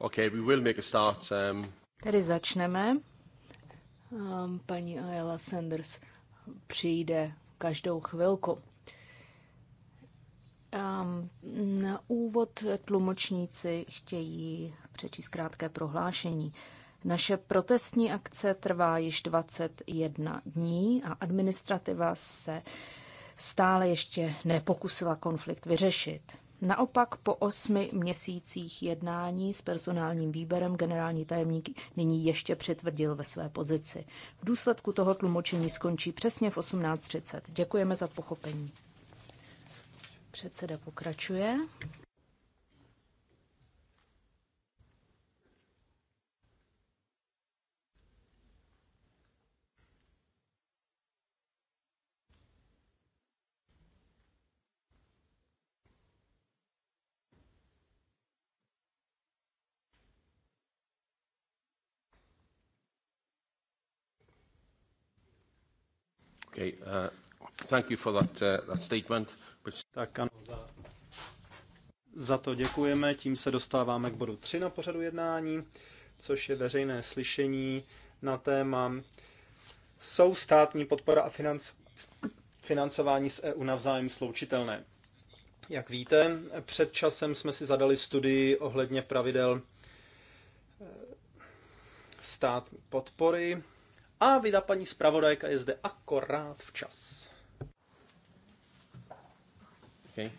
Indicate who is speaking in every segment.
Speaker 1: Okay, we will make a start. Um...
Speaker 2: Tedy začneme. Um, paní Ayala Sanders přijde každou chvilku. Um, na úvod tlumočníci chtějí přečíst krátké prohlášení. Naše protestní akce trvá již 21 dní a administrativa se stále ještě nepokusila konflikt vyřešit. Naopak po osmi měsících jednání s personálním výběrem generální tajemník nyní ještě přitvrdil ve své pozici. V důsledku toho tlumočení skončí přesně v 18.30. Děkujeme za pochopení. Předseda pokračuje.
Speaker 3: Uh, thank you for that, uh,
Speaker 1: that statement. Tak ano, za, za to děkujeme. Tím se dostáváme k bodu 3 na pořadu jednání, což je veřejné slyšení na téma jsou státní podpora a financ, financování z EU navzájem sloučitelné. Jak víte, před časem jsme si zadali studii ohledně pravidel eh, státní podpory a vida paní zpravodajka je zde akorát včas. Okay.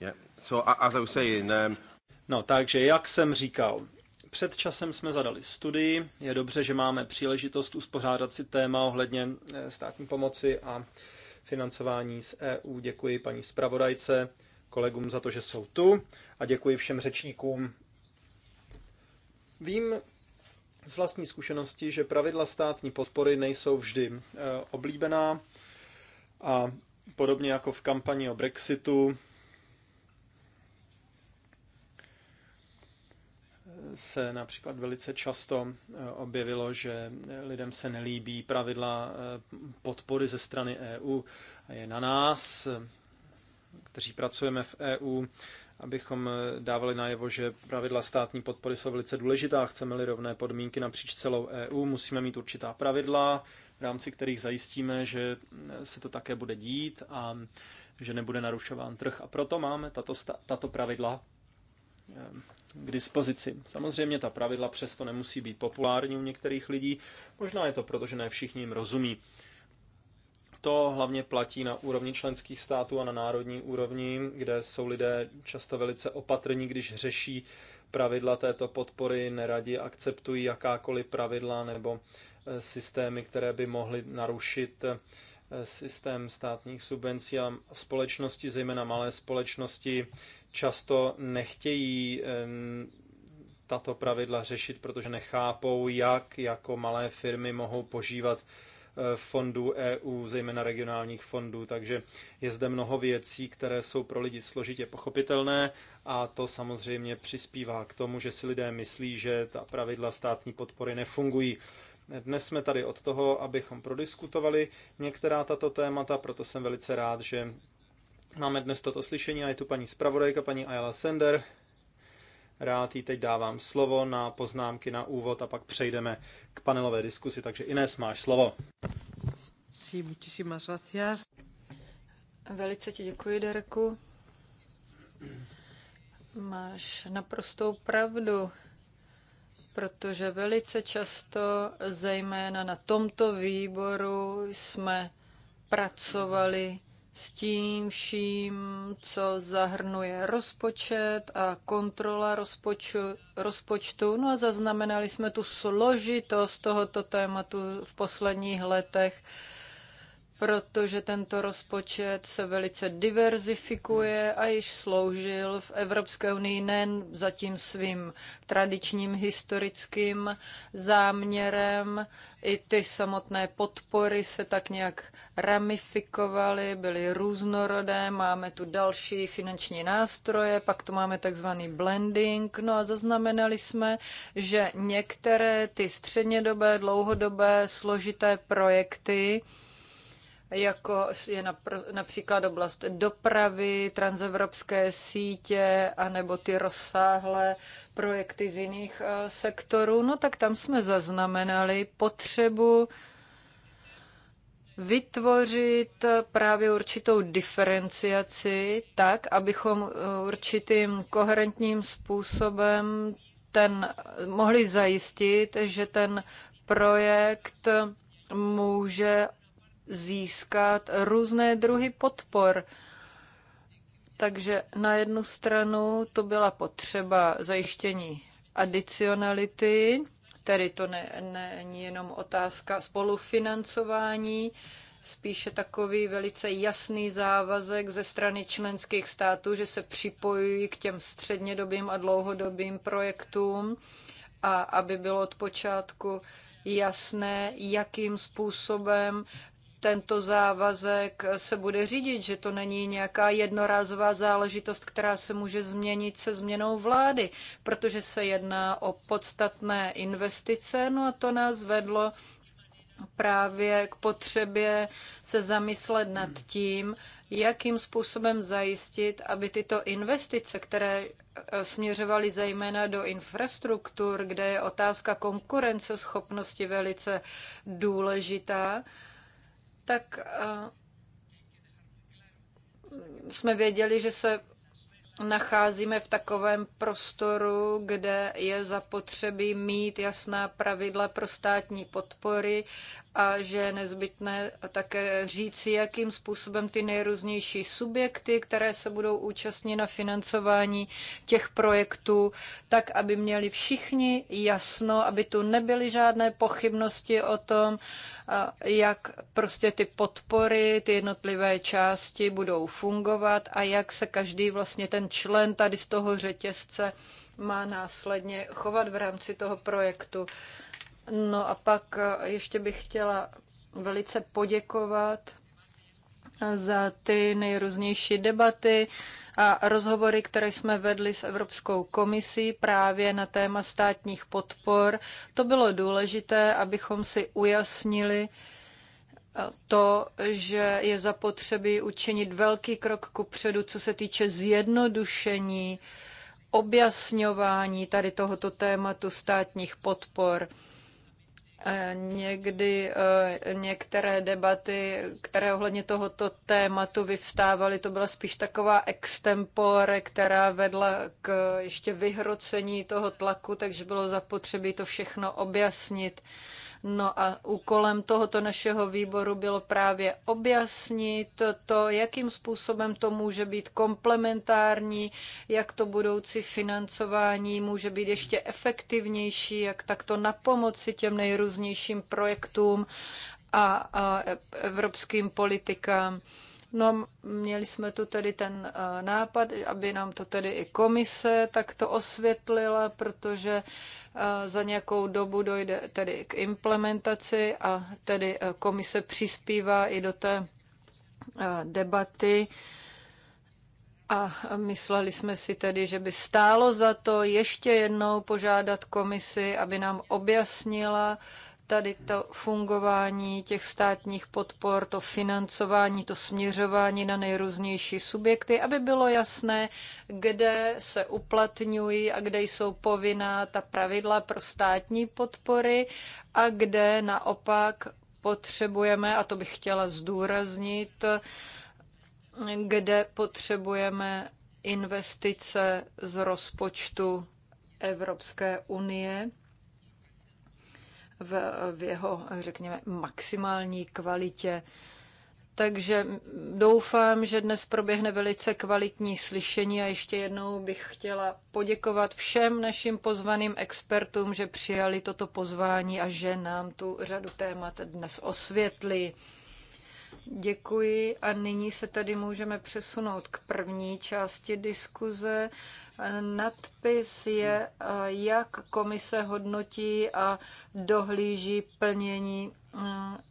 Speaker 1: Yeah. So, as I was saying, um... No, takže jak jsem říkal, před časem jsme zadali studii. Je dobře, že máme příležitost uspořádat si téma ohledně eh, státní pomoci a financování z EU. Děkuji paní zpravodajce, kolegům za to, že jsou tu a děkuji všem řečníkům. Vím z vlastní zkušenosti, že pravidla státní podpory nejsou vždy eh, oblíbená a podobně jako v kampani o Brexitu se například velice často eh, objevilo, že lidem se nelíbí pravidla eh, podpory ze strany EU a je na nás, eh, kteří pracujeme v EU, abychom dávali najevo, že pravidla státní podpory jsou velice důležitá. Chceme-li rovné podmínky napříč celou EU, musíme mít určitá pravidla, v rámci kterých zajistíme, že se to také bude dít a že nebude narušován trh. A proto máme tato, tato pravidla ehm, k dispozici. Samozřejmě ta pravidla přesto nemusí být populární u některých lidí, možná je to proto, že ne všichni jim rozumí. To hlavně platí na úrovni členských států a na národní úrovni, kde jsou lidé často velice opatrní, když řeší pravidla této podpory, neradi akceptují jakákoliv pravidla nebo eh, systémy, které by mohly narušit eh, systém státních subvencí a společnosti, zejména malé společnosti, často nechtějí tato pravidla řešit, protože nechápou, jak jako malé firmy mohou požívat eh, fondů EU, zejména regionálních fondů, takže je zde mnoho věcí, které jsou pro lidi složitě pochopitelné a to samozřejmě přispívá k tomu, že si lidé myslí, že ta pravidla státní podpory nefungují. Dnes jsme tady od toho, abychom prodiskutovali některá tato témata, proto jsem velice rád, že Máme dnes toto slyšení a je tu paní zpravodajka, paní Ayala Sender. Rád jí teď dávám slovo na poznámky na úvod a pak přejdeme k panelové diskusi. Takže Ines, máš slovo.
Speaker 3: Sí, muchísimas gracias. Velice ti děkuji,
Speaker 4: Dereku. Máš naprostou pravdu, protože velice často, zejména na tomto výboru, jsme pracovali s tím vším, co zahrnuje rozpočet a kontrola rozpoču, rozpočtu. No a zaznamenali jsme tu složitost tohoto tématu v posledních letech protože tento rozpočet se velice diverzifikuje a již sloužil v Evropské unii nejen zatím svým tradičním historickým záměrem. I ty samotné podpory se tak nějak ramifikovaly, byly různorodé, máme tu další finanční nástroje, pak tu máme takzvaný blending, no a zaznamenali jsme, že některé ty střednědobé, dlouhodobé, složité projekty, jako je například oblast dopravy, transevropské sítě, anebo ty rozsáhlé projekty z jiných eh, sektorů, no tak tam jsme zaznamenali potřebu vytvořit eh, právě určitou diferenciaci tak, abychom eh, určitým koherentním způsobem ten, mohli zajistit, že ten projekt může získat různé druhy podpor. Takže na jednu stranu to byla potřeba zajištění adicionality, tedy to není ne, jenom otázka spolufinancování, spíše takový velice jasný závazek ze strany členských států, že se připojují k těm střednědobým a dlouhodobým projektům a aby bylo od počátku jasné, jakým způsobem tento závazek se bude řídit, že to není nějaká jednorázová záležitost, která se může změnit se změnou vlády, protože se jedná o podstatné investice, no a to nás vedlo právě k potřebě se zamyslet nad tím, jakým způsobem zajistit, aby tyto investice, které e, směřovaly zejména do infrastruktur, kde je otázka konkurenceschopnosti velice důležitá, tak eh, jsme věděli, že se nacházíme v takovém prostoru, kde je zapotřebí mít jasná pravidla pro státní podpory a že je nezbytné také říci, jakým způsobem ty nejrůznější subjekty, které se budou účastnit na financování těch projektů, tak aby měli všichni jasno, aby tu nebyly žádné pochybnosti o tom, jak prostě ty podpory, ty jednotlivé části budou fungovat a jak se každý vlastně ten člen tady z toho řetězce má následně chovat v rámci toho projektu. No a pak eh, ještě bych chtěla velice poděkovat eh, za ty nejrůznější debaty a rozhovory, které jsme vedli s Evropskou komisí právě na téma státních podpor. To bylo důležité, abychom si ujasnili, eh, to, že je zapotřebí učinit velký krok kupředu, co se týče zjednodušení, objasňování tady tohoto tématu státních podpor. Eh, někdy eh, některé debaty, které ohledně tohoto tématu vyvstávaly, to byla spíš taková extempore, která vedla k ještě vyhrocení toho tlaku, takže bylo zapotřebí to všechno objasnit. No a úkolem tohoto našeho výboru bylo právě objasnit to, jakým způsobem to může být komplementární, jak to budoucí financování může být ještě efektivnější, jak takto na pomoci těm nejrůznějším projektům a, a evropským politikám. No měli jsme tu tedy ten eh, nápad, aby nám to tedy i komise takto osvětlila, protože eh, za nějakou dobu dojde tedy k implementaci a tedy eh, komise přispívá i do té debaty. A mysleli jsme si tedy, že by stálo za to ještě jednou požádat komisi, aby nám objasnila, tady to fungování těch státních podpor, to financování, to směřování na nejrůznější subjekty, aby bylo jasné, kde se uplatňují a kde jsou povinná ta pravidla pro státní podpory a kde naopak potřebujeme, a to bych chtěla zdůraznit, kde potřebujeme investice z rozpočtu Evropské unie v, v jeho, řekněme, maximální kvalitě. Takže doufám, že dnes proběhne velice kvalitní slyšení a ještě jednou bych chtěla poděkovat všem našim pozvaným expertům, že přijali toto pozvání a že nám tu řadu témat dnes osvětlí. Děkuji a nyní se tady můžeme přesunout k první části diskuze. Nadpis je, jak komise hodnotí a dohlíží plnění mm,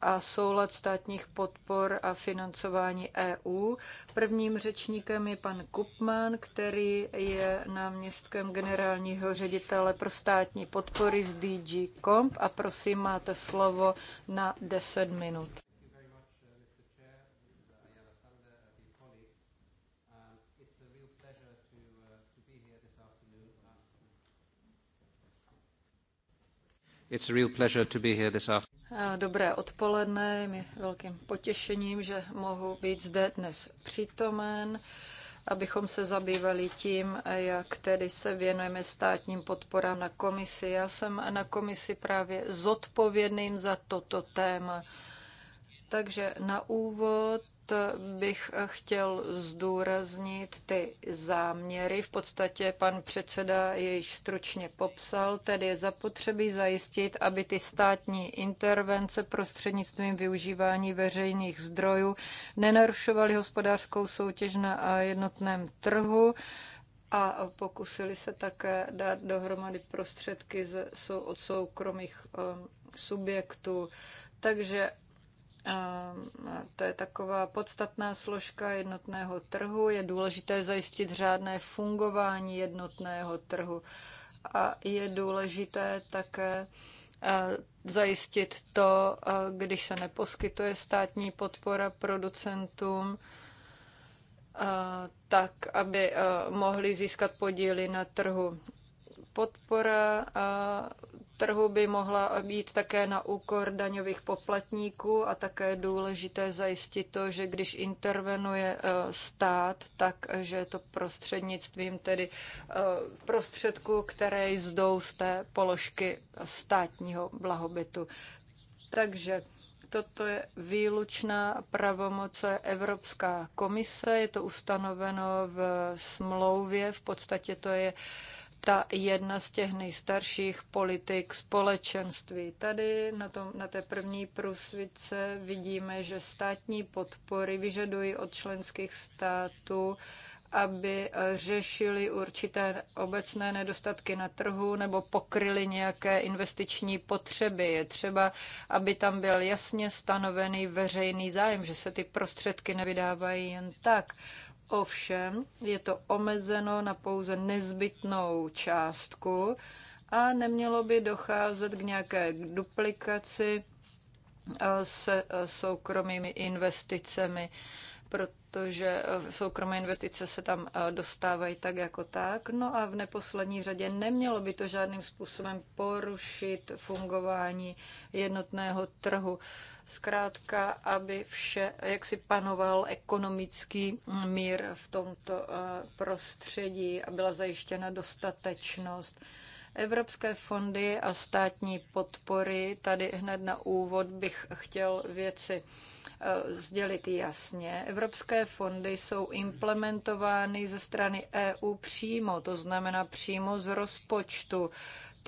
Speaker 4: a soulad státních podpor a financování EU. Prvním řečníkem je pan Kupman, který je náměstkem generálního ředitele pro státní podpory z DG Comp a prosím, máte slovo na 10 minut.
Speaker 3: It's a real pleasure to be here this
Speaker 4: afternoon. Dobré odpoledne, mi velkým potěšením, že mohu být zde dnes přítomen, abychom se zabývali tím, jak tedy se věnujeme státním podporám na komisi. Já jsem na komisi právě zodpovědným za toto téma. Takže na úvod bych chtěl zdůraznit ty záměry. V podstatě pan předseda je již stručně popsal, tedy je zapotřebí zajistit, aby ty státní intervence prostřednictvím využívání veřejných zdrojů nenarušovaly hospodářskou soutěž na jednotném trhu a pokusili se také dát dohromady prostředky od soukromých eh, subjektů. Takže to je taková podstatná složka jednotného trhu. Je důležité zajistit řádné fungování jednotného trhu a je důležité také zajistit to, když se neposkytuje státní podpora producentům, tak, aby mohli získat podíly na trhu. Podpora trhu by mohla být také na úkor daňových poplatníků a také je důležité zajistit to, že když intervenuje eh, stát, tak eh, že je to prostřednictvím tedy eh, prostředků, které jdou z té položky státního blahobytu. Takže toto je výlučná pravomoce Evropská komise, je to ustanoveno v smlouvě, v podstatě to je ta jedna z těch nejstarších politik společenství. Tady na, tom, na té první průsvice vidíme, že státní podpory vyžadují od členských států aby řešili určité obecné nedostatky na trhu nebo pokryli nějaké investiční potřeby. Je třeba, aby tam byl jasně stanovený veřejný zájem, že se ty prostředky nevydávají jen tak. Ovšem je to omezeno na pouze nezbytnou částku a nemělo by docházet k nějaké duplikaci eh, se eh, soukromými investicemi protože eh, soukromé investice se tam eh, dostávají tak jako tak. No a v neposlední řadě nemělo by to žádným způsobem porušit fungování jednotného trhu. Zkrátka, aby vše, jak si panoval ekonomický mm, mír v tomto eh, prostředí a byla zajištěna dostatečnost. Evropské fondy a státní podpory, tady hned na úvod bych chtěl věci Eh, sdělit jasně. Evropské fondy jsou implementovány ze strany EU přímo, to znamená přímo z rozpočtu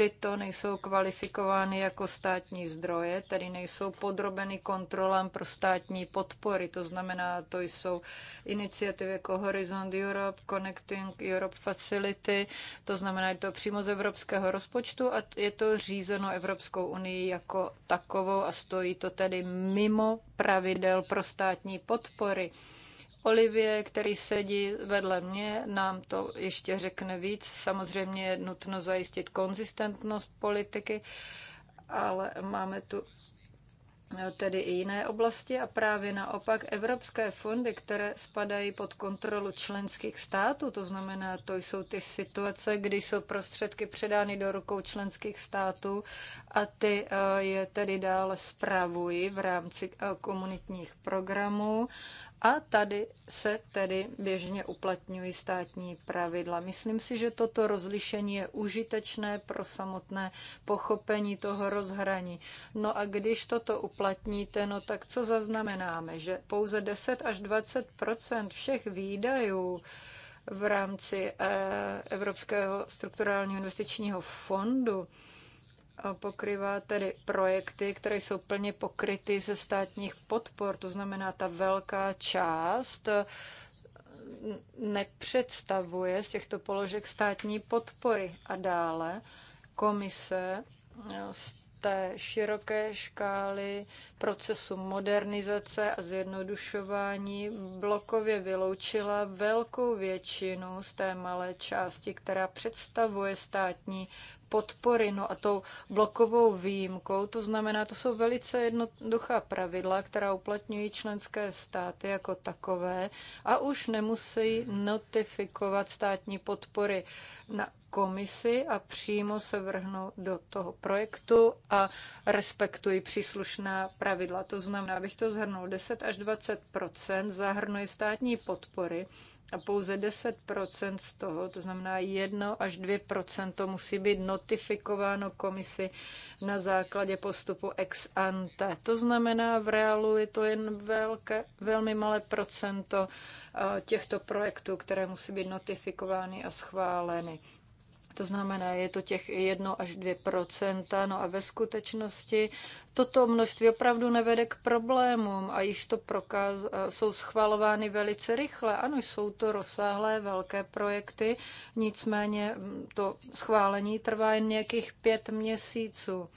Speaker 4: tyto nejsou kvalifikovány jako státní zdroje, tedy nejsou podrobeny kontrolám pro státní podpory. To znamená, to jsou iniciativy jako Horizon Europe, Connecting Europe Facility, to znamená, je to přímo z evropského rozpočtu a je to řízeno Evropskou unii jako takovou a stojí to tedy mimo pravidel pro státní podpory. Olivie, který sedí vedle mě, nám to ještě řekne víc. Samozřejmě je nutno zajistit konzistentnost politiky, ale máme tu eh, tedy i jiné oblasti a právě naopak evropské fondy, které spadají pod kontrolu členských států, to znamená, to jsou ty situace, kdy jsou prostředky předány do rukou členských států a ty eh, je tedy dále zpravují v rámci eh, komunitních programů a tady se tedy běžně uplatňují státní pravidla. Myslím si, že toto rozlišení je užitečné pro samotné pochopení toho rozhraní. No a když toto uplatníte, no tak co zaznamenáme? Že pouze 10 až 20 všech výdajů v rámci eh, Evropského strukturálního investičního fondu pokrývá tedy projekty, které jsou plně pokryty ze státních podpor, to znamená ta velká část eh, nepředstavuje z těchto položek státní podpory. A dále komise eh, té široké škály procesu modernizace a zjednodušování blokově vyloučila velkou většinu z té malé části, která představuje státní podpory. No a tou blokovou výjimkou, to znamená, to jsou velice jednoduchá pravidla, která uplatňují členské státy jako takové a už nemusí notifikovat státní podpory na komisi a přímo se vrhnu do toho projektu a respektuji příslušná pravidla. To znamená, abych to zhrnul, 10 až 20 zahrnuje státní podpory a pouze 10 z toho, to znamená 1 až 2 to musí být notifikováno komisi na základě postupu ex ante. To znamená, v reálu je to jen velké, velmi malé procento eh, těchto projektů, které musí být notifikovány a schváleny. To znamená, je to těch 1 až 2 no a ve skutečnosti toto množství opravdu nevede k problémům a již to prokaz, jsou schvalovány velice rychle. Ano, jsou to rozsáhlé velké projekty, nicméně mm, to schválení trvá jen nějakých pět měsíců.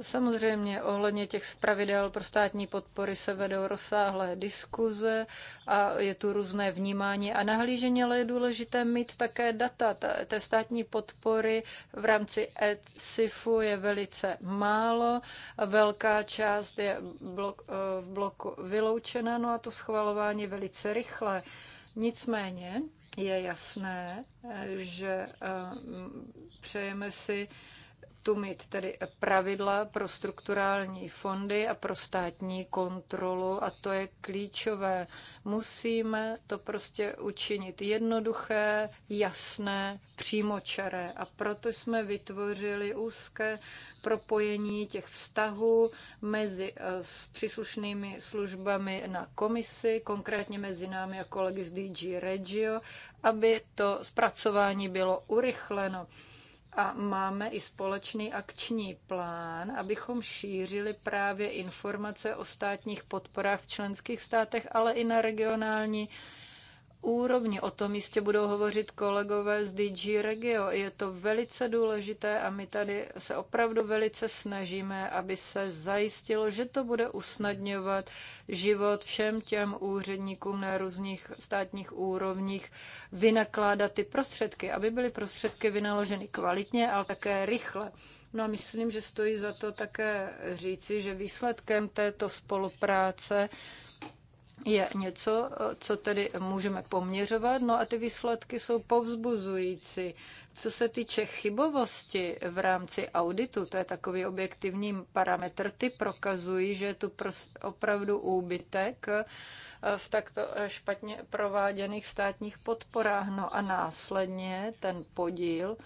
Speaker 4: Samozřejmě ohledně těch zpravidel pro státní podpory se vedou rozsáhlé diskuze a je tu různé vnímání a nahlížení, ale je důležité mít také data. Ta, té státní podpory v rámci ECIFu je velice málo, velká část je blok, eh, v bloku vyloučena, no a to schvalování je velice rychle. Nicméně je jasné, eh, že eh, přejeme si, tu mít tedy pravidla pro strukturální fondy a pro státní kontrolu a to je klíčové. Musíme to prostě učinit jednoduché, jasné, přímočaré a proto jsme vytvořili úzké propojení těch vztahů mezi eh, s příslušnými službami na komisi, konkrétně mezi námi a kolegy z DG Regio, aby to zpracování bylo urychleno a máme i společný akční plán, abychom šířili právě informace o státních podporách v členských státech, ale i na regionální úrovni. O tom jistě budou hovořit kolegové z DG Regio. Je to velice důležité a my tady se opravdu velice snažíme, aby se zajistilo, že to bude usnadňovat život všem těm úředníkům na různých státních úrovních vynakládat ty prostředky, aby byly prostředky vynaloženy kvalitně, ale také rychle. No a myslím, že stojí za to také říci, že výsledkem této spolupráce je něco, co tedy můžeme poměřovat, no a ty výsledky jsou povzbuzující. Co se týče chybovosti v rámci auditu, to je takový objektivní parametr, ty prokazují, že je tu opravdu úbytek eh, v takto eh, špatně prováděných státních podporách. No a následně ten podíl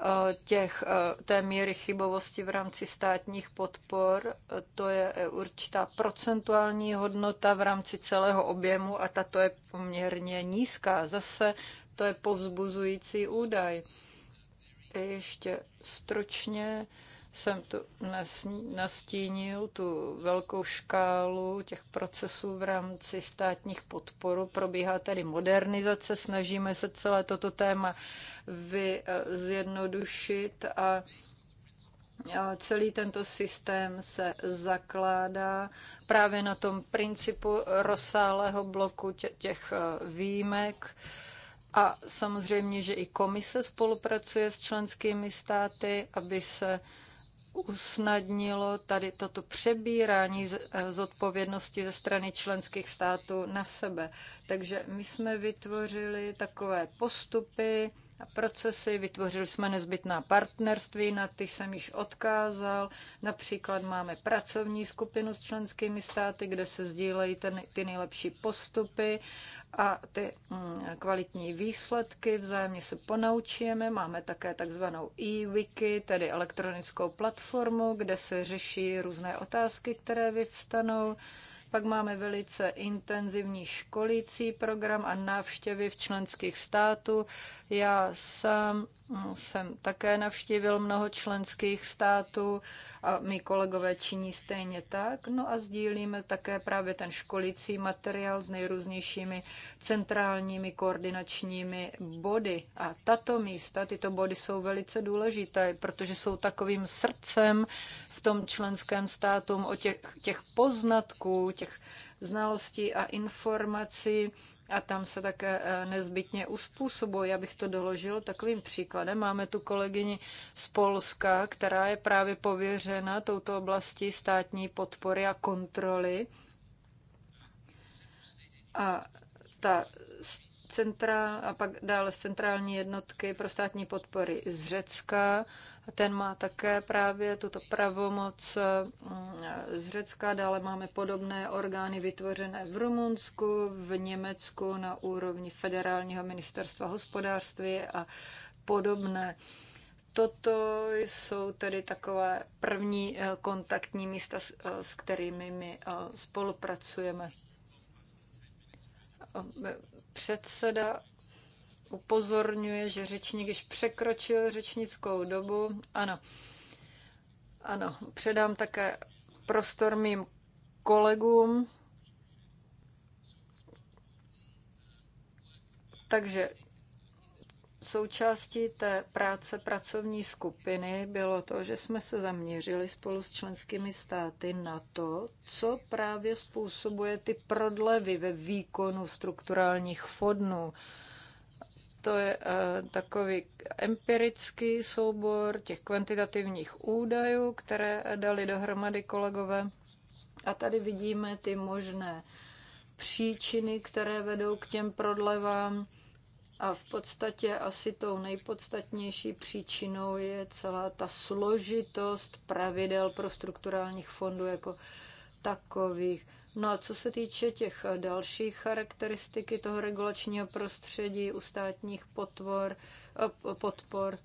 Speaker 4: Eh, těch, eh, té míry chybovosti v rámci státních podpor. To je eh, určitá procentuální hodnota v rámci celého objemu a tato je poměrně nízká. Zase to je povzbuzující údaj. Ještě stručně jsem tu nastínil tu velkou škálu těch procesů v rámci státních podporu. Probíhá tady modernizace, snažíme se celé toto téma vy, eh, zjednodušit a Celý tento systém se zakládá právě na tom principu rozsáhlého bloku těch eh, výjimek. A samozřejmě, že i komise spolupracuje s členskými státy, aby se uh, usnadnilo tady toto přebírání z eh, odpovědnosti ze strany členských států na sebe. Takže my jsme vytvořili takové postupy, procesy, vytvořili jsme nezbytná partnerství, na ty jsem již odkázal. Například máme pracovní skupinu s členskými státy, kde se sdílejí ten, ty nejlepší postupy a ty mm, kvalitní výsledky. Vzájemně se ponaučíme. Máme také takzvanou e-wiki, tedy elektronickou platformu, kde se řeší různé otázky, které vyvstanou pak máme velice intenzivní školící program a návštěvy v členských států. Já sám mm, jsem také navštívil mnoho členských států a my kolegové činí stejně tak. No a sdílíme také právě ten školící materiál s nejrůznějšími centrálními koordinačními body. A tato místa, tyto body jsou velice důležité, protože jsou takovým srdcem v tom členském státu, o těch, těch poznatků, těch znalostí a informací, a tam se také eh, nezbytně uspůsobuje. Já bych to doložil takovým příkladem. Máme tu kolegyni z Polska, která je právě pověřena touto oblastí státní podpory a kontroly. A ta centra, a pak dále centrální jednotky pro státní podpory z Řecka, ten má také právě tuto pravomoc eh, z Řecka. Dále máme podobné orgány vytvořené v Rumunsku, v Německu na úrovni federálního ministerstva hospodářství a podobné toto jsou tedy takové první eh, kontaktní místa, s eh, kterými my spolupracujeme. Předseda upozorňuje, že řečník již překročil řečnickou dobu. Ano, ano, předám také prostor mým kolegům. Takže součástí té práce pracovní skupiny bylo to, že jsme se zaměřili spolu s členskými státy na to, co právě způsobuje ty prodlevy ve výkonu strukturálních fondů to je eh, takový empirický soubor těch kvantitativních údajů, které dali dohromady kolegové. A tady vidíme ty možné příčiny, které vedou k těm prodlevám. A v podstatě asi tou nejpodstatnější příčinou je celá ta složitost pravidel pro strukturálních fondů jako takových. No a co se týče těch eh, dalších charakteristiky toho regulačního prostředí u státních potvor, eh, podpor,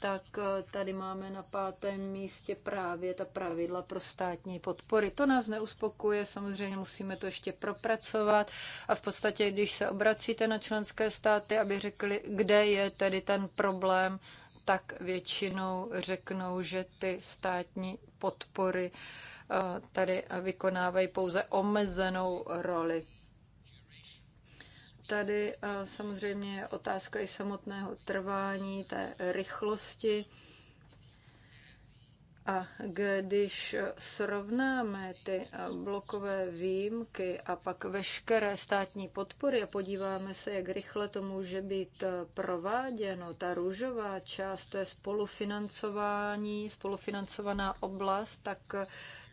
Speaker 4: tak eh, tady máme na pátém místě právě ta pravidla pro státní podpory. To nás neuspokuje, samozřejmě musíme to ještě propracovat a v podstatě, když se obracíte na členské státy, aby řekli, kde je tedy ten problém, tak většinou řeknou, že ty státní podpory uh, tady vykonávají pouze omezenou roli. Tady samozřejmě je otázka i samotného trvání, té rychlosti. A když srovnáme ty blokové výjimky a pak veškeré státní podpory a podíváme se, jak rychle to může být prováděno, ta růžová část, to je spolufinancování, spolufinancovaná oblast, tak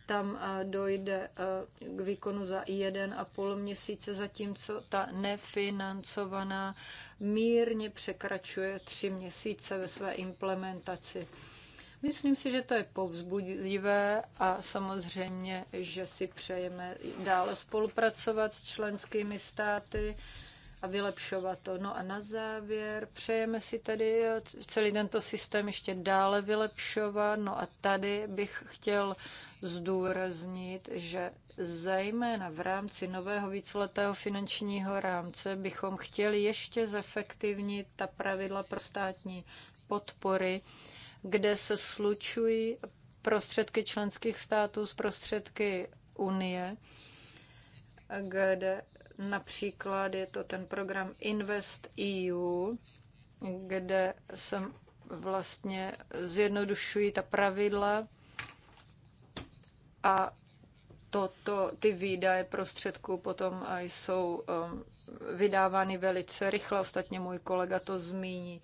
Speaker 4: tam eh, dojde eh, k výkonu za jeden a půl měsíce, zatímco ta nefinancovaná mírně překračuje tři měsíce ve své implementaci. Myslím si, že to je povzbudivé a samozřejmě, že si přejeme dále spolupracovat s členskými státy a vylepšovat to. No a na závěr přejeme si tady celý tento systém ještě dále vylepšovat. No a tady bych chtěl zdůraznit, že zejména v rámci nového víceletého finančního rámce bychom chtěli ještě zefektivnit ta pravidla pro státní podpory, kde se slučují prostředky členských států s prostředky Unie, kde Například je to ten program Invest EU, kde jsem vlastně zjednodušují ta pravidla a to to ty výdaje prostředků potom jsou um, vydávány velice rychle, ostatně můj kolega to zmíní.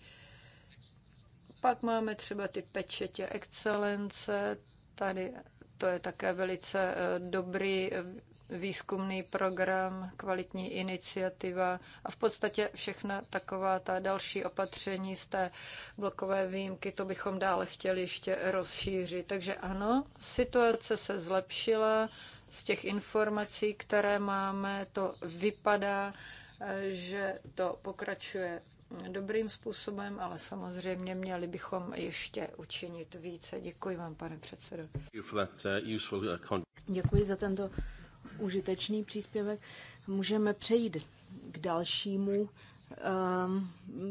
Speaker 4: Pak máme třeba ty pečetě excelence, tady to je také velice eh, dobrý eh, výzkumný program, kvalitní iniciativa a v podstatě všechna taková ta další opatření z té blokové výjimky, to bychom dále chtěli ještě rozšířit. Takže ano, situace se zlepšila, z těch informací, které máme, to vypadá, že to pokračuje dobrým způsobem, ale samozřejmě měli bychom ještě učinit více. Děkuji vám, pane předsedo.
Speaker 3: Uh, uh,
Speaker 4: Děkuji za tento
Speaker 2: užitečný příspěvek. Můžeme přejít k dalšímu um,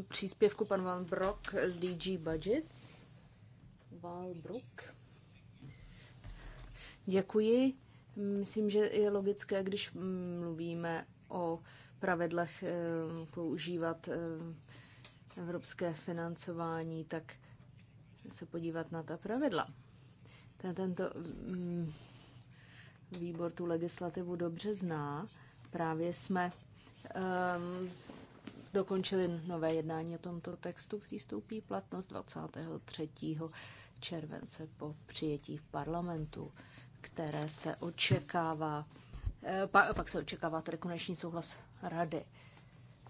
Speaker 2: příspěvku pan Van Brock z DG Budgets. Valbrook. Děkuji. Myslím, že je logické, když mm, mluvíme o pravidlech ehm, používat ehm, evropské financování, tak se podívat na ta pravidla. Tento mm, výbor tu legislativu dobře zná. Právě jsme um, dokončili nové jednání o tomto textu, který stoupí platnost 23. července po přijetí v parlamentu, které se očekává, eh, pak, pak se očekává tedy konečný souhlas rady.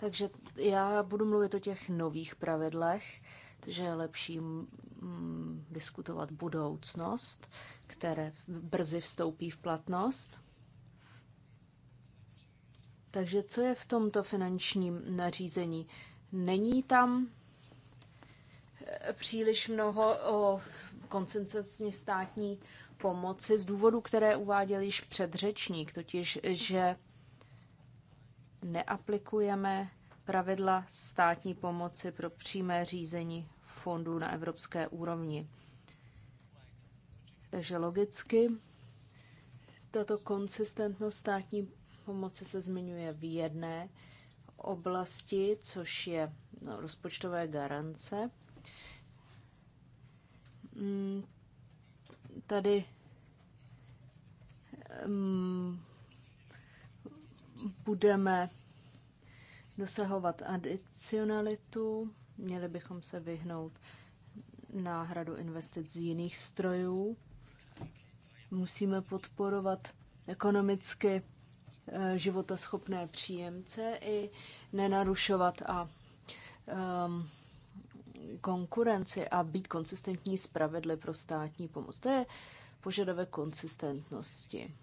Speaker 2: Takže já budu mluvit o těch nových pravidlech že je lepší mm, diskutovat budoucnost, které brzy vstoupí v platnost. Takže co je v tomto finančním nařízení? Není tam eh, příliš mnoho o koncentraci státní pomoci z důvodu, které uváděl již předřečník, totiž, že neaplikujeme pravidla státní pomoci pro přímé řízení fondů na evropské úrovni. Takže logicky tato konsistentnost státní pomoci se zmiňuje v jedné oblasti, což je no, rozpočtové garance. Mm, tady mm, budeme dosahovat adicionalitu, měli bychom se vyhnout náhradu investic z jiných strojů. Musíme podporovat ekonomicky eh, životaschopné příjemce i nenarušovat a um, konkurenci a být konsistentní spravedli pro státní pomoc. To je požadavek konsistentnosti.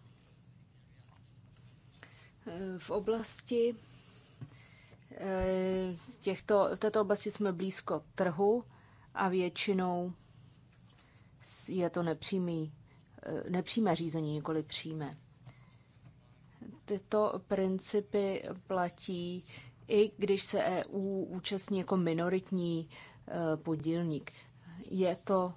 Speaker 2: Eh, v oblasti Eh, těchto, v této oblasti jsme blízko trhu a většinou je to nepřímý, eh, nepřímé řízení, nikoli přímé. Tyto principy platí i když se EU účastní jako minoritní eh, podílník. Je to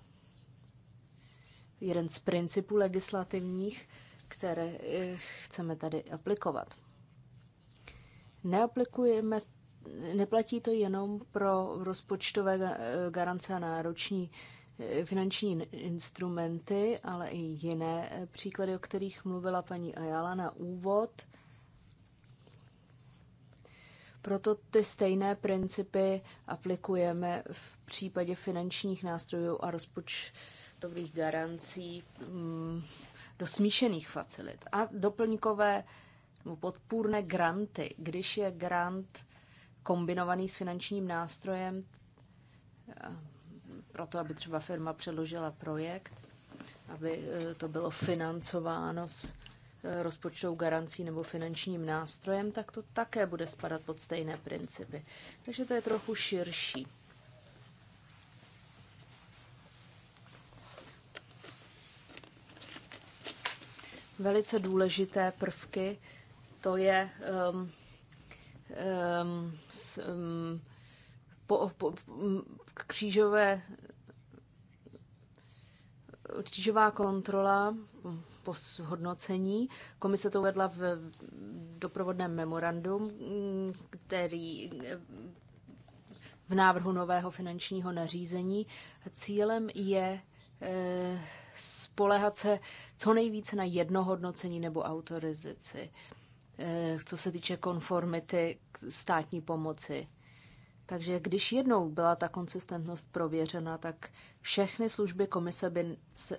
Speaker 2: jeden z principů legislativních, které chceme tady aplikovat. Neaplikujeme, neplatí to jenom pro rozpočtové garance a nároční eh, finanční instrumenty, ale i jiné eh, příklady, o kterých mluvila paní Ayala na úvod. Proto ty stejné principy aplikujeme v případě finančních nástrojů a rozpočtových garancí mm, do smíšených facilit. A doplňkové podpůrné granty. Když je grant kombinovaný s finančním nástrojem, eh, proto aby třeba firma předložila projekt, aby eh, to bylo financováno s eh, rozpočtovou garancí nebo finančním nástrojem, tak to také bude spadat pod stejné principy. Takže to je trochu širší. Velice důležité prvky to je um, um, s, um, po, po, křížové křížová kontrola po hodnocení. Komise to uvedla v doprovodném memorandum, který v návrhu nového finančního nařízení. Cílem je eh, spolehat se co nejvíce na hodnocení nebo autorizaci. Eh, co se týče konformity k státní pomoci. Takže když jednou byla ta konsistentnost prověřena, tak všechny služby komise by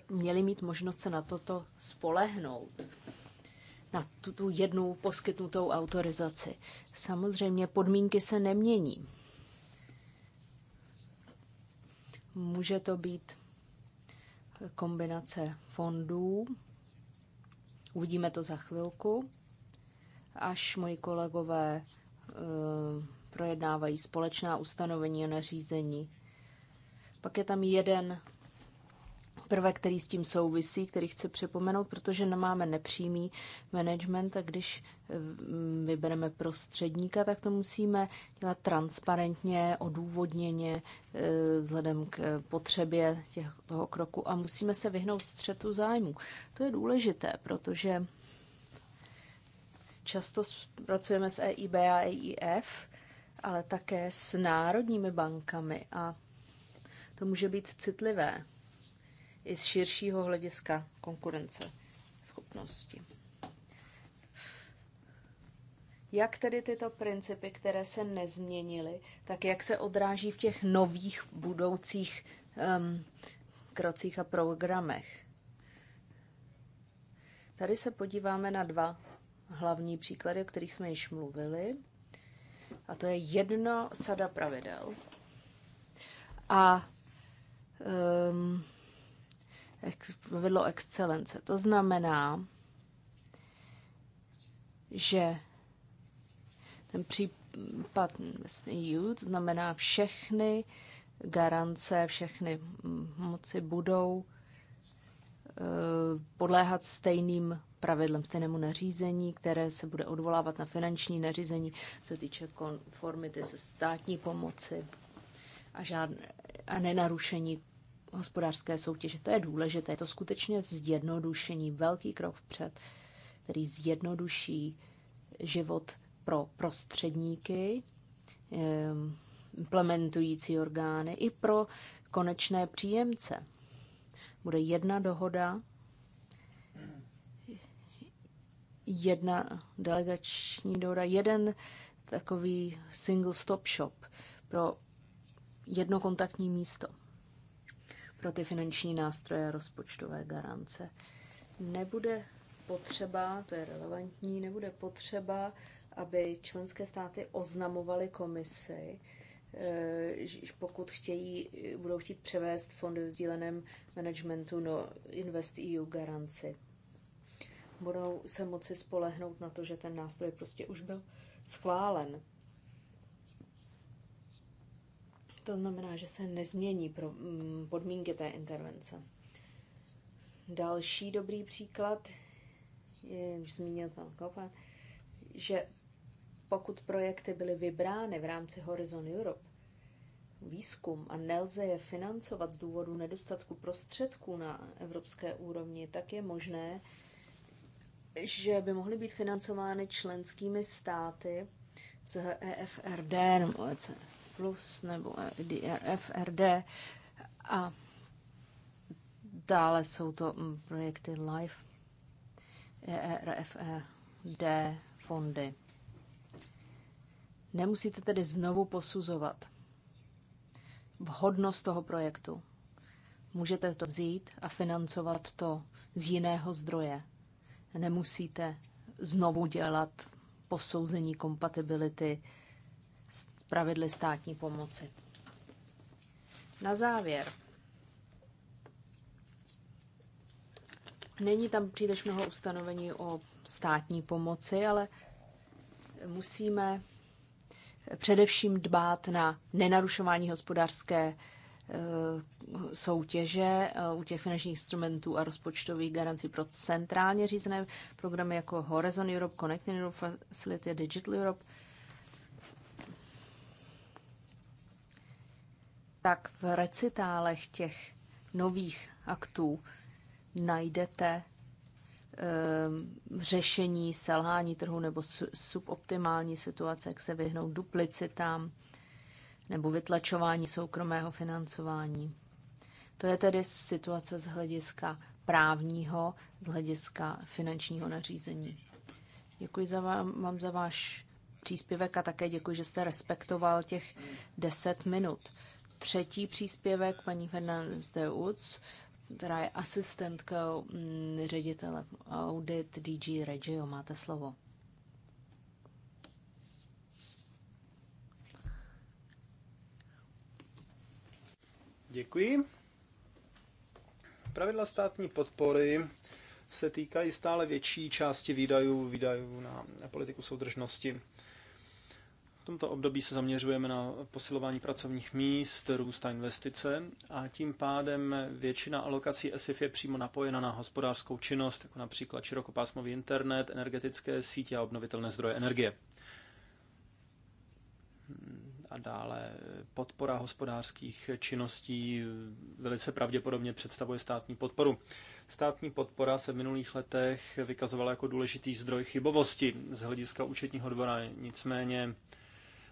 Speaker 2: měly mít možnost se na toto spolehnout, na tu, tu jednu poskytnutou autorizaci. Samozřejmě podmínky se nemění. Může to být kombinace fondů, uvidíme to za chvilku, až moji kolegové eh, projednávají společná ustanovení a nařízení. Pak je tam jeden prvek, který s tím souvisí, který chci připomenout, protože nemáme nepřímý management a když eh, vybereme prostředníka, tak to musíme dělat transparentně, odůvodněně, eh, vzhledem k potřebě těch, toho kroku a musíme se vyhnout střetu zájmu. To je důležité, protože Často pracujeme s EIB a EIF, ale také s národními bankami a to může být citlivé i z širšího hlediska konkurence schopnosti. Jak tedy tyto principy, které se nezměnily, tak jak se odráží v těch nových budoucích um, krocích a programech? Tady se podíváme na dva hlavní příklady, o kterých jsme již mluvili. A to je jedno sada pravidel. A um, ex, pravidlo excelence. To znamená, že ten případ EU, vlastně to znamená všechny garance, všechny moci budou eh, podléhat stejným pravidlem, stejnému nařízení, které se bude odvolávat na finanční nařízení, se týče konformity se státní pomoci a, žádné, a nenarušení hospodářské soutěže. To je důležité. Je to skutečně zjednodušení, velký krok vpřed, který zjednoduší život pro prostředníky, ehm, implementující orgány i pro konečné příjemce. Bude jedna dohoda jedna delegační dohoda, jeden takový single stop shop pro jedno kontaktní místo pro ty finanční nástroje a rozpočtové garance. Nebude potřeba, to je relevantní, nebude potřeba, aby členské státy oznamovaly komisi, eh, pokud chtějí, budou chtít převést fondy v sdíleném managementu no Invest EU garanci budou se moci spolehnout na to, že ten nástroj prostě už byl schválen. To znamená, že se nezmění pro mm, podmínky té intervence. Další dobrý příklad, je, už zmínil pan Kopan, že pokud projekty byly vybrány v rámci Horizon Europe, výzkum a nelze je financovat z důvodu nedostatku prostředků na evropské úrovni, tak je možné že by mohly být financovány členskými státy CEFRD nebo EC plus nebo EDRFRD a dále jsou to mm, projekty LIFE, EERFRD fondy. Nemusíte tedy znovu posuzovat vhodnost toho projektu. Můžete to vzít a financovat to z jiného zdroje nemusíte znovu dělat posouzení kompatibility s pravidly státní pomoci. Na závěr. Není tam příliš mnoho ustanovení o státní pomoci, ale musíme především dbát na nenarušování hospodářské Eh, soutěže eh, u těch finančních instrumentů a rozpočtových garancí pro centrálně řízené programy jako Horizon Europe, Connecting Europe Facility, Digital Europe. Tak v recitálech těch nových aktů najdete eh, řešení selhání trhu nebo suboptimální situace, jak se vyhnout duplicitám nebo vytlačování soukromého financování. To je tedy situace z hlediska právního, z hlediska finančního nařízení. Děkuji za vám, vám za váš příspěvek a také děkuji, že jste respektoval těch 10 minut. Třetí příspěvek paní Fernández de Uc, která je asistentkou mm, ředitele audit DG Regio. Máte
Speaker 1: slovo. Děkuji. Pravidla státní podpory se týkají stále větší části výdajů, výdajů na, politiku soudržnosti. V tomto období se zaměřujeme na posilování pracovních míst, růst a investice a tím pádem většina alokací ESIF je přímo napojena na hospodářskou činnost, jako například širokopásmový internet, energetické sítě a obnovitelné zdroje energie a dále eh, podpora hospodářských činností eh, velice pravděpodobně představuje státní podporu. Státní podpora se v minulých letech vykazovala jako důležitý zdroj chybovosti z hlediska účetního dvora, nicméně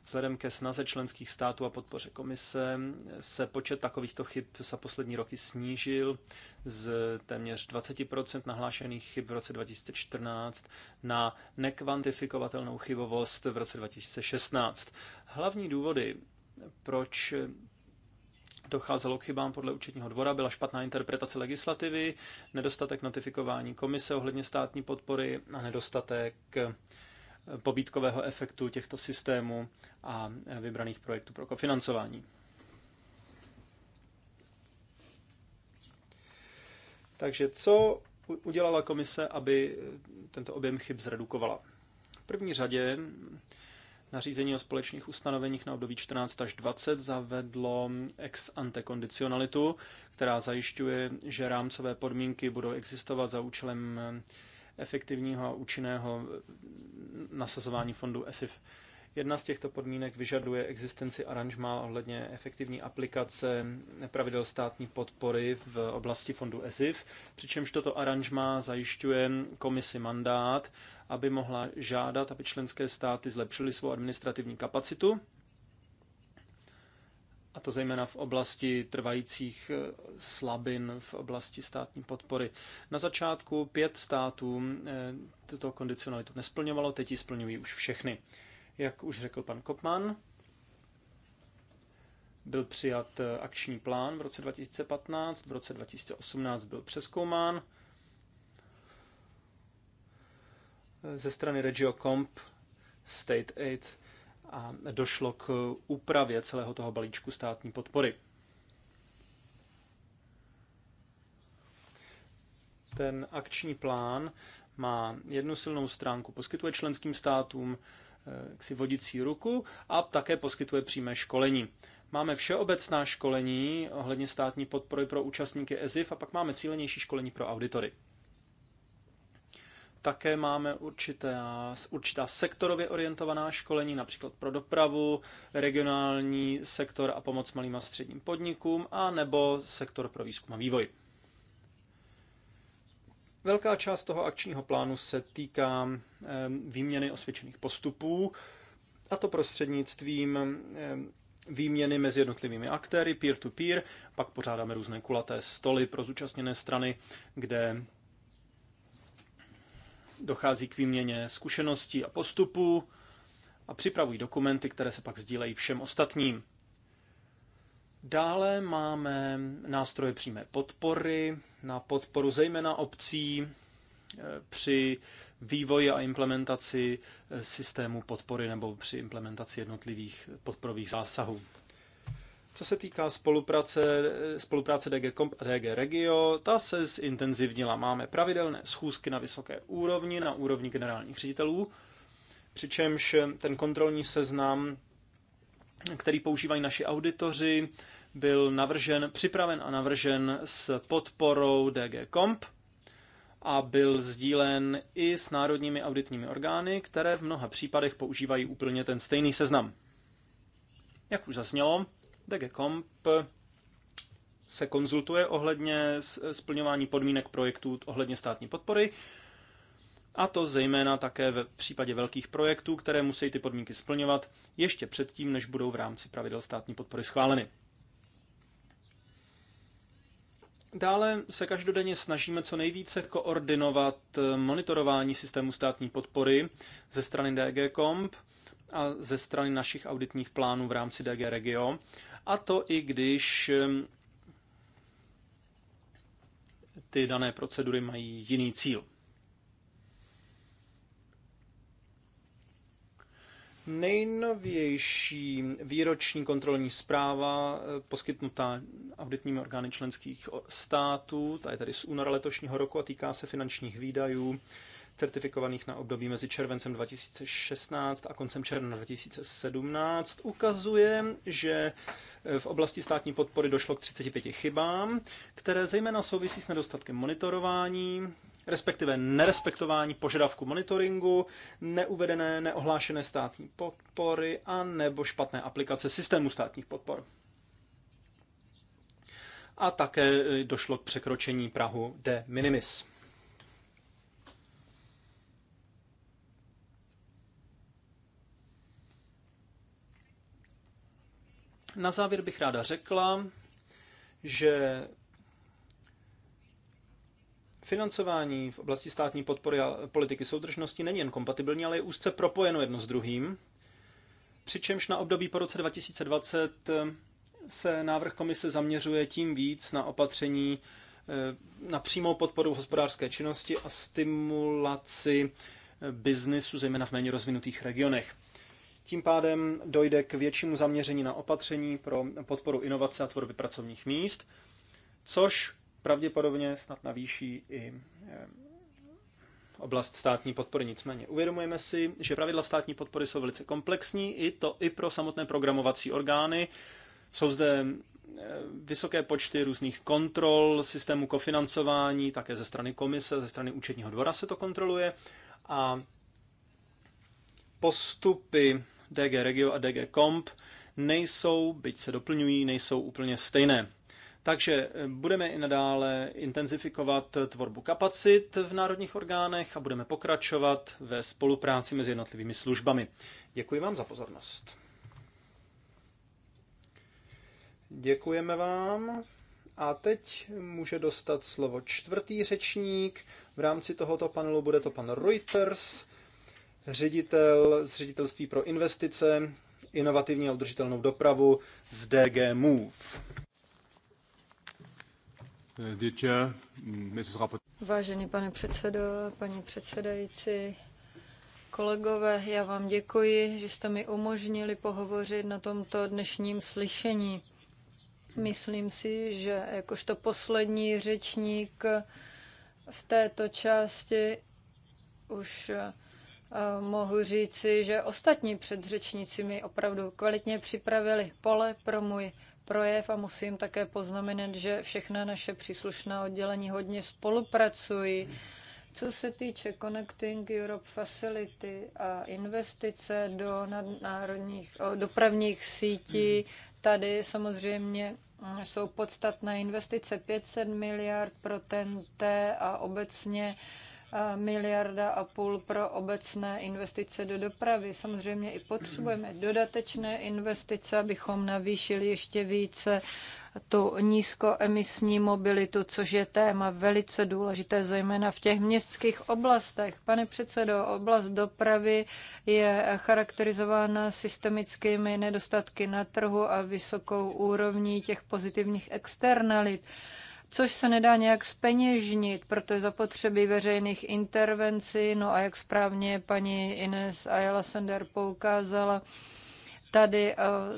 Speaker 1: Vzhledem ke snaze členských států a podpoře komise se počet takovýchto chyb za poslední roky snížil z téměř 20% nahlášených chyb v roce 2014 na nekvantifikovatelnou chybovost v roce 2016. Hlavní důvody, proč docházelo k chybám podle účetního dvora, byla špatná interpretace legislativy, nedostatek notifikování komise ohledně státní podpory a nedostatek pobítkového efektu těchto systémů a vybraných projektů pro kofinancování. Takže co udělala komise, aby tento objem chyb zredukovala? V první řadě nařízení o společných ustanoveních na období 14 až 20 zavedlo ex ante kondicionalitu, která zajišťuje, že rámcové podmínky budou existovat za účelem efektivního a účinného eh, nasazování fondu ESIF. Jedna z těchto podmínek vyžaduje existenci aranžma ohledně efektivní aplikace pravidel státní podpory v oblasti fondu ESIF, přičemž toto aranžma zajišťuje komisi mandát, aby mohla žádat, aby členské státy zlepšily svou administrativní kapacitu a to zejména v oblasti trvajících eh, slabin, v oblasti státní podpory. Na začátku pět států eh, tuto kondicionalitu nesplňovalo, teď ji splňují už všechny. Jak už řekl pan Kopman, byl přijat eh, akční plán v roce 2015, v roce 2018 byl přeskoumán. Ze strany Regio Comp State Aid a došlo k úpravě celého toho balíčku státní podpory. Ten akční plán má jednu silnou stránku. Poskytuje členským státům eh, si vodící ruku a také poskytuje přímé školení. Máme všeobecná školení ohledně státní podpory pro účastníky EZIF a pak máme cílenější školení pro auditory. Také máme určité, určitá sektorově orientovaná školení, například pro dopravu, regionální sektor a pomoc malým a středním podnikům, a nebo sektor pro výzkum a vývoj. Velká část toho akčního plánu se týká výměny osvědčených postupů, a to prostřednictvím výměny mezi jednotlivými aktéry, peer-to-peer, -peer. pak pořádáme různé kulaté stoly pro zúčastněné strany, kde Dochází k výměně zkušeností a postupů a připravují dokumenty, které se pak sdílejí všem ostatním. Dále máme nástroje přímé podpory na podporu zejména obcí eh, při vývoji a implementaci eh, systému podpory nebo při implementaci jednotlivých podporových zásahů. Co se týká spolupráce, spolupráce DG, Comp DG Regio, ta se zintenzivnila. Máme pravidelné schůzky na vysoké úrovni, na úrovni generálních ředitelů, přičemž ten kontrolní seznam, který používají naši auditoři, byl navržen, připraven a navržen s podporou DG Comp a byl sdílen i s národními auditními orgány, které v mnoha případech používají úplně ten stejný seznam. Jak už zasnělo, DG Comp se konzultuje ohledně splňování podmínek projektů ohledně státní podpory, a to zejména také v případě velkých projektů, které musí ty podmínky splňovat ještě předtím, než budou v rámci pravidel státní podpory schváleny. Dále se každodenně snažíme co nejvíce koordinovat eh, monitorování systému státní podpory ze strany DG Comp a ze strany našich auditních plánů v rámci DG Regio a to i když ty dané procedury mají jiný cíl. Nejnovější výroční kontrolní zpráva eh, poskytnutá auditními orgány členských států, ta je tady z února letošního roku a týká se finančních výdajů certifikovaných na období mezi červencem 2016 a koncem června 2017 ukazuje, že eh, v oblasti státní podpory došlo k 35 chybám, které zejména souvisí s nedostatkem monitorování, respektive nerespektování požadavku monitoringu, neuvedené, neohlášené státní podpory a nebo špatné aplikace systému státních podpor. A také eh, došlo k překročení Prahu de minimis. Na závěr bych ráda řekla, že financování v oblasti státní podpory a politiky soudržnosti není jen kompatibilní, ale je úzce propojeno jedno s druhým. Přičemž na období po roce 2020 eh, se návrh komise zaměřuje tím víc na opatření eh, na přímou podporu hospodářské činnosti a stimulaci eh, biznisu, zejména v méně rozvinutých regionech. Tím pádem dojde k většímu zaměření na opatření pro podporu inovace a tvorby pracovních míst, což pravděpodobně snad navýší i eh, oblast státní podpory. Nicméně uvědomujeme si, že pravidla státní podpory jsou velice komplexní, i to i pro samotné programovací orgány. Jsou zde eh, vysoké počty různých kontrol, systému kofinancování, také ze strany komise, ze strany účetního dvora se to kontroluje a postupy DG Regio a DG Comp nejsou, byť se doplňují, nejsou úplně stejné. Takže eh, budeme i nadále intenzifikovat tvorbu kapacit v národních orgánech a budeme pokračovat ve spolupráci mezi jednotlivými službami. Děkuji vám za pozornost. Děkujeme vám. A teď může dostat slovo čtvrtý řečník. V rámci tohoto panelu bude to pan Reuters ředitel z ředitelství pro investice, inovativní a udržitelnou dopravu z DG Move.
Speaker 3: Eh, mm,
Speaker 4: Vážený pane předsedo, paní předsedající, kolegové, já vám děkuji, že jste mi umožnili pohovořit na tomto dnešním slyšení. Myslím si, že jakožto poslední řečník v této části už Eh, mohu říci, že ostatní předřečníci mi opravdu kvalitně připravili pole pro můj projev a musím také poznamenat, že všechna naše příslušná oddělení hodně spolupracují. Co se týče Connecting Europe Facility a investice do nadnárodních dopravních sítí, hmm. tady samozřejmě mm, jsou podstatné investice 500 miliard pro TNT a obecně miliarda a půl pro obecné investice do dopravy. Samozřejmě i potřebujeme dodatečné investice, abychom navýšili ještě více tu nízkoemisní mobilitu, což je téma velice důležité, zejména v těch městských oblastech. Pane předsedo, oblast dopravy je charakterizována systemickými nedostatky na trhu a vysokou úrovní těch pozitivních externalit což se nedá nějak speněžnit, proto je zapotřebí veřejných intervencí. No a jak správně paní Ines Ayala Sender poukázala, tady eh,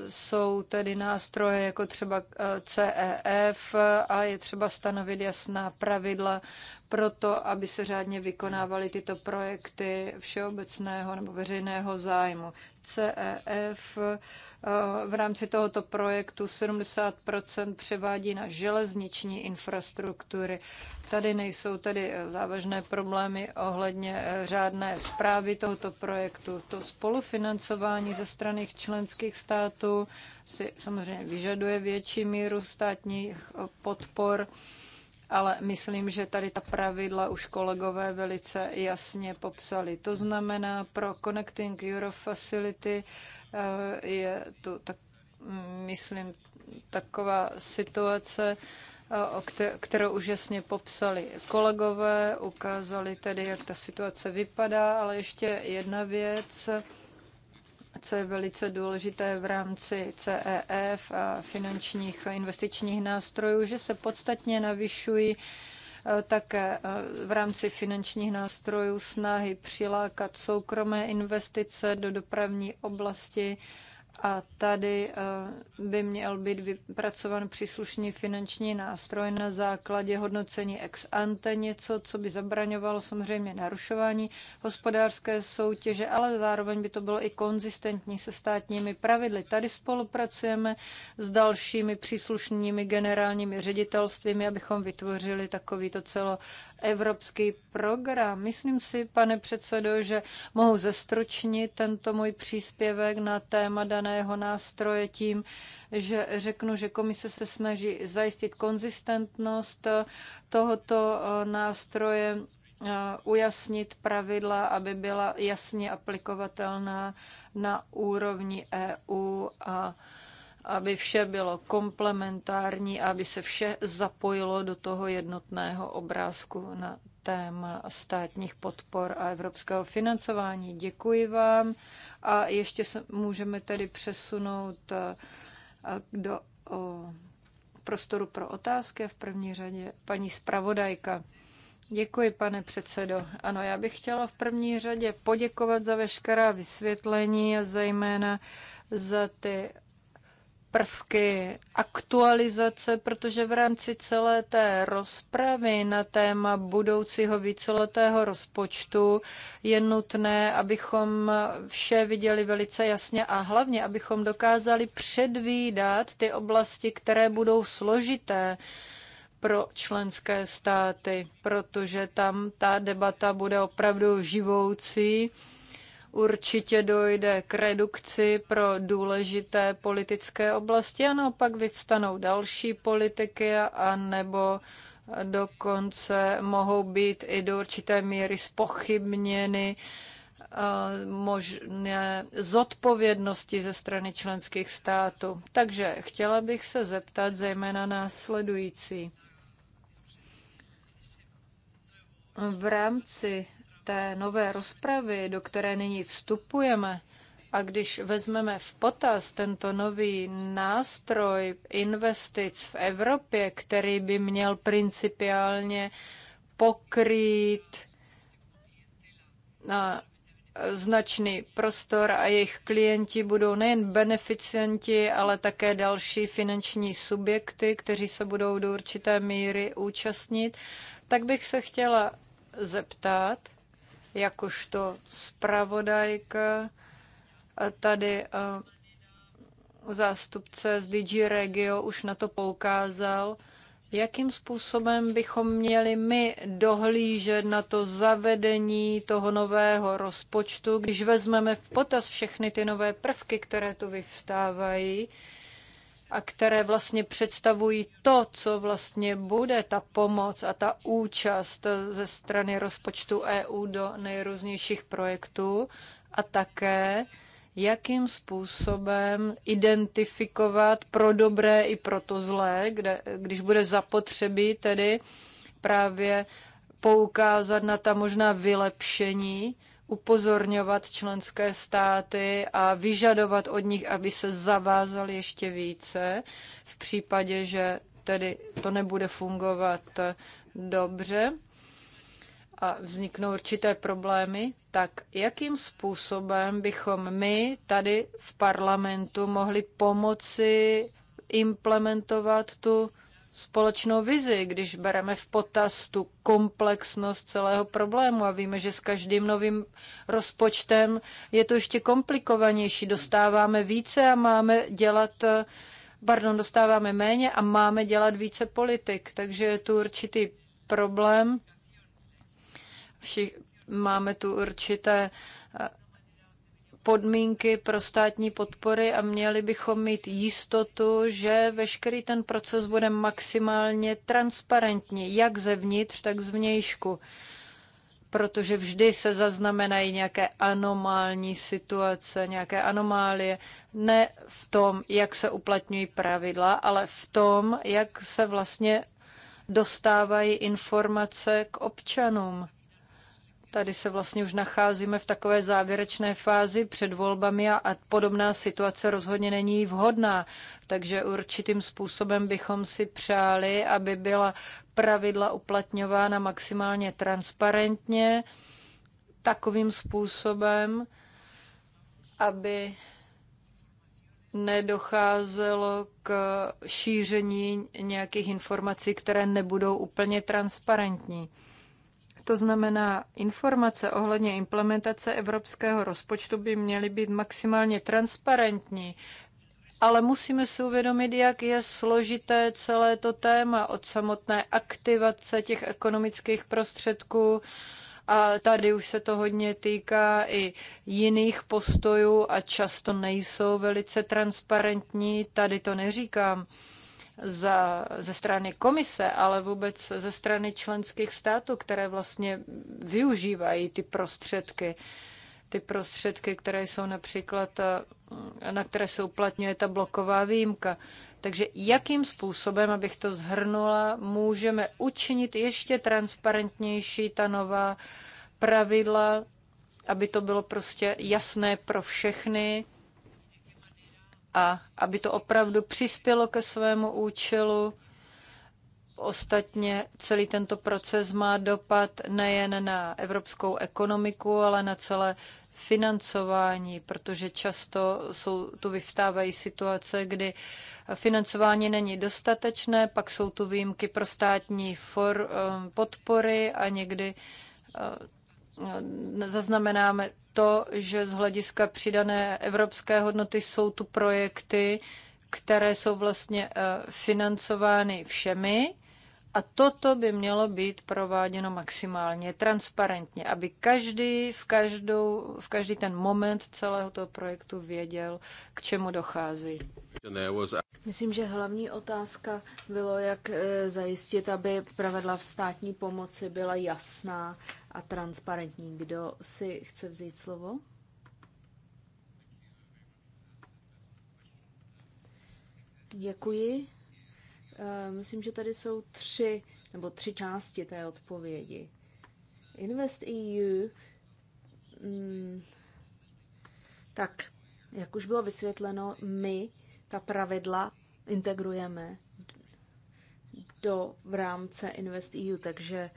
Speaker 4: jsou tedy nástroje jako třeba eh, CEF a je třeba stanovit jasná pravidla proto, aby se řádně vykonávaly tyto projekty všeobecného nebo veřejného zájmu. CEF eh, v rámci tohoto projektu 70 převádí na železniční infrastruktury. Tady nejsou tedy eh, závažné problémy ohledně eh, řádné zprávy tohoto projektu. To spolufinancování ze strany členských států si samozřejmě vyžaduje větší míru státních podpor ale myslím, že tady ta pravidla už kolegové velice jasně popsali. To znamená, pro Connecting Euro Facility eh, je tu, tak, myslím, taková situace, eh, kterou už jasně popsali kolegové, ukázali tedy, jak ta situace vypadá, ale ještě jedna věc, co je velice důležité v rámci CEF a finančních investičních nástrojů, že se podstatně navyšují eh, také eh, v rámci finančních nástrojů snahy přilákat soukromé investice do dopravní oblasti a tady eh, by měl být vypracovan příslušný finanční nástroj na základě hodnocení ex ante, něco, co by zabraňovalo samozřejmě narušování hospodářské soutěže, ale zároveň by to bylo i konzistentní se státními pravidly. Tady spolupracujeme s dalšími příslušnými generálními ředitelstvími, abychom vytvořili takovýto celoevropský program. Myslím si, pane předsedo, že mohu zestročnit tento můj příspěvek na téma dané na jeho nástroje tím, že řeknu, že komise se snaží zajistit konzistentnost tohoto eh, nástroje, eh, ujasnit pravidla, aby byla jasně aplikovatelná na úrovni EU a aby vše bylo komplementární, aby se vše zapojilo do toho jednotného obrázku na téma státních podpor a evropského financování. Děkuji vám a ještě se můžeme tedy přesunout eh, eh, do prostoru pro otázky v první řadě paní zpravodajka. Děkuji, pane předsedo. Ano, já bych chtěla v první řadě poděkovat za veškerá vysvětlení a zejména za ty prvky aktualizace, protože v rámci celé té rozpravy na téma budoucího víceletého rozpočtu je nutné, abychom vše viděli velice jasně a hlavně, abychom dokázali předvídat ty oblasti, které budou složité pro členské státy, protože tam ta debata bude opravdu živoucí Určitě dojde k redukci pro důležité politické oblasti a naopak vyvstanou další politiky a nebo dokonce mohou být i do určité míry spochybněny eh, možné zodpovědnosti ze strany členských států. Takže chtěla bych se zeptat zejména následující. V rámci té nové rozpravy, do které nyní vstupujeme, a když vezmeme v potaz tento nový nástroj investic v Evropě, který by měl principiálně pokrýt na značný prostor a jejich klienti budou nejen beneficienti, ale také další finanční subjekty, kteří se budou do určité míry účastnit, tak bych se chtěla zeptat, jakožto zpravodajka a tady zástupce z DG Regio už na to poukázal, jakým způsobem bychom měli my dohlížet na to zavedení toho nového rozpočtu, když vezmeme v potaz všechny ty nové prvky, které tu vyvstávají, a které vlastně představují to, co vlastně bude ta pomoc a ta účast ze strany rozpočtu EU do nejrůznějších projektů a také jakým způsobem identifikovat pro dobré i pro to zlé, kde, když bude zapotřebí tedy právě poukázat na ta možná vylepšení upozorňovat členské státy a vyžadovat od nich, aby se zavázali ještě více v případě, že tedy to nebude fungovat dobře a vzniknou určité problémy, tak jakým způsobem bychom my tady v parlamentu mohli pomoci implementovat tu společnou vizi, když bereme v potaz tu komplexnost celého problému a víme, že s každým novým rozpočtem je to ještě komplikovanější. Dostáváme více a máme dělat, pardon, dostáváme méně a máme dělat více politik. Takže je tu určitý problém. Všich, máme tu určité podmínky pro státní podpory a měli bychom mít jistotu, že veškerý ten proces bude maximálně transparentní, jak zevnitř, tak zvnějšku protože vždy se zaznamenají nějaké anomální situace, nějaké anomálie, ne v tom, jak se uplatňují pravidla, ale v tom, jak se vlastně dostávají informace k občanům. Tady se vlastně už nacházíme v takové závěrečné fázi před volbami a, a podobná situace rozhodně není vhodná. Takže určitým způsobem bychom si přáli, aby byla pravidla uplatňována maximálně transparentně, takovým způsobem, aby nedocházelo k šíření nějakých informací, které nebudou úplně transparentní. To znamená, informace ohledně implementace evropského rozpočtu by měly být maximálně transparentní, ale musíme si uvědomit, jak je složité celé to téma od samotné aktivace těch ekonomických prostředků. A tady už se to hodně týká i jiných postojů a často nejsou velice transparentní. Tady to neříkám za, ze strany komise, ale vůbec ze strany členských států, které vlastně využívají ty prostředky ty prostředky, které jsou například, eh, na které se uplatňuje ta bloková výjimka. Takže jakým způsobem, abych to zhrnula, můžeme učinit ještě transparentnější ta nová pravidla, aby to bylo prostě jasné pro všechny, a aby to opravdu přispělo ke svému účelu. Ostatně celý tento proces má dopad nejen na evropskou ekonomiku, ale na celé financování, protože často jsou, tu vyvstávají situace, kdy financování není dostatečné, pak jsou tu výjimky pro státní for, eh, podpory a někdy eh, Eh, zaznamenáme to, že z hlediska přidané evropské hodnoty jsou tu projekty, které jsou vlastně eh, financovány všemi a toto by mělo být prováděno maximálně transparentně, aby každý v, každou, v každý ten moment celého toho projektu věděl, k čemu dochází. Myslím, že hlavní otázka bylo, jak e, zajistit, aby pravidla v státní
Speaker 2: pomoci byla jasná a transparentní. Kdo si chce vzít slovo? Děkuji. Eh, myslím, že tady jsou tři nebo tři části té odpovědi. Invest EU, mm, tak jak už bylo vysvětleno, my ta pravidla integrujeme do v rámce Invest EU, takže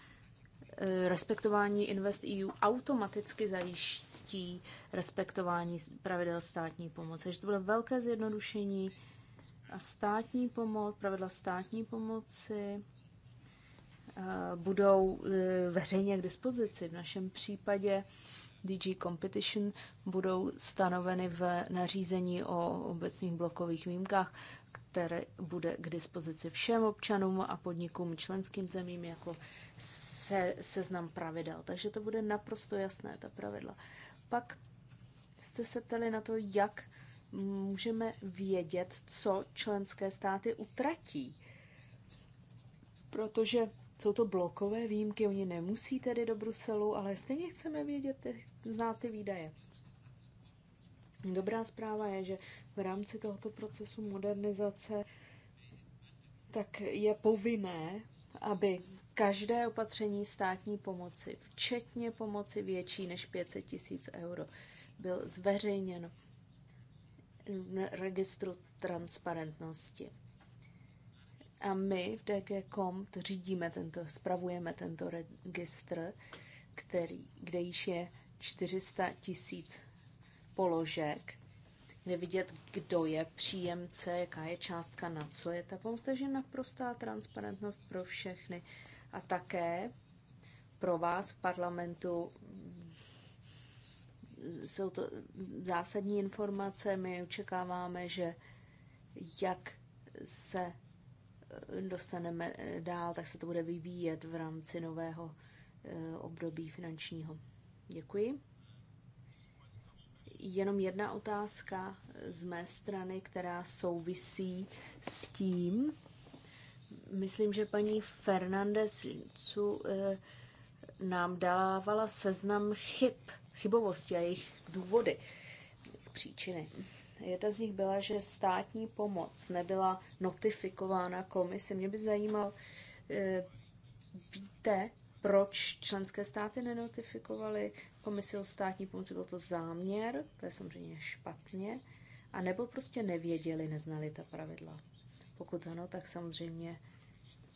Speaker 2: eh, respektování Invest EU automaticky zajistí respektování pravidel státní pomoci. Takže to bylo velké zjednodušení a státní pomoc, pravidla státní pomoci eh, budou eh, veřejně k dispozici. V našem případě DG Competition budou stanoveny v nařízení o obecných blokových výjimkách, které bude k dispozici všem občanům a podnikům členským zemím jako se, seznam pravidel. Takže to bude naprosto jasné, ta pravidla. Pak jste se ptali na to, jak uh, můžeme vědět, co členské státy utratí. Protože jsou to blokové výjimky, oni nemusí tedy do Bruselu, ale stejně chceme vědět, znát ty výdaje. Dobrá zpráva je, že v rámci tohoto procesu modernizace tak je povinné, aby každé opatření státní pomoci, včetně pomoci větší než 500 tisíc euro, byl zveřejněno registru transparentnosti. A my v DG.com řídíme tento, spravujeme tento registr, který, kde již je 400 tisíc položek, kde vidět, kdo je příjemce, jaká je částka, na co je ta pomoc. Takže naprostá transparentnost pro všechny. A také pro vás v parlamentu jsou to zásadní informace. My očekáváme, že jak se eh, dostaneme eh, dál, tak se to bude vyvíjet v rámci nového eh, období finančního. Děkuji. Jenom jedna otázka z mé strany, která souvisí s tím. Myslím, že paní Fernandez nám dávala seznam chyb chybovosti a jejich důvody, jejich příčiny. Jedna z nich byla, že státní pomoc nebyla notifikována komisi. Mě by zajímal, eh, víte, proč členské státy nenotifikovaly komisi o státní pomoci? Byl to záměr, to je samozřejmě špatně, a nebo prostě nevěděli, neznali ta pravidla. Pokud ano, tak samozřejmě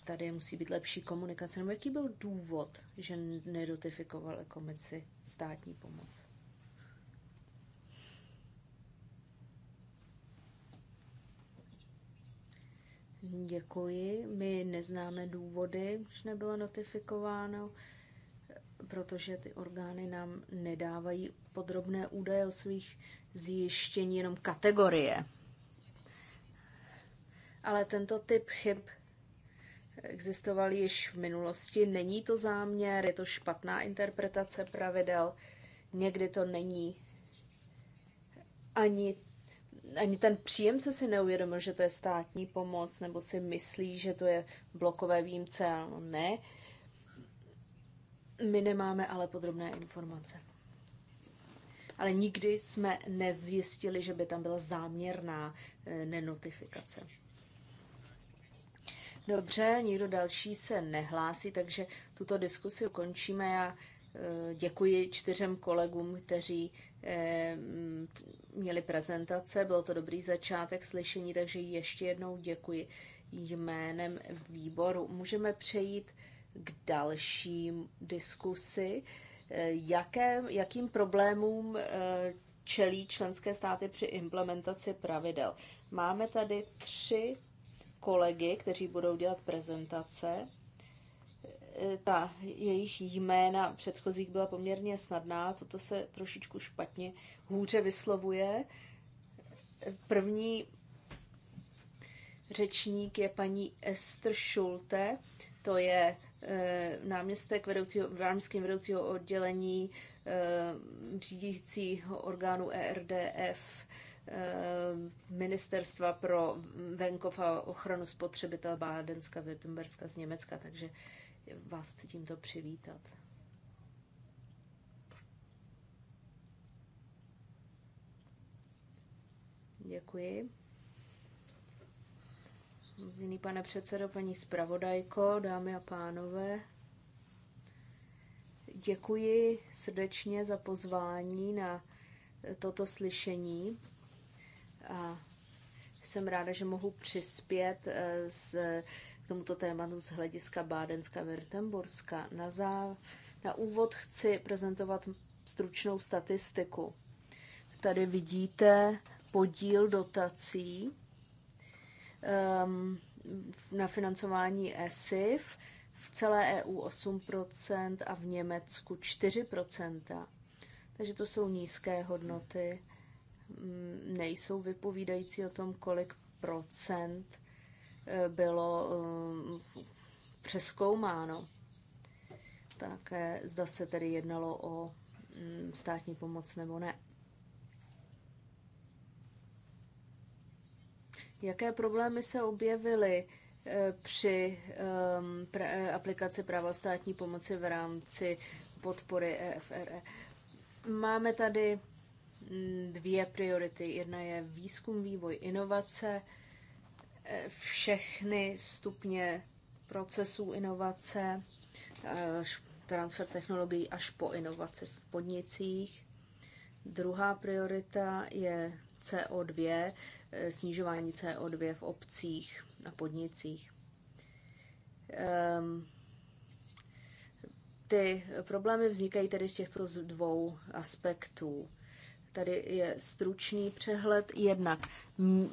Speaker 2: tady musí být lepší komunikace. Nebo jaký byl důvod, že nedotifikoval komici státní pomoc? Děkuji. My neznáme důvody, už nebylo notifikováno, protože ty orgány nám nedávají podrobné údaje o svých zjištění, jenom kategorie. Ale tento typ chyb existoval již v minulosti. Není to záměr, je to špatná interpretace pravidel, někdy to není. Ani, ani ten příjemce si neuvědomil, že to je státní pomoc, nebo si myslí, že to je blokové výjimce, ale ne. My nemáme ale podrobné informace. Ale nikdy jsme nezjistili, že by tam byla záměrná eh, nenotifikace. Dobře, nikdo další se nehlásí, takže tuto diskusi ukončíme. Já eh, děkuji čtyřem kolegům, kteří eh, měli prezentace. Byl to dobrý začátek slyšení, takže ještě jednou děkuji jménem výboru. Můžeme přejít k další diskusi. Eh, jaké, jakým problémům čelí členské státy při implementaci pravidel? Máme tady tři kolegy, kteří budou dělat prezentace. E, ta jejich jména předchozích byla poměrně snadná, toto se trošičku špatně hůře vyslovuje. První řečník je paní Esther Schulte, to je e, náměstek vedoucího, náměstským vedoucího oddělení e, řídícího orgánu ERDF Eh, ministerstva pro venkov a ochranu spotřebitel Bádenska, Württemberska z Německa, takže vás chci tímto přivítat. Děkuji. Jiný pane předsedo, paní zpravodajko, dámy a pánové, děkuji srdečně za pozvání na toto slyšení. A jsem ráda, že mohu přispět eh, s, k tomuto tématu z hlediska Bádenska a Württemberska. Na, zá, na úvod chci prezentovat stručnou statistiku. Tady vidíte podíl dotací um, na financování ESIF v celé EU 8% a v Německu 4%. Takže to jsou nízké hodnoty Mm, nejsou vypovídající o tom, kolik procent eh, bylo eh, přeskoumáno. Také zda se tedy jednalo o mm, státní pomoc nebo ne. Jaké problémy se objevily eh, při ehm, aplikaci práva státní pomoci v rámci podpory EFRE? E? Máme tady Mm, dvě priority. Jedna je výzkum, vývoj, inovace, eh, všechny stupně procesů inovace, eh, transfer technologií až po inovaci v podnicích. Druhá priorita je CO2, eh, snižování CO2 v obcích a podnicích. Ehm, ty problémy vznikají tedy z těchto dvou aspektů Tady je stručný přehled, jednak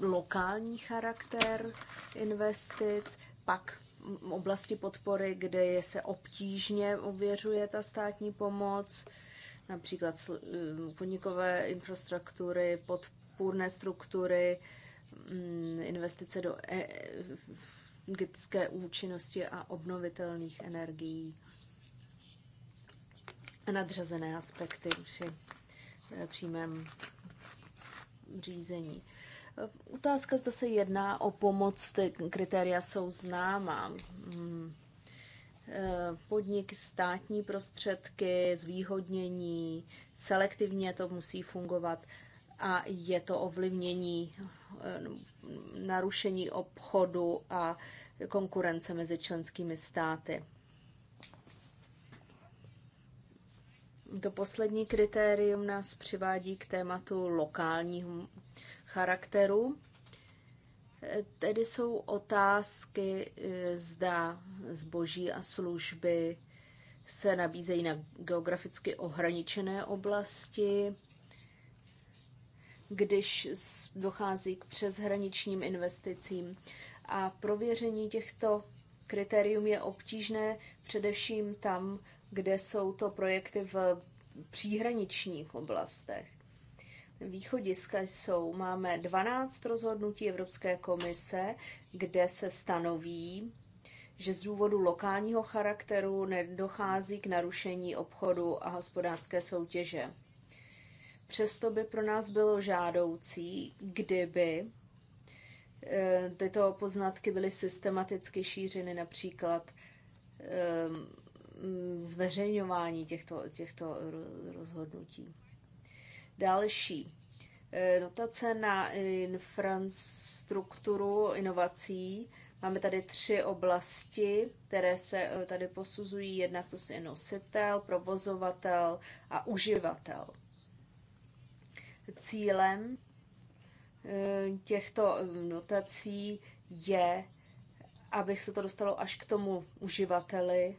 Speaker 2: lokální charakter investic, pak oblasti podpory, kde se obtížně ověřuje ta státní pomoc, například podnikové infrastruktury, podpůrné struktury, investice do e, energetické účinnosti a obnovitelných energií. A nadřazené aspekty už je Eh, přímém řízení. Otázka, zda se jedná o pomoc, ty kritéria jsou známá. Hmm. Eh, podnik, státní prostředky, zvýhodnění, selektivně to musí fungovat a je to ovlivnění, eh, narušení obchodu a konkurence mezi členskými státy. To poslední kritérium nás přivádí k tématu lokálního charakteru. Tedy jsou otázky, eh, zda zboží a služby se nabízejí na geograficky ohraničené oblasti, když dochází k přeshraničním investicím. A prověření těchto kritérium je obtížné především tam, kde jsou to projekty v příhraničních oblastech. Východiska jsou, máme 12 rozhodnutí Evropské komise, kde se stanoví, že z důvodu lokálního charakteru nedochází k narušení obchodu a hospodářské soutěže. Přesto by pro nás bylo žádoucí, kdyby eh, tyto poznatky byly systematicky šířeny například eh, Mm, zveřejňování těchto, těchto rozhodnutí. Další. Eh, dotace na infrastrukturu inovací. Máme tady tři oblasti, které se eh, tady posuzují. Jednak to je nositel, provozovatel a uživatel. Cílem eh, těchto mm, dotací je, abych se to dostalo až k tomu uživateli,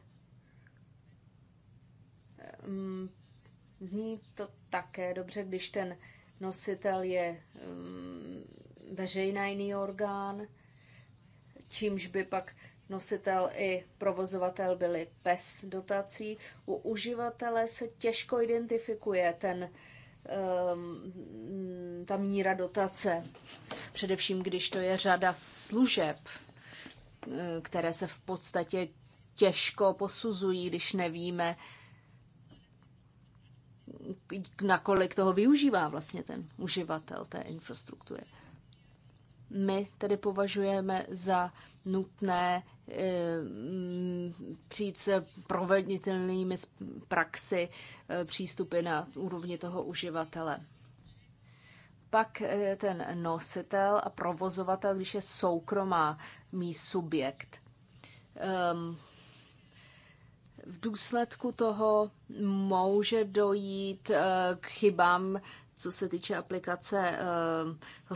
Speaker 2: Ehm, zní to také dobře, když ten nositel je ehm, veřejný orgán, čímž by pak nositel i provozovatel byli bez dotací. U uživatele se těžko identifikuje ten um, ta míra dotace, především když to je řada služeb, eh, které se v podstatě těžko posuzují, když nevíme, nakolik toho využívá vlastně ten uživatel té infrastruktury. My tedy považujeme za nutné eh, mm, přijít se proveditelnými praxi eh, přístupy na úrovni toho uživatele. Pak eh, ten nositel a provozovatel, když je soukromá mý subjekt. Ehm, v důsledku toho může dojít eh, k chybám, co se týče aplikace eh,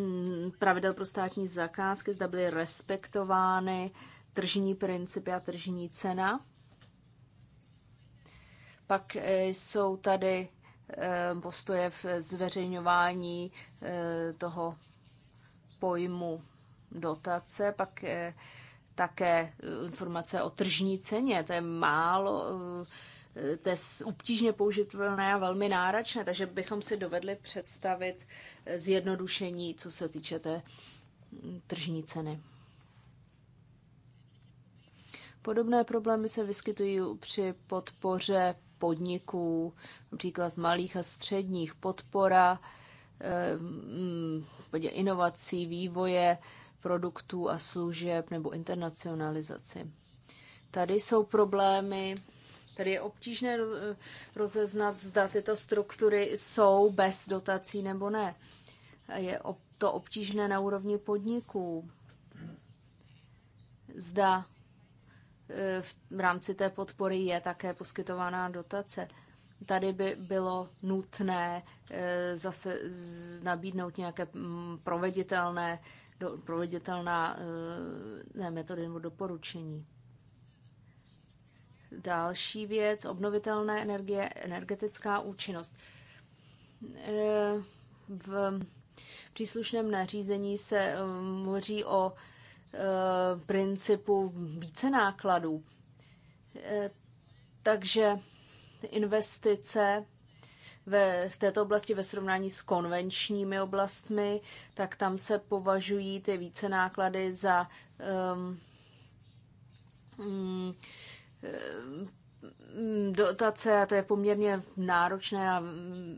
Speaker 2: mm, pravidel pro státní zakázky, zda byly respektovány tržní principy a tržní cena. Pak eh, jsou tady postoje v zveřejňování toho pojmu dotace, pak také eh, informace o tržní ceně. To je málo, eh, to je obtížně použitelné a velmi náročné, takže bychom si dovedli představit eh, zjednodušení, co se týče té mm, tržní ceny. Podobné problémy se vyskytují při podpoře podniků, například malých a středních, podpora mm, inovací, vývoje, produktů a služeb nebo internacionalizaci. Tady jsou problémy, tady je obtížné eh, rozeznat, zda tyto struktury jsou bez dotací nebo ne. Je to obtížné na úrovni podniků. Zda eh, v rámci té podpory je také poskytovaná dotace. Tady by bylo nutné eh, zase nabídnout nějaké mm, proveditelné do, proveditelná eh, ne, metody nebo doporučení. Další věc, obnovitelné energie, energetická účinnost. Eh, v příslušném nařízení se mluví eh, o principu více nákladů. Takže investice ve, v této oblasti ve srovnání s konvenčními oblastmi, tak tam se považují ty více náklady za um, um, um, dotace a to je poměrně náročné a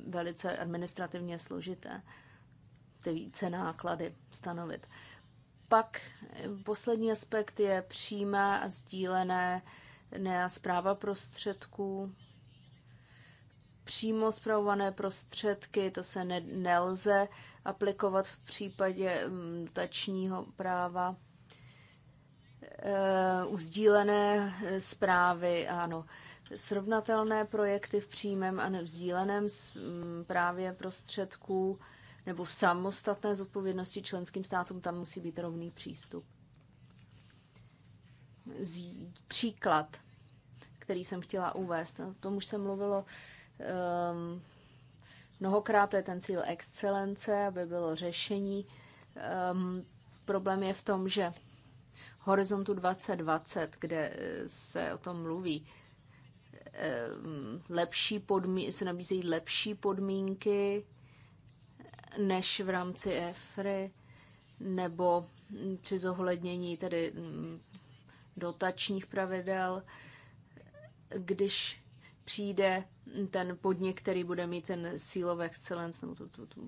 Speaker 2: velice administrativně složité ty více náklady stanovit. Pak poslední aspekt je přímá a sdílené zpráva prostředků přímo zpravované prostředky, to se ne, nelze aplikovat v případě mm, tačního práva. E, eh, uzdílené eh, zprávy, ano. Srovnatelné projekty v přímém a nevzdíleném mm, právě prostředků nebo v samostatné zodpovědnosti členským státům, tam musí být rovný přístup. příklad, který jsem chtěla uvést, o no, tom už se mluvilo Um, mnohokrát to je ten cíl excelence, aby bylo řešení. Um, problém je v tom, že Horizontu 2020, kde eh, se o tom mluví, ehm, lepší podmí- se nabízejí lepší podmínky než v rámci EFRY nebo při zohlednění tedy mm, dotačních pravidel, když přijde ten podnik, který bude mít ten seal of excellence, nebo tu, tu, tu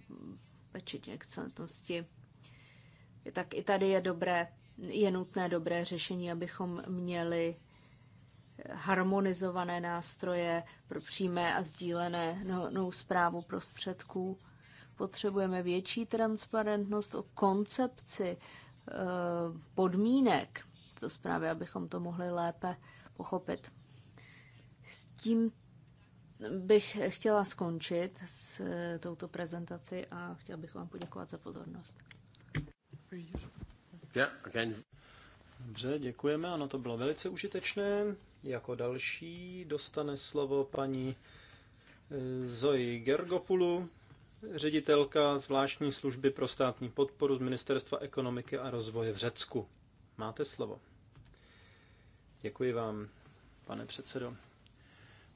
Speaker 2: pečeť excelentnosti, tak i tady je dobré, je nutné dobré řešení, abychom měli harmonizované nástroje pro přímé a sdílené novou no, zprávu prostředků. Potřebujeme větší transparentnost o koncepci eh, podmínek to zprávy, abychom to mohli lépe pochopit. S tím bych chtěla skončit s eh, touto prezentaci a chtěl bych vám poděkovat za pozornost.
Speaker 1: Dobře, děkujeme. Ano, to bylo velice užitečné. Jako další dostane slovo paní eh, Zoji Gergopulu, ředitelka zvláštní služby pro státní podporu z Ministerstva ekonomiky a rozvoje v Řecku. Máte slovo. Děkuji vám, pane předsedo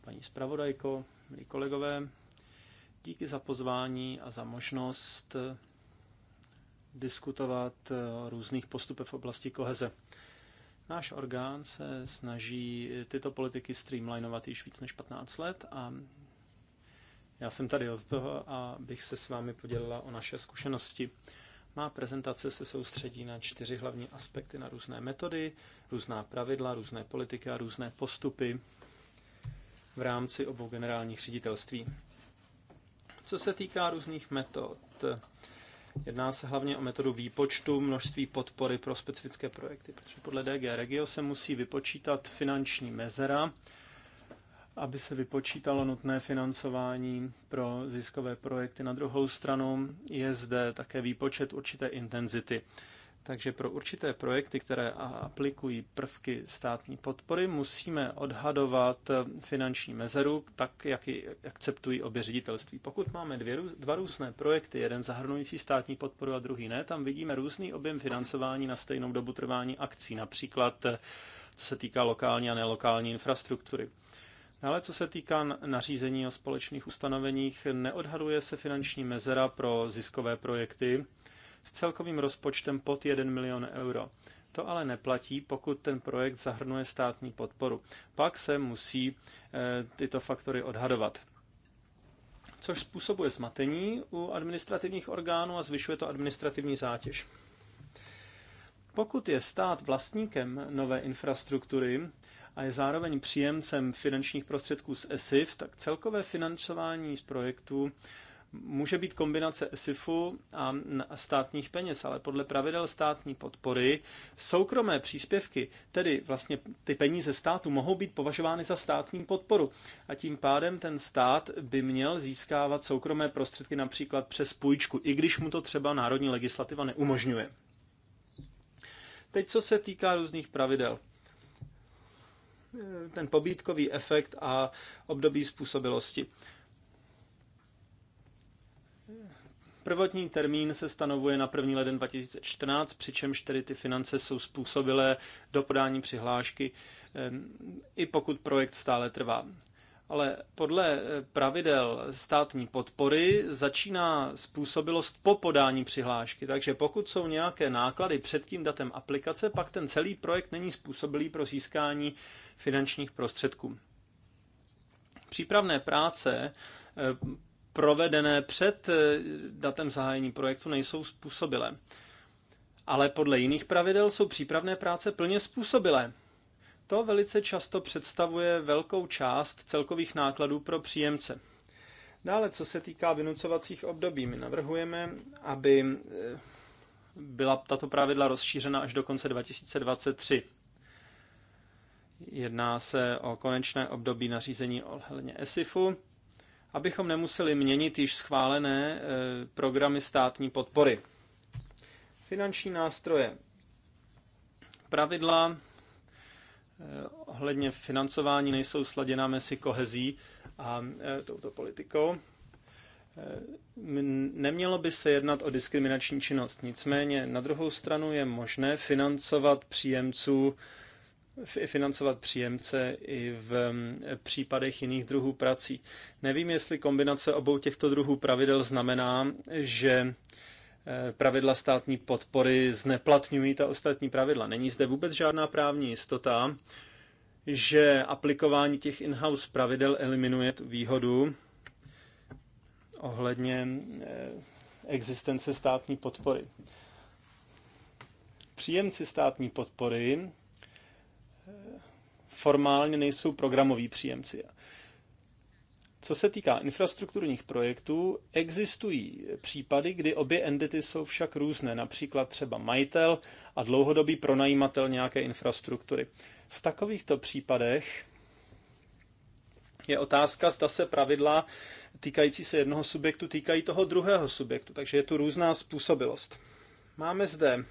Speaker 1: paní zpravodajko, milí kolegové. Díky za pozvání a za možnost eh, diskutovat eh, o různých postupech v oblasti koheze. Náš orgán se snaží eh, tyto politiky streamlinovat již víc než 15 let a já jsem tady od toho, abych se s vámi podělila o naše zkušenosti. Má prezentace se soustředí na čtyři hlavní aspekty, na různé metody, různá pravidla, různé politiky a různé postupy v rámci obou generálních ředitelství. Co se týká různých metod, jedná se hlavně o metodu výpočtu množství podpory pro specifické projekty, protože podle DG Regio se musí vypočítat finanční mezera, aby se vypočítalo nutné financování pro ziskové projekty. Na druhou stranu je zde také výpočet určité intenzity takže pro určité projekty, které aplikují prvky státní podpory, musíme odhadovat eh, finanční mezeru tak, jak ji akceptují obě ředitelství. Pokud máme dvě, dva různé projekty, jeden zahrnující státní podporu a druhý ne, tam vidíme různý objem financování na stejnou dobu trvání akcí, například eh, co se týká lokální a nelokální infrastruktury. No ale co se týká nařízení o společných ustanoveních, neodhaduje se finanční mezera pro ziskové projekty, s celkovým rozpočtem pod 1 milion euro. To ale neplatí, pokud ten projekt zahrnuje státní podporu. Pak se musí eh, tyto faktory odhadovat což způsobuje zmatení u administrativních orgánů a zvyšuje to administrativní zátěž. Pokud je stát vlastníkem nové infrastruktury a je zároveň příjemcem finančních prostředků z ESIF, tak celkové financování z projektu Může být kombinace SIFu a státních peněz, ale podle pravidel státní podpory soukromé příspěvky, tedy vlastně ty peníze státu, mohou být považovány za státní podporu. A tím pádem ten stát by měl získávat soukromé prostředky například přes půjčku, i když mu to třeba národní legislativa neumožňuje. Teď co se týká různých pravidel ten pobídkový efekt a období způsobilosti. Prvotní termín se stanovuje na 1. leden 2014, přičemž tedy ty finance jsou způsobilé do podání přihlášky, ehm, i pokud projekt stále trvá. Ale podle eh, pravidel státní podpory začíná způsobilost po podání přihlášky, takže pokud jsou nějaké náklady před tím datem aplikace, pak ten celý projekt není způsobilý pro získání finančních prostředků. Přípravné práce eh, provedené před eh, datem zahájení projektu nejsou způsobilé. Ale podle jiných pravidel jsou přípravné práce plně způsobilé. To velice často představuje velkou část celkových nákladů pro příjemce. Dále, co se týká vynucovacích období, my navrhujeme, aby eh, byla tato pravidla rozšířena až do konce 2023. Jedná se o konečné období nařízení ohledně ESIFu abychom nemuseli měnit již schválené e, programy státní podpory. Finanční nástroje. Pravidla e, ohledně financování nejsou sladěná mezi kohezí a e, touto politikou. Nemělo by se jednat o diskriminační činnost, nicméně na druhou stranu je možné financovat příjemců financovat příjemce i v mm, případech jiných druhů prací. Nevím, jestli kombinace obou těchto druhů pravidel znamená, že e, pravidla státní podpory zneplatňují ta ostatní pravidla. Není zde vůbec žádná právní jistota, že aplikování těch in-house pravidel eliminuje tu výhodu ohledně e, existence státní podpory. Příjemci státní podpory formálně nejsou programoví příjemci. Co se týká infrastrukturních projektů, existují případy, kdy obě entity jsou však různé, například třeba majitel a dlouhodobý pronajímatel nějaké infrastruktury. V takovýchto případech je otázka, zda se pravidla týkající se jednoho subjektu týkají toho druhého subjektu, takže je tu různá způsobilost. Máme zde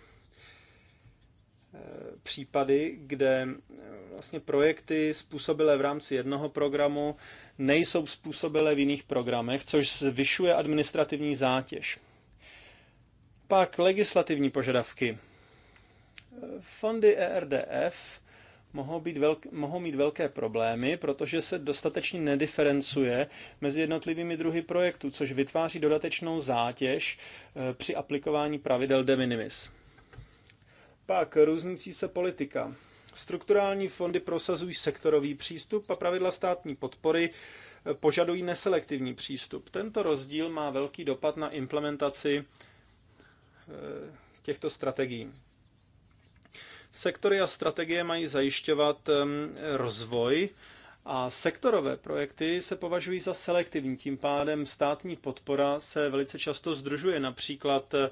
Speaker 1: případy, kde eh, vlastně projekty způsobilé v rámci jednoho programu nejsou způsobilé v jiných programech, což zvyšuje administrativní zátěž. Pak legislativní požadavky. Eh, fondy ERDF mohou, být velk, mohou mít velké problémy, protože se dostatečně nediferencuje mezi jednotlivými druhy projektů, což vytváří dodatečnou zátěž eh, při aplikování pravidel de minimis. Pak různící se politika. Strukturální fondy prosazují sektorový přístup a pravidla státní podpory eh, požadují neselektivní přístup. Tento rozdíl má velký dopad na implementaci eh, těchto strategií. Sektory a strategie mají zajišťovat rozvoj a sektorové projekty se považují za selektivní, tím pádem státní podpora se velice často združuje. Například eh,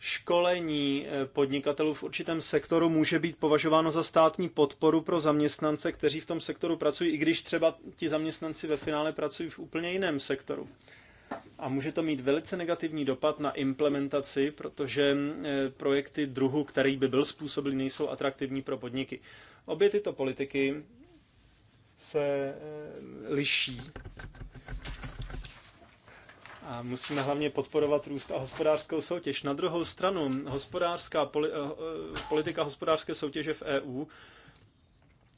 Speaker 1: školení eh, podnikatelů v určitém sektoru může být považováno za státní podporu pro zaměstnance, kteří v tom sektoru pracují, i když třeba ti zaměstnanci ve finále pracují v úplně jiném sektoru. A může to mít velice negativní dopad na implementaci, protože eh, projekty druhu, který by byl způsobilý, nejsou atraktivní pro podniky. Obě tyto politiky se eh, liší a musíme hlavně podporovat růst a hospodářskou soutěž. Na druhou stranu, hospodářská poli, eh, eh, politika hospodářské soutěže v EU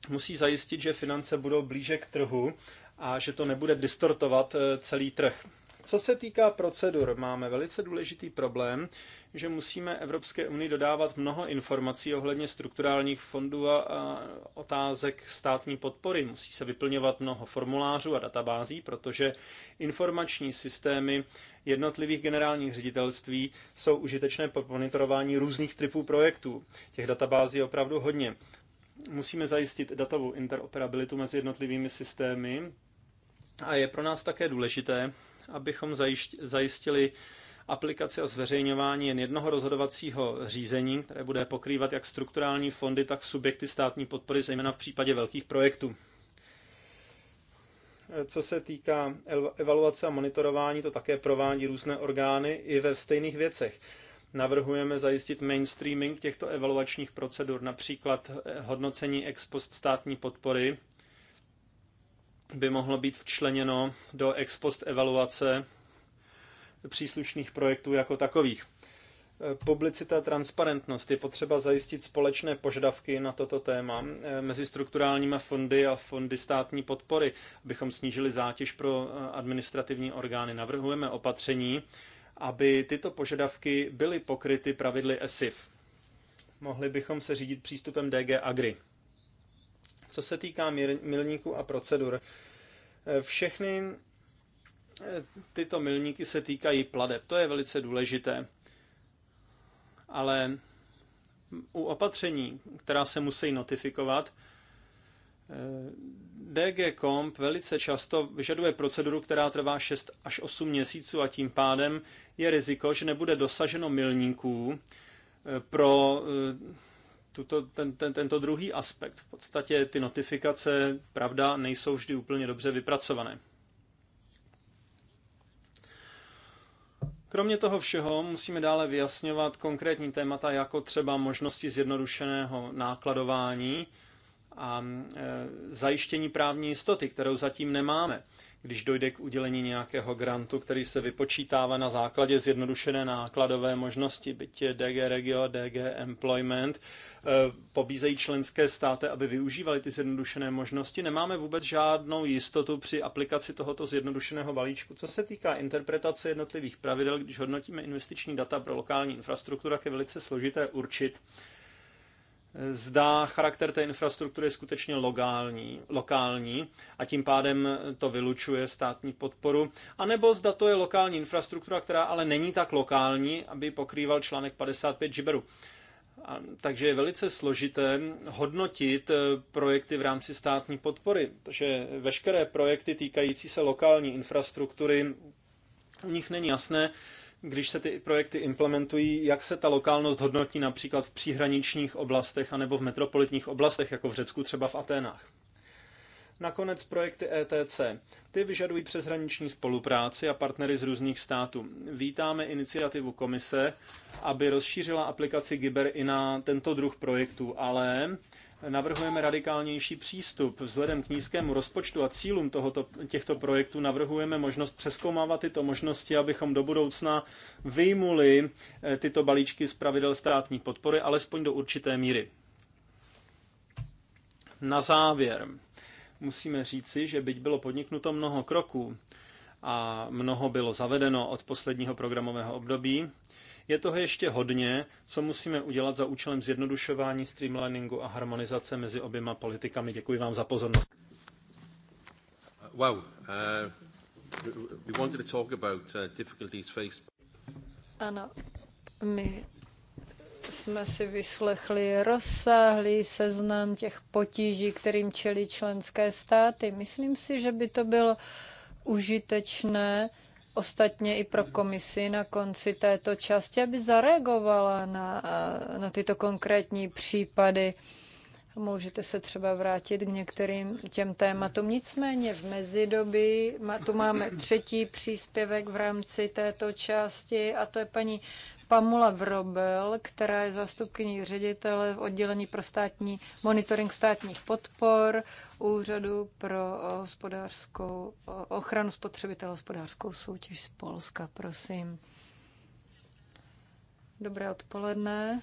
Speaker 1: musí zajistit, že finance budou blíže k trhu a že to nebude distortovat eh, celý trh. Co se týká procedur, máme velice důležitý problém, že musíme Evropské unii dodávat mnoho informací ohledně strukturálních fondů a otázek státní podpory. Musí se vyplňovat mnoho formulářů a databází, protože informační systémy jednotlivých generálních ředitelství jsou užitečné pro monitorování různých typů projektů. Těch databází je opravdu hodně. Musíme zajistit datovou interoperabilitu mezi jednotlivými systémy a je pro nás také důležité, abychom zajistili aplikaci a zveřejňování jen jednoho rozhodovacího řízení, které bude pokrývat jak strukturální fondy, tak subjekty státní podpory, zejména v případě velkých projektů. Co se týká evaluace a monitorování, to také provádí různé orgány i ve stejných věcech. Navrhujeme zajistit mainstreaming těchto evaluačních procedur, například eh, hodnocení ex post státní podpory by mohlo být včleněno do ex post evaluace příslušných projektů jako takových. Publicita a transparentnost je potřeba zajistit společné požadavky na toto téma eh, mezi strukturálními fondy a fondy státní podpory, abychom snížili zátěž pro eh, administrativní orgány. Navrhujeme opatření, aby tyto požadavky byly pokryty pravidly ESIF. Mohli bychom se řídit přístupem DG Agri. Co se týká milníků a procedur, eh, všechny tyto milníky se týkají pladeb. To je velice důležité. Ale u opatření, která se musí notifikovat, eh, DG Comp velice často vyžaduje proceduru, která trvá 6 až 8 měsíců a tím pádem je riziko, že nebude dosaženo milníků eh, pro eh, tuto, ten, ten, tento druhý aspekt. V podstatě ty notifikace, pravda, nejsou vždy úplně dobře vypracované. Kromě toho všeho musíme dále vyjasňovat konkrétní témata, jako třeba možnosti zjednodušeného nákladování a e, zajištění právní jistoty, kterou zatím nemáme, když dojde k udělení nějakého grantu, který se vypočítává na základě zjednodušené nákladové možnosti, byť DG Regio, DG Employment, e, pobízejí členské státy, aby využívali ty zjednodušené možnosti. Nemáme vůbec žádnou jistotu při aplikaci tohoto zjednodušeného balíčku. Co se týká interpretace jednotlivých pravidel, když hodnotíme investiční data pro lokální infrastrukturu, tak je velice složité určit, zda charakter té infrastruktury je skutečně lokální, lokální a tím pádem to vylučuje státní podporu, anebo zda to je lokální infrastruktura, která ale není tak lokální, aby pokrýval článek 55 Žiberu. A, takže je velice složité hodnotit eh, projekty v rámci státní podpory, protože veškeré projekty týkající se lokální infrastruktury, u nich není jasné, když se ty projekty implementují, jak se ta lokálnost hodnotí například v příhraničních oblastech anebo v metropolitních oblastech, jako v Řecku, třeba v Aténách. Nakonec projekty ETC. Ty vyžadují přeshraniční spolupráci a partnery z různých států. Vítáme iniciativu komise, aby rozšířila aplikaci Giber i na tento druh projektů, ale navrhujeme radikálnější přístup. Vzhledem k nízkému rozpočtu a cílům tohoto, těchto projektů navrhujeme možnost přeskoumávat tyto možnosti, abychom do budoucna vyjmuli eh, tyto balíčky z pravidel státní podpory, alespoň do určité míry. Na závěr musíme říci, že byť bylo podniknuto mnoho kroků a mnoho bylo zavedeno od posledního programového období, je toho ještě hodně, co musíme udělat za účelem zjednodušování, streamliningu a harmonizace mezi oběma politikami. Děkuji vám za pozornost. Uh, wow. Uh, we wanted to talk about uh, difficulties faced.
Speaker 4: Ano, my jsme si vyslechli rozsáhlý seznam těch potíží, kterým čelí členské státy. Myslím si, že by to bylo užitečné ostatně i pro komisi na konci této části, aby zareagovala na, eh, na tyto konkrétní případy. Můžete se třeba vrátit k některým těm tématům. Nicméně v mezidobí tu máme třetí příspěvek v rámci této části a to je paní Pamula Vrobel, která je zastupkyní ředitele v oddělení pro státní monitoring státních podpor Úřadu pro eh, hospodářskou eh, ochranu spotřebitel hospodářskou soutěž z Polska. Prosím. Dobré odpoledne.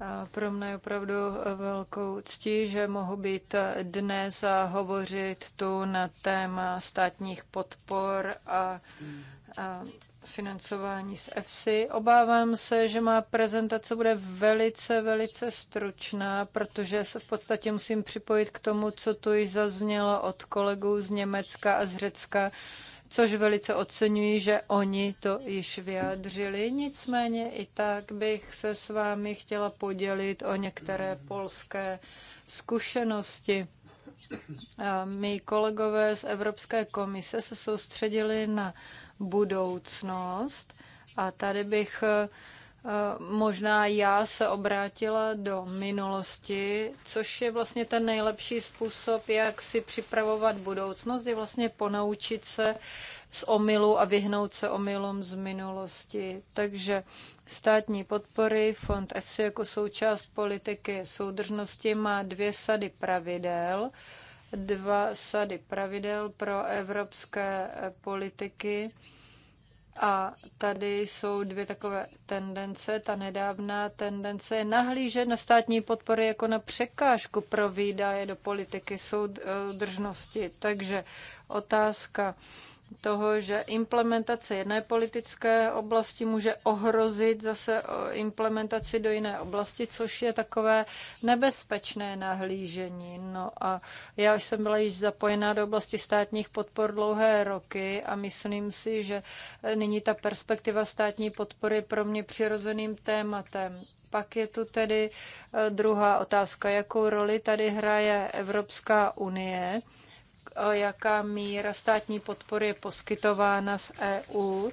Speaker 4: A pro mne je opravdu eh, velkou ctí, že mohu být dnes a hovořit tu na téma státních podpor a, a financování z EFSI. Obávám se, že má prezentace bude velice, velice stručná, protože se v podstatě musím připojit k tomu, co tu již zaznělo od kolegů z Německa a z Řecka, což velice oceňuji, že oni to již vyjádřili. Nicméně i tak bych se s vámi chtěla podělit o některé polské zkušenosti. A my kolegové z Evropské komise se soustředili na budoucnost. A tady bych eh, možná já se obrátila do minulosti, což je vlastně ten nejlepší způsob, jak si připravovat budoucnost, je vlastně ponaučit se z omylu a vyhnout se omylům z minulosti. Takže státní podpory, fond EFSI jako součást politiky soudržnosti má dvě sady pravidel, dva sady pravidel pro evropské eh, politiky. A tady jsou dvě takové tendence. Ta nedávná tendence je nahlížet na státní podpory jako na překážku pro výdaje do politiky soudržnosti. Eh, Takže otázka toho, že implementace jedné politické oblasti může ohrozit zase implementaci do jiné oblasti, což je takové nebezpečné nahlížení. No a já jsem byla již zapojená do oblasti státních podpor dlouhé roky a myslím si, že e, nyní ta perspektiva státní podpory je pro mě přirozeným tématem. Pak je tu tedy e, druhá otázka, jakou roli tady hraje Evropská unie jaká míra státní podpory je poskytována z EU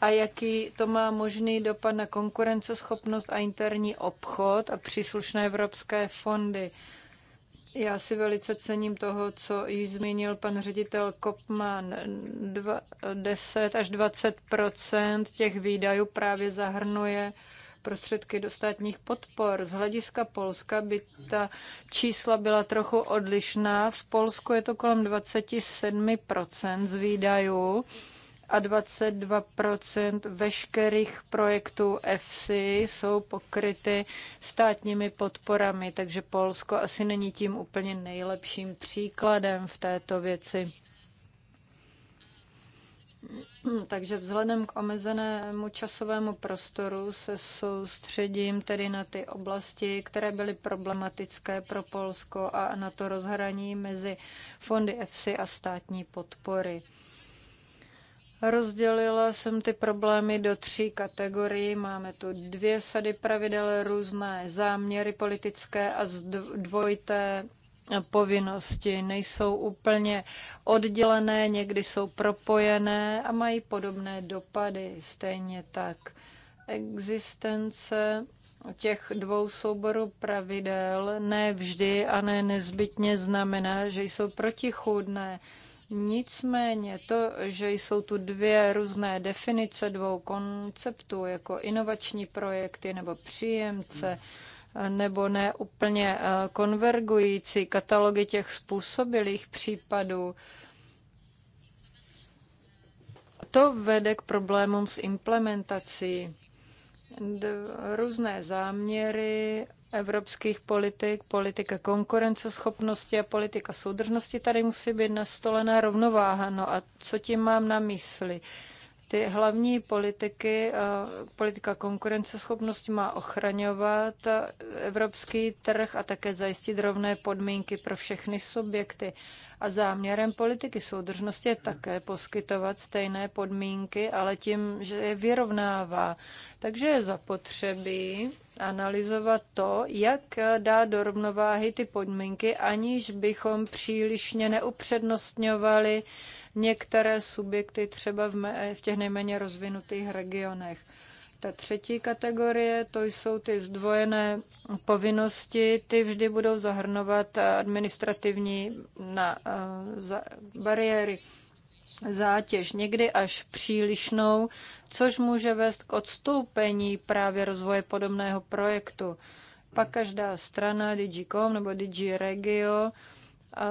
Speaker 4: a jaký to má možný dopad na konkurenceschopnost a interní obchod a příslušné evropské fondy. Já si velice cením toho, co již zmínil pan ředitel Kopman. 10 až 20 těch výdajů právě zahrnuje prostředky do státních podpor. Z hlediska Polska by ta čísla byla trochu odlišná. V Polsku je to kolem 27% z výdajů a 22% veškerých projektů EFSI jsou pokryty státními podporami, takže Polsko asi není tím úplně nejlepším příkladem v této věci. Takže vzhledem k omezenému časovému prostoru se soustředím tedy na ty oblasti, které byly problematické pro Polsko a na to rozhraní mezi fondy EFSI a státní podpory. Rozdělila jsem ty problémy do tří kategorií. Máme tu dvě sady pravidel, různé záměry politické a dvojité povinnosti nejsou úplně oddělené, někdy jsou propojené a mají podobné dopady. Stejně tak existence těch dvou souborů pravidel ne vždy a ne nezbytně znamená, že jsou protichůdné. Nicméně to, že jsou tu dvě různé definice dvou konceptů, jako inovační projekty nebo příjemce, hmm nebo ne úplně eh, konvergující katalogy těch způsobilých případů. To vede k problémům s implementací. Různé záměry evropských politik, politika konkurenceschopnosti a politika soudržnosti tady musí být nastolená rovnováha. No a co tím mám na mysli? Uh, ty hlavní politiky, eh, politika konkurenceschopnosti má ochraňovat eh, evropský trh a také zajistit rovné podmínky pro všechny subjekty. A záměrem politiky soudržnosti je také poskytovat stejné podmínky, ale tím, že je vyrovnává. Takže je zapotřebí analyzovat to, jak dát do rovnováhy ty podmínky, aniž bychom přílišně neupřednostňovali některé subjekty třeba v, me, v těch nejméně rozvinutých regionech. Ta třetí kategorie, to jsou ty zdvojené povinnosti, ty vždy budou zahrnovat administrativní na, eh, za, bariéry zátěž, někdy až přílišnou, což může vést k odstoupení právě rozvoje podobného projektu. Pak každá strana DigiCom nebo DigiRegio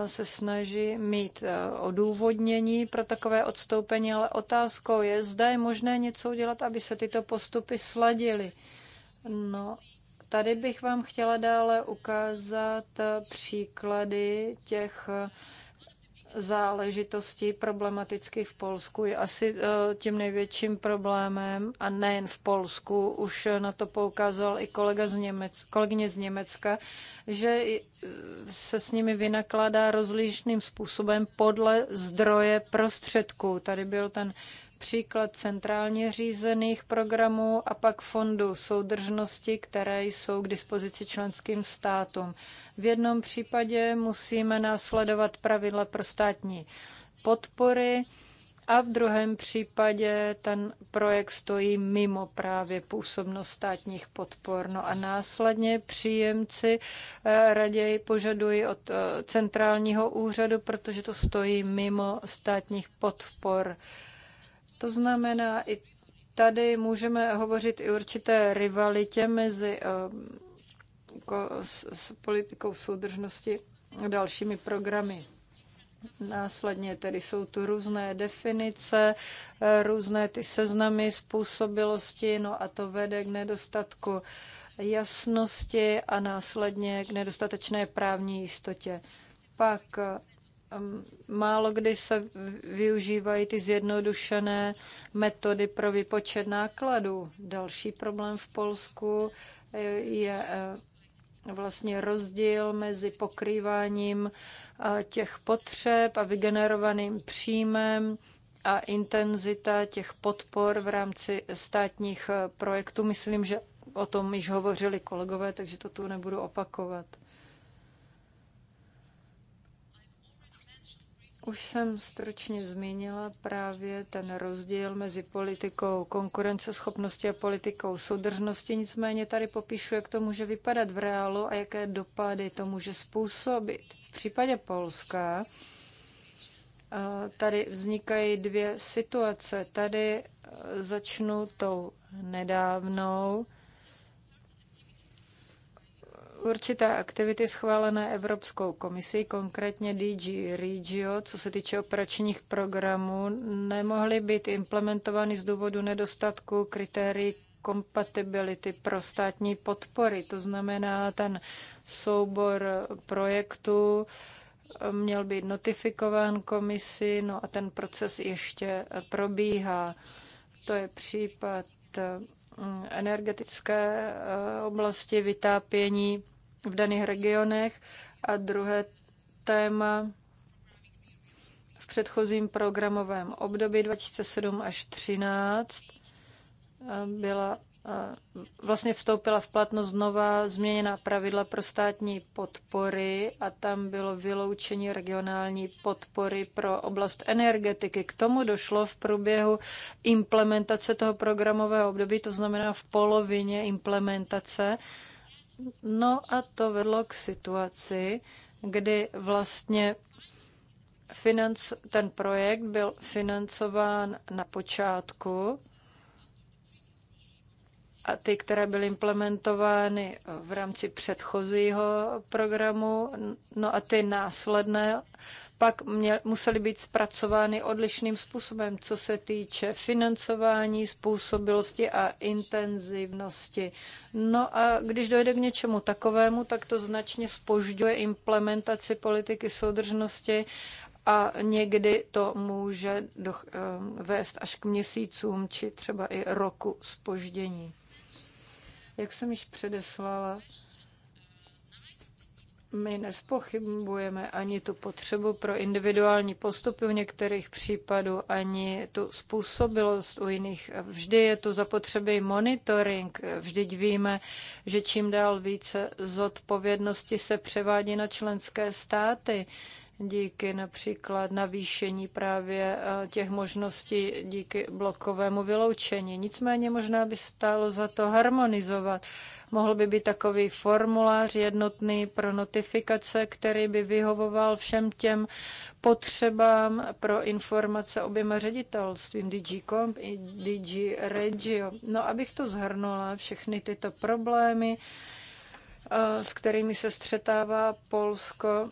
Speaker 4: se snaží mít e, odůvodnění pro takové odstoupení, ale otázkou je, zda je možné něco udělat, aby se tyto postupy sladily. No, tady bych vám chtěla dále ukázat e, příklady těch e, záležitostí problematických v Polsku je asi eh, tím největším problémem a nejen v Polsku, už na to poukázal i kolega z Němec, kolegyně z Německa, že eh, se s nimi vynakládá rozlišným způsobem podle zdroje prostředků. Tady byl ten příklad centrálně řízených programů a pak fondů soudržnosti, které jsou k dispozici členským státům. V jednom případě musíme následovat pravidla pro státní podpory a v druhém případě ten projekt stojí mimo právě působnost státních podpor. No a následně příjemci eh, raději požadují od eh, centrálního úřadu, protože to stojí mimo státních podpor. To znamená, i tady můžeme hovořit i určité rivalitě mezi jako s, s politikou soudržnosti a dalšími programy. Následně tedy jsou tu různé definice, eh, různé ty seznamy způsobilosti, no a to vede k nedostatku jasnosti a následně k nedostatečné právní jistotě. Pak eh, Málo kdy se využívají ty zjednodušené metody pro výpočet nákladů. Další problém v Polsku eh, je eh, vlastně rozdíl mezi pokrýváním eh, těch potřeb a vygenerovaným příjmem a intenzita těch podpor v rámci státních projektů. Myslím, že o tom již hovořili kolegové, takže to tu nebudu opakovat. Už jsem stručně zmínila právě ten rozdíl mezi politikou konkurenceschopnosti a politikou soudržnosti, nicméně tady popíšu, jak to může vypadat v reálu a jaké dopady to může způsobit. V případě Polska eh, tady vznikají dvě situace. Tady eh, začnu tou nedávnou, určité aktivity schválené Evropskou komisí, konkrétně DG Regio, co se týče operačních programů, nemohly být implementovány z důvodu nedostatku kritérií kompatibility pro státní podpory. To znamená, ten soubor projektů měl být notifikován komisi, no a ten proces ještě probíhá. To je případ mm, energetické eh, oblasti vytápění v daných regionech. A druhé téma v předchozím programovém období 2007 až 2013 eh, byla eh, vlastně vstoupila v platnost nová změněná pravidla pro státní podpory a tam bylo vyloučení regionální podpory pro oblast energetiky. K tomu došlo v průběhu implementace toho programového období, to znamená v polovině implementace. No a to vedlo k situaci, kdy vlastně financ, ten projekt byl financován na počátku a ty, které byly implementovány v rámci předchozího programu, no a ty následné pak měl, musely být zpracovány odlišným způsobem, co se týče financování, způsobilosti a intenzivnosti. No a když dojde k něčemu takovému, tak to značně spožďuje implementaci politiky soudržnosti a někdy to může doch, eh, vést až k měsícům či třeba i roku spoždění. Jak jsem již předeslala, my nespochybujeme ani tu potřebu pro individuální postupy v některých případů, ani tu způsobilost u jiných. Vždy je tu zapotřebí monitoring. Vždyť víme, že čím dál více zodpovědnosti se převádí na členské státy díky například navýšení právě eh, těch možností díky blokovému vyloučení. Nicméně možná by stálo za to harmonizovat. Mohl by být takový formulář jednotný pro notifikace, který by vyhovoval všem těm potřebám pro informace oběma ředitelstvím DG Comp i DG Regio. No, abych to zhrnula, všechny tyto problémy, eh, s kterými se střetává Polsko,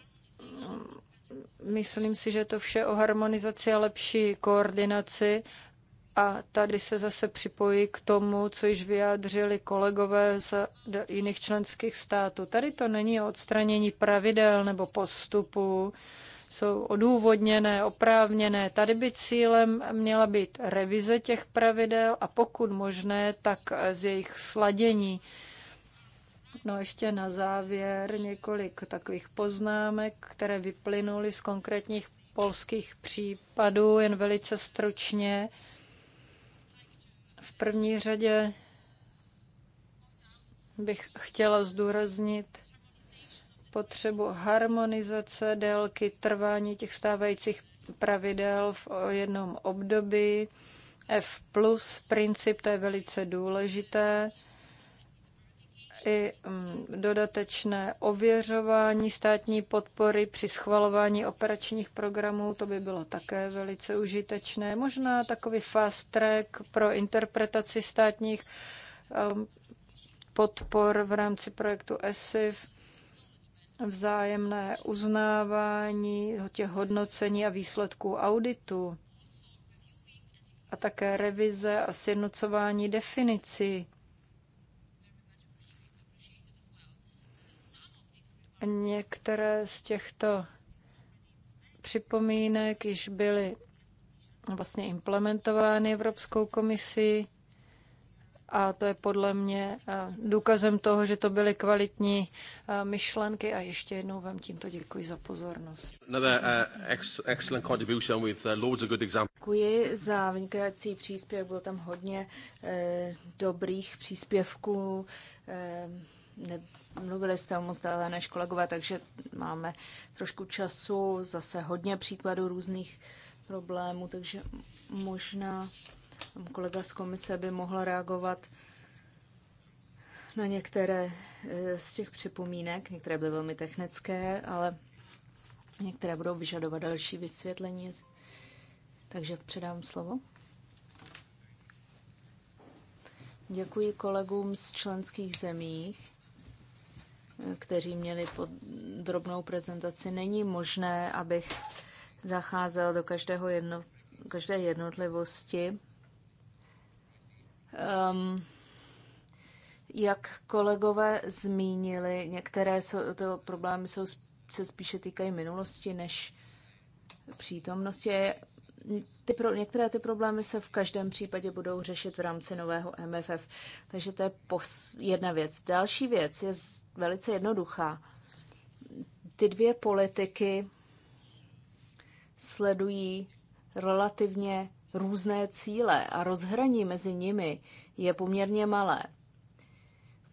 Speaker 4: Myslím si, že je to vše o harmonizaci a lepší koordinaci. A tady se zase připojí k tomu, co již vyjádřili kolegové z jiných členských států. Tady to není o odstranění pravidel nebo postupů, jsou odůvodněné, oprávněné. Tady by cílem měla být revize těch pravidel a pokud možné, tak z jejich sladění No ještě na závěr několik takových poznámek, které vyplynuly z konkrétních polských případů, jen velice stručně. V první řadě bych chtěla zdůraznit potřebu harmonizace délky trvání těch stávajících pravidel v jednom období. F plus princip, to je velice důležité i mm, dodatečné ověřování státní podpory při schvalování operačních programů, to by bylo také velice užitečné. Možná takový fast track pro interpretaci státních um, podpor v rámci projektu ESIF, vzájemné uznávání těch hodnocení a výsledků auditu a také revize a sjednocování definicí Některé z těchto připomínek již byly vlastně implementovány Evropskou komisí a to je podle mě eh, důkazem toho, že to byly kvalitní eh, myšlenky a ještě jednou vám tímto děkuji za pozornost.
Speaker 1: Eh,
Speaker 4: děkuji za vynikající příspěvek, bylo tam hodně
Speaker 2: dobrých příspěvků. Mluvili jste o moc déle než kolegové, takže máme trošku času, zase hodně příkladů různých problémů, takže možná kolega z komise by mohl reagovat na některé eh, z těch připomínek. Některé byly velmi technické, ale některé budou vyžadovat další vysvětlení. Takže předám slovo. Děkuji kolegům z členských zemích kteří měli drobnou prezentaci. Není možné, abych zacházel do každého jedno, každé jednotlivosti. Um, jak kolegové zmínili, některé jsou, to problémy jsou, se spíše týkají minulosti než přítomnosti ty pro, některé ty problémy se v každém případě budou řešit v rámci nového MFF. Takže to je pos, jedna věc. Další věc je z, velice jednoduchá. Ty dvě politiky sledují relativně různé cíle a rozhraní mezi nimi je poměrně malé.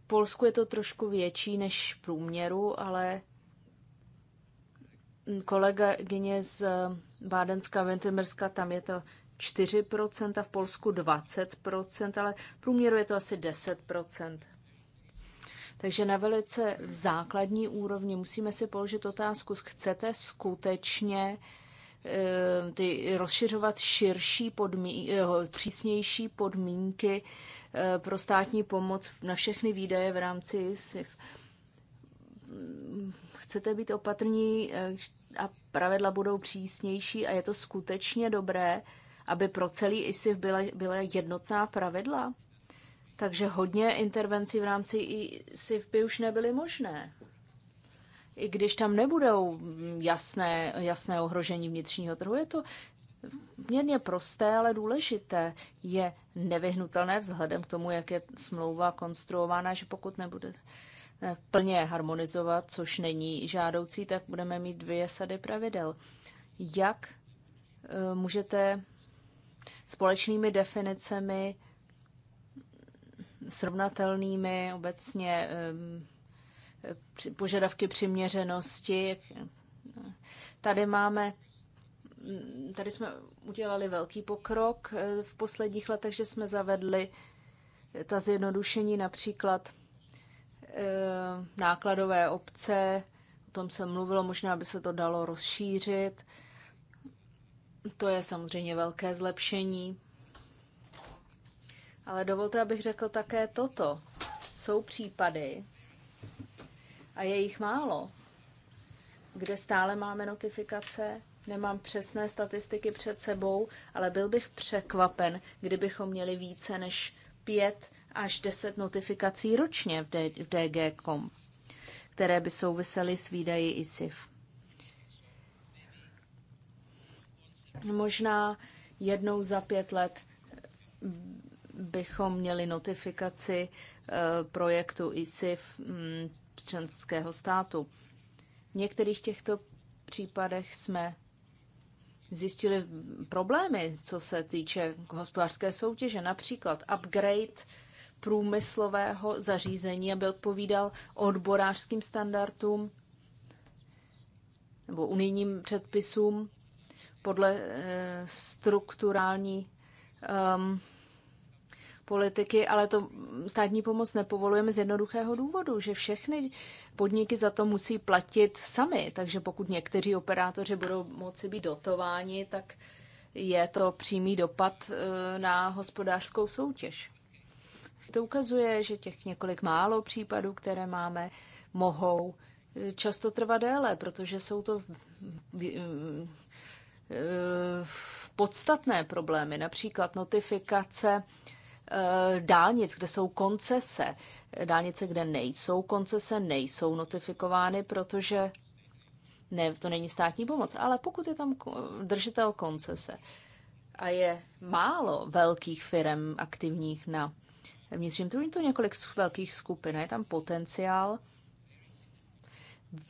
Speaker 2: V Polsku je to trošku větší než v průměru, ale kolegyně z eh, Bádenska, Ventimerska, tam je to 4%, v Polsku 20%, ale v průměru je to asi 10%. Takže na velice základní úrovni musíme si položit otázku, chcete skutečně eh, ty rozšiřovat širší podmí, eh, přísnější podmínky pro státní pomoc na všechny výdaje v rámci SIF. Chcete být opatrní, a pravidla budou přísnější a je to skutečně dobré, aby pro celý ISIF byla, byla jednotná pravidla. Takže hodně intervencí v rámci ISIF by už nebyly možné. I když tam nebudou jasné, jasné ohrožení vnitřního trhu, je to měrně prosté, ale důležité. Je nevyhnutelné vzhledem k tomu, jak je smlouva konstruována, že pokud nebude plně harmonizovat, což není žádoucí, tak budeme mít dvě sady pravidel. Jak eh, můžete společnými definicemi srovnatelnými obecně eh, požadavky přiměřenosti. Tady máme hm, tady jsme udělali velký pokrok eh, v posledních letech, že jsme zavedli ta zjednodušení například Eh, nákladové obce, o tom se mluvilo, možná by se to dalo rozšířit. To je samozřejmě velké zlepšení. Ale dovolte, abych řekl také toto. Jsou případy, a je jich málo, kde stále máme notifikace, nemám přesné statistiky před sebou, ale byl bych překvapen, kdybychom měli více než pět až 10 notifikací ročně v DG.com, které by souvisely s výdaji ISIF. Možná jednou za pět let bychom měli notifikaci eh, projektu ISIF mm, členského státu. V některých těchto případech jsme zjistili problémy, co se týče hospodářské soutěže, například upgrade průmyslového zařízení, aby odpovídal odborářským standardům nebo unijním předpisům podle eh, strukturální um, politiky, ale to státní pomoc nepovolujeme z jednoduchého důvodu, že všechny podniky za to musí platit sami, takže pokud někteří operátoři budou moci být dotováni, tak je to přímý dopad eh, na hospodářskou soutěž to ukazuje, že těch několik málo případů, které máme, mohou eh, často trvat déle, protože jsou to eh, eh, podstatné problémy, například notifikace dálnic, kde jsou koncese. Dálnice, kde nejsou koncese, nejsou notifikovány, protože ne, to není státní pomoc. Ale pokud je tam držitel koncese a je málo velkých firm aktivních na vnitřním trhu. Je to několik velkých skupin, je tam potenciál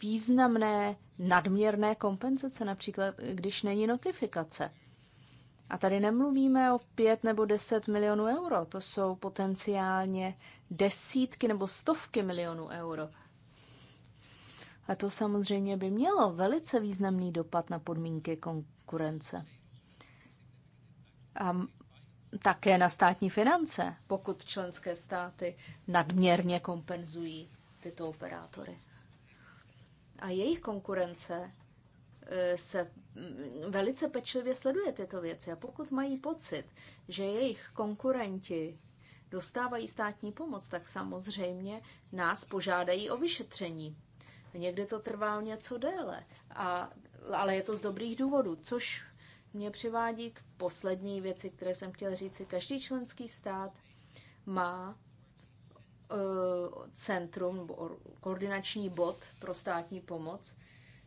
Speaker 2: významné nadměrné kompenzace, například když není notifikace. A tady nemluvíme o 5 nebo 10 milionů euro, to jsou potenciálně desítky nebo stovky milionů euro. A to samozřejmě by mělo velice významný dopad na podmínky konkurence. A také na státní finance, pokud členské státy nadměrně kompenzují tyto operátory. A jejich konkurence eh, se mm, velice pečlivě sleduje tyto věci a pokud mají pocit, že jejich konkurenti dostávají státní pomoc, tak samozřejmě nás požádají o vyšetření. Někdy to trvá něco déle, a, ale je to z dobrých důvodů, což mě přivádí k poslední věci, které jsem chtěla říct. Každý členský stát má eh, centrum koordinační bod pro státní pomoc,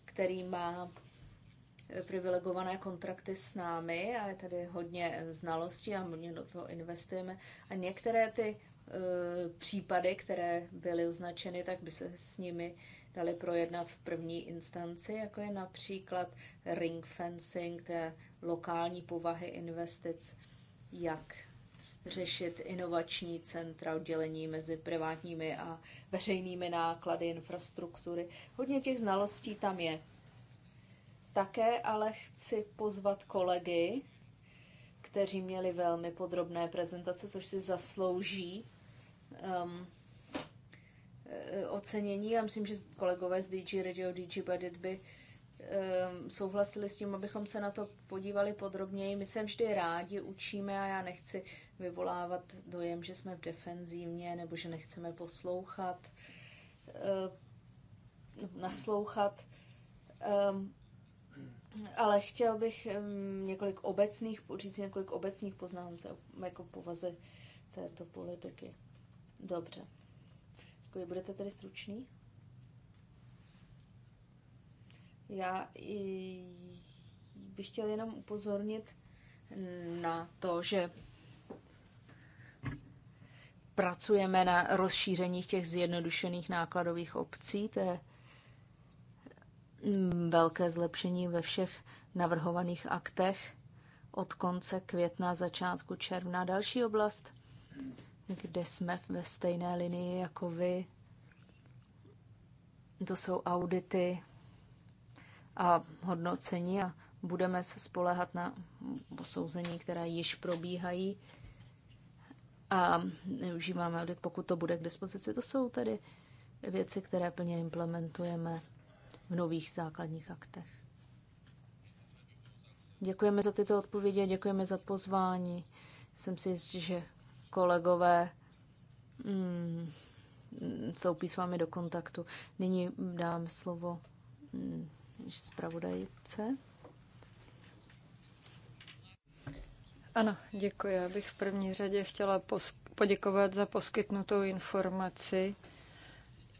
Speaker 2: který má eh, privilegované kontrakty s námi a je tady hodně eh, znalostí a hodně do toho investujeme. A některé ty uh, případy, které byly označeny, tak by se s nimi dali projednat v první instanci, jako je například ring fencing, té lokální povahy investic, jak řešit inovační centra, oddělení mezi privátními a veřejnými náklady, infrastruktury. Hodně těch znalostí tam je. Také ale chci pozvat kolegy, kteří měli velmi podrobné prezentace, což si zaslouží um, Eh, ocenění. Já myslím, že kolegové z DG Radio, DG Budget by ehm, souhlasili s tím, abychom se na to podívali podrobněji. My se vždy rádi učíme a já nechci vyvolávat dojem, že jsme v defenzívně nebo že nechceme poslouchat, eh, naslouchat. Ehm, ale chtěl bych ehm, několik obecných, říct několik obecných poznámek jako povaze této politiky. Dobře. Děkuji. Budete tedy stručný? Já bych chtěl jenom upozornit na to, že pracujeme na rozšíření těch zjednodušených nákladových obcí. To je mm, velké zlepšení ve všech navrhovaných aktech od konce května, začátku června. Další oblast, kde jsme ve stejné linii jako vy. To jsou audity a hodnocení a budeme se spolehat na posouzení, která již probíhají a využíváme audit, pokud to bude k dispozici. To jsou tedy věci, které plně implementujeme v nových základních aktech. Děkujeme za tyto odpovědi a děkujeme za pozvání. Jsem si jist, že kolegové mm, soupí s vámi do kontaktu. Nyní
Speaker 4: dám slovo mm, zpravodajce. Ano, děkuji. Já bych v první řadě chtěla poděkovat za poskytnutou informaci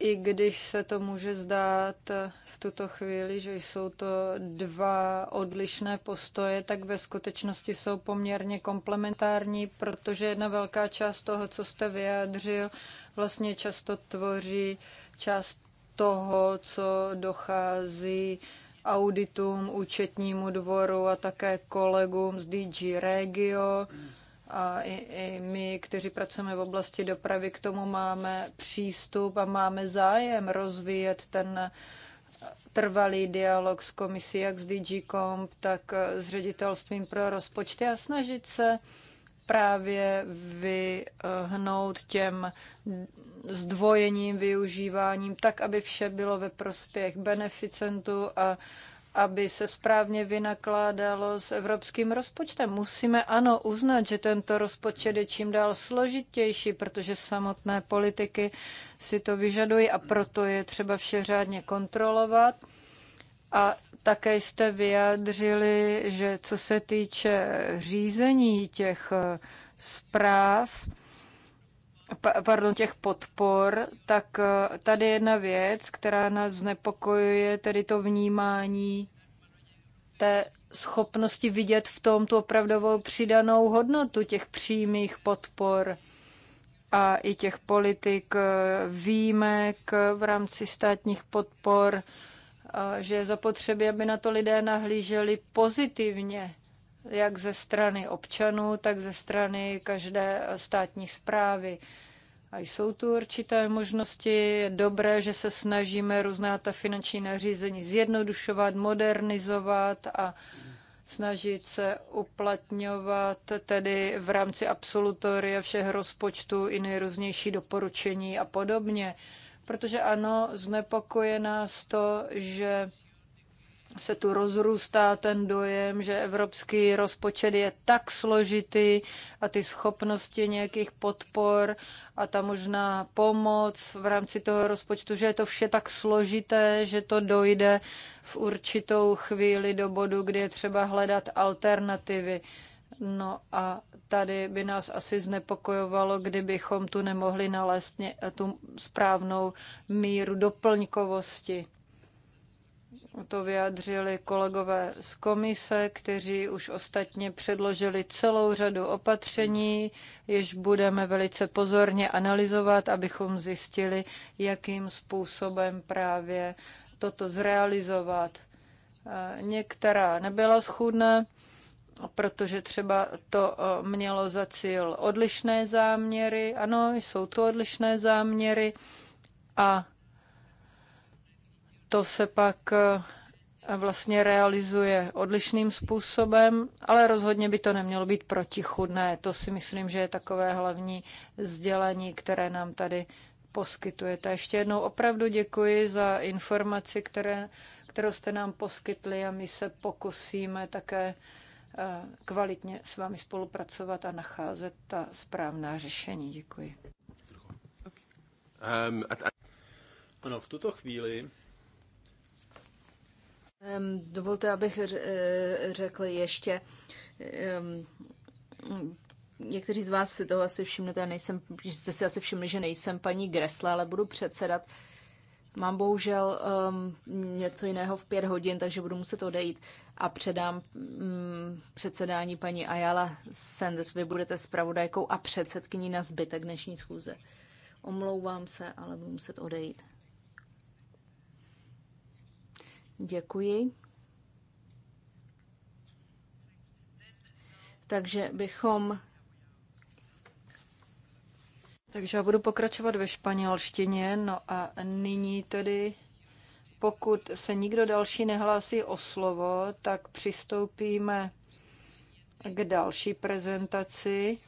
Speaker 4: i když se to může zdát v tuto chvíli, že jsou to dva odlišné postoje, tak ve skutečnosti jsou poměrně komplementární, protože jedna velká část toho, co jste vyjádřil, vlastně často tvoří část toho, co dochází auditům, účetnímu dvoru a také kolegům z DG Regio a i, i my, kteří pracujeme v oblasti dopravy, k tomu máme přístup a máme zájem rozvíjet ten eh, trvalý dialog s komisí, jak s DGCOM, tak eh, s ředitelstvím pro rozpočty a snažit se právě vyhnout těm zdvojením, využíváním, tak, aby vše bylo ve prospěch beneficentů a aby se správně vynakládalo s evropským rozpočtem. Musíme ano uznat, že tento rozpočet je čím dál složitější, protože samotné politiky si to vyžadují a proto je třeba vše řádně kontrolovat. A také jste vyjádřili, že co se týče řízení těch eh, zpráv, pardon, těch podpor, tak eh, tady jedna věc, která nás znepokojuje, tedy to vnímání té schopnosti vidět v tom tu opravdovou přidanou hodnotu těch přímých podpor a i těch politik eh, výjimek eh, v rámci státních podpor, že je zapotřebí, aby na to lidé nahlíželi pozitivně jak ze strany občanů, tak ze strany každé státní zprávy. A jsou tu určité možnosti. Je dobré, že se snažíme různá ta finanční nařízení zjednodušovat, modernizovat a snažit se uplatňovat tedy v rámci absolutoria všech rozpočtů i nejrůznější doporučení a podobně. Protože ano, znepokoje nás to, že se tu rozrůstá ten dojem, že evropský rozpočet je tak složitý a ty schopnosti nějakých podpor a ta možná pomoc v rámci toho rozpočtu, že je to vše tak složité, že to dojde v určitou chvíli do bodu, kdy je třeba hledat alternativy. No a tady by nás asi znepokojovalo, kdybychom tu nemohli nalézt tu správnou míru doplňkovosti to vyjádřili kolegové z komise, kteří už ostatně předložili celou řadu opatření, jež budeme velice pozorně analyzovat, abychom zjistili, jakým způsobem právě toto zrealizovat. Eh, některá nebyla schůdná, protože třeba to eh, mělo za cíl odlišné záměry. Ano, jsou to odlišné záměry a to se pak eh, vlastně realizuje odlišným způsobem, ale rozhodně by to nemělo být protichudné. To si myslím, že je takové hlavní sdělení, které nám tady poskytujete. Ještě jednou opravdu děkuji za informaci, které, kterou jste nám poskytli a my se pokusíme také eh, kvalitně s vámi spolupracovat a nacházet ta správná řešení. Děkuji.
Speaker 1: Um, ano, v tuto chvíli
Speaker 2: Dovolte, abych eh, řekl ještě, někteří z vás si toho asi všimnete, já nejsem, jste si asi všimli, že nejsem paní Gresle, ale budu předsedat. Mám bohužel um, něco jiného v pět hodin, takže budu muset odejít a předám um, předsedání paní Ayala Sanders. Vy budete zpravodajkou a předsedkyní na zbytek dnešní schůze. Omlouvám se, ale budu muset odejít. Děkuji.
Speaker 4: Takže bychom. Takže já budu pokračovat ve španělštině. No a nyní tedy, pokud se nikdo další nehlásí o slovo, tak přistoupíme k další prezentaci.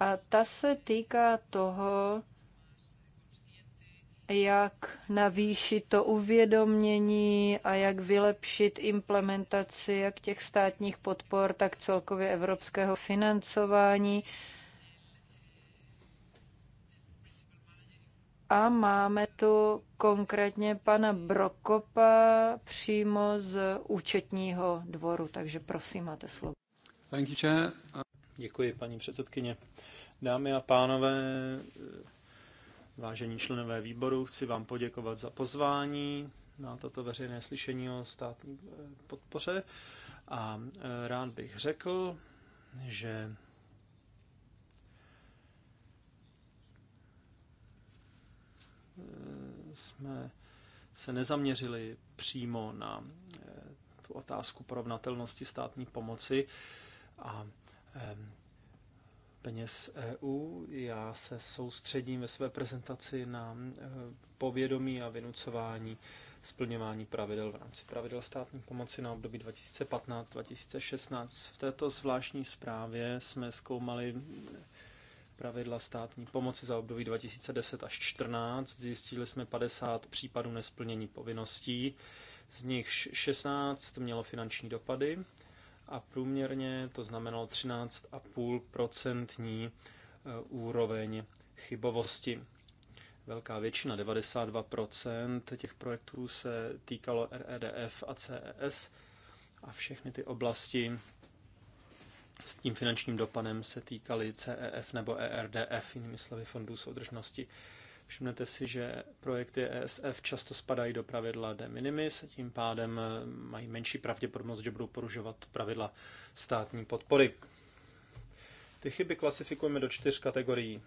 Speaker 4: A ta se týká toho, jak navýšit to uvědomění a jak vylepšit implementaci jak těch státních podpor, tak celkově evropského financování. A máme tu konkrétně pana Brokopa přímo z účetního dvoru, takže prosím, máte slovo.
Speaker 1: Thank you, Děkuji, paní předsedkyně. Dámy a pánové, Vážení členové výboru, chci vám poděkovat za pozvání na toto veřejné slyšení o státní eh, podpoře a eh, rád bych řekl, že eh, jsme se nezaměřili přímo na tu otázku porovnatelnosti státní pomoci a peněz EU. Já se soustředím ve své prezentaci na eh, povědomí a vynucování splňování pravidel v rámci pravidel státní pomoci na období 2015-2016. V této zvláštní zprávě jsme zkoumali pravidla státní pomoci za období 2010 až 2014. Zjistili jsme 50 případů nesplnění povinností, z nichž 16 mělo finanční dopady a průměrně to znamenalo 13,5% e, úroveň chybovosti. Velká většina, 92% těch projektů se týkalo REDF a CES a všechny ty oblasti s tím finančním dopadem se týkaly CEF nebo ERDF, jinými slovy fondů soudržnosti. Všimnete si, že projekty ESF často spadají do pravidla de minimis, tím pádem eh, mají menší pravděpodobnost, že budou porušovat pravidla státní podpory. Ty chyby klasifikujeme do čtyř kategorií.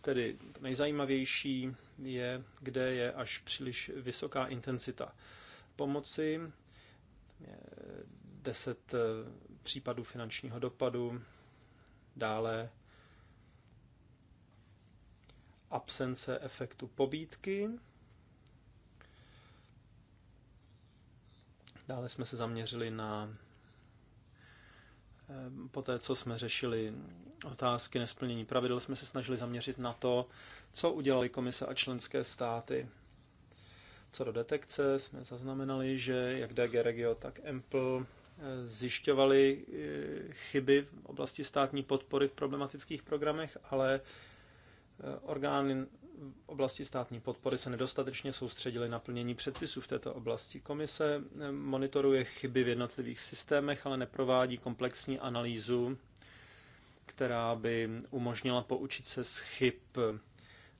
Speaker 1: Tedy nejzajímavější je, kde je až příliš vysoká intenzita pomoci, 10 eh, případů finančního dopadu, dále absence efektu pobídky. Dále jsme se zaměřili na eh, po té, co jsme řešili otázky nesplnění pravidel, jsme se snažili zaměřit na to, co udělali komise a členské státy. Co do detekce jsme zaznamenali, že jak DG Regio, tak EMPL eh, zjišťovali eh, chyby v oblasti státní podpory v problematických programech, ale Eh, orgány v oblasti státní podpory se nedostatečně soustředily na plnění předpisů v této oblasti. Komise eh, monitoruje chyby v jednotlivých systémech, ale neprovádí komplexní analýzu, která by umožnila poučit se z chyb eh,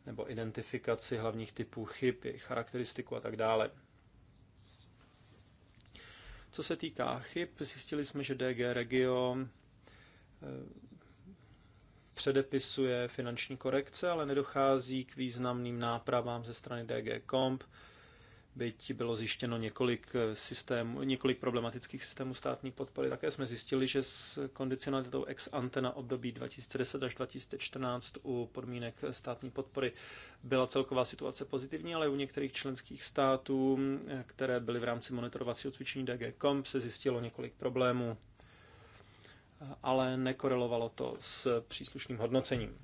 Speaker 1: nebo identifikaci hlavních typů chyb, jejich charakteristiku a tak dále. Co se týká chyb, zjistili jsme, že DG Regio předepisuje finanční korekce, ale nedochází k významným nápravám ze strany DG Comp, byť bylo zjištěno několik, eh, systémů, několik problematických systémů státní podpory. Také jsme zjistili, že s kondicionalitou ex ante na období 2010 až 2014 u podmínek státní podpory byla celková situace pozitivní, ale u některých členských států, eh, které byly v rámci monitorovacího cvičení DG Comp, se zjistilo několik problémů ale nekorelovalo to s příslušným hodnocením.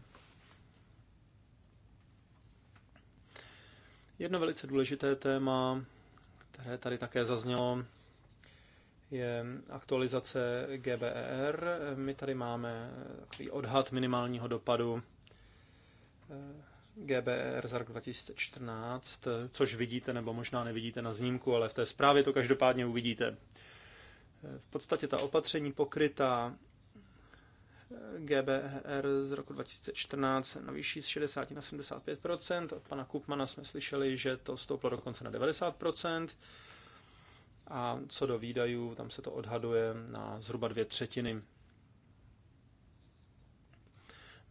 Speaker 1: Jedno velice důležité téma, které tady také zaznělo, je aktualizace GBER. My tady máme takový odhad minimálního dopadu eh, GBR e za rok 2014, což vidíte nebo možná nevidíte na znímku, ale v té zprávě to každopádně uvidíte. Eh, v podstatě ta opatření pokrytá GBR z roku 2014 navýší z 60 na 75 Od pana Kupmana jsme slyšeli, že to stouplo dokonce na 90 A co do výdajů, tam se to odhaduje na zhruba dvě třetiny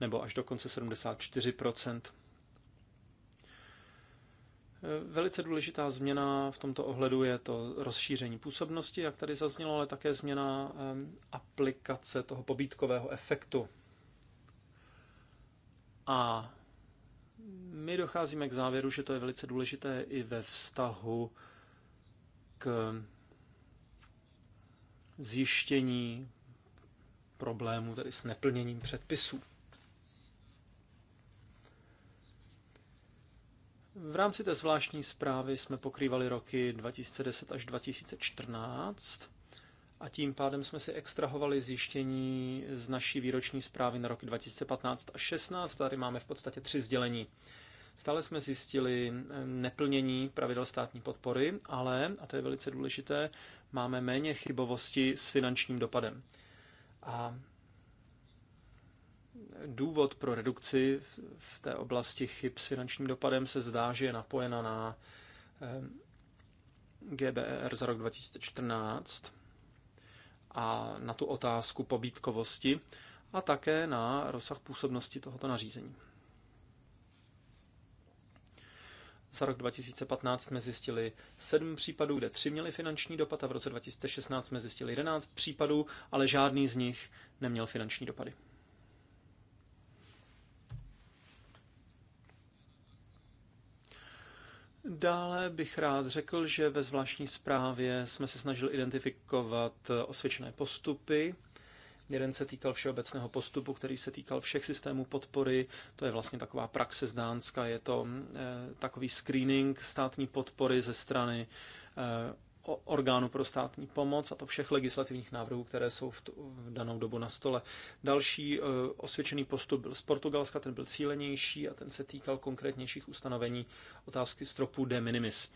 Speaker 1: nebo až dokonce 74 Velice důležitá změna v tomto ohledu je to rozšíření působnosti, jak tady zaznělo, ale také změna aplikace toho pobítkového efektu. A my docházíme k závěru, že to je velice důležité i ve vztahu k zjištění problémů, tedy s neplněním předpisů. V rámci té zvláštní zprávy jsme pokrývali roky 2010 až 2014 a tím pádem jsme si extrahovali zjištění z naší výroční zprávy na roky 2015 až 16. Tady máme v podstatě tři sdělení. Stále jsme zjistili eh, neplnění pravidel státní podpory, ale, a to je velice důležité, máme méně chybovosti s finančním dopadem. A důvod pro redukci v té oblasti chyb s finančním dopadem se zdá, že je napojena na eh, GBR za rok 2014 a na tu otázku pobítkovosti a také na rozsah působnosti tohoto nařízení. Za rok 2015 jsme zjistili 7 případů, kde 3 měly finanční dopad a v roce 2016 jsme zjistili 11 případů, ale žádný z nich neměl finanční dopady. Dále bych rád řekl, že ve zvláštní zprávě jsme se snažili identifikovat osvědčené postupy. Jeden se týkal všeobecného postupu, který se týkal všech systémů podpory. To je vlastně taková praxe z Dánska. Je to eh, takový screening státní podpory ze strany eh, orgánu pro státní pomoc a to všech legislativních návrhů, které jsou v, tu, v danou dobu na stole. Další e, osvědčený postup byl z Portugalska, ten byl cílenější a ten se týkal konkrétnějších ustanovení otázky stropu de minimis.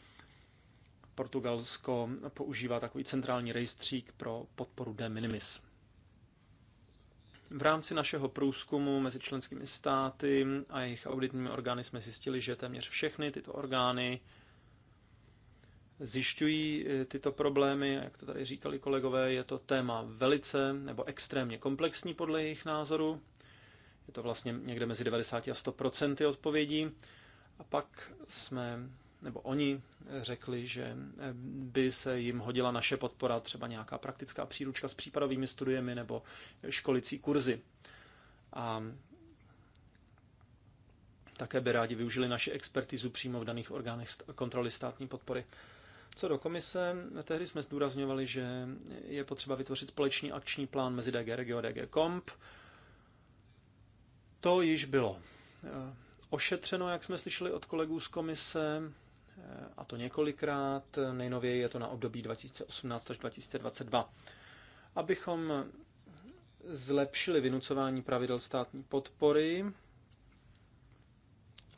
Speaker 1: Portugalsko používá takový centrální rejstřík pro podporu de minimis. V rámci našeho průzkumu mezi členskými státy a jejich auditními orgány jsme zjistili, že téměř všechny tyto orgány zjišťují eh, tyto problémy, jak to tady říkali kolegové, je to téma velice nebo extrémně komplexní podle jejich názoru. Je to vlastně někde mezi 90 a 100 odpovědí. A pak jsme, nebo oni eh, řekli, že eh, by se jim hodila naše podpora, třeba nějaká praktická příručka s případovými studiemi nebo školicí kurzy. A také by rádi využili naši expertizu přímo v daných orgánech kontroly státní podpory. Co do komise, tehdy jsme zdůrazňovali, že je potřeba vytvořit společný akční plán mezi DG Regio a DG Comp. To již bylo eh, ošetřeno, jak jsme slyšeli od kolegů z komise, eh, a to několikrát. Nejnověji je to na období 2018 až 2022. Abychom zlepšili vynucování pravidel státní podpory,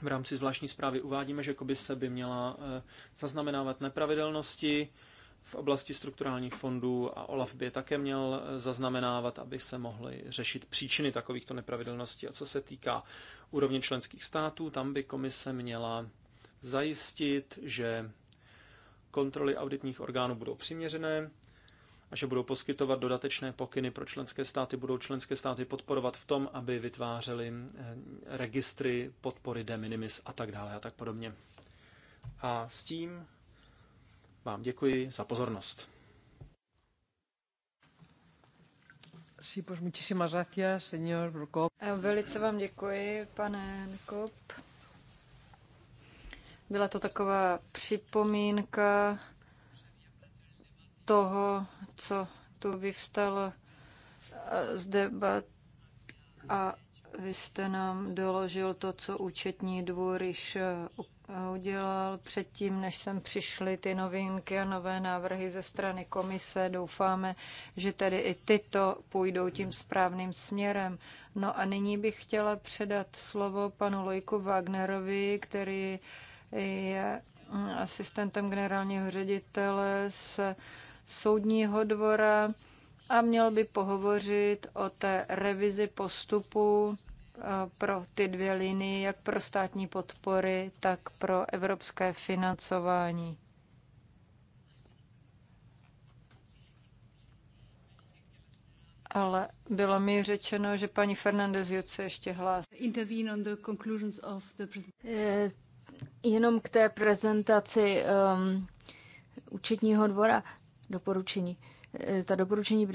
Speaker 1: v rámci zvláštní zprávy uvádíme, že komise by měla eh, zaznamenávat nepravidelnosti v oblasti strukturálních fondů a OLAF by je také měl eh, zaznamenávat, aby se mohly řešit příčiny takovýchto nepravidelností. A co se týká úrovně členských států, tam by komise měla zajistit, že kontroly auditních orgánů budou přiměřené, a že budou poskytovat dodatečné pokyny pro členské státy, budou členské státy podporovat v tom, aby vytvářely eh, registry podpory de minimis a tak dále a tak podobně. A s tím vám děkuji za pozornost.
Speaker 3: Sí, pues muchísimas gracias, señor Brokop. Eh, velice vám
Speaker 4: děkuji, pane Nkop. Byla to taková připomínka toho, co tu vyvstalo z debat a vy jste nám doložil to, co účetní dvůr již e, udělal předtím, než sem přišly ty novinky a nové návrhy ze strany komise. Doufáme, že tedy i tyto půjdou tím správným směrem. No a nyní bych chtěla předat slovo panu Lojku Wagnerovi, který je asistentem generálního ředitele se soudního dvora a měl by pohovořit o té revizi postupu eh, pro ty dvě linie, jak pro státní podpory, tak pro evropské financování. Ale bylo mi řečeno, že paní Fernandez se ještě hlásí.
Speaker 2: Eh, jenom k té prezentaci um, účetního dvora doporučení. Eh, ta doporučení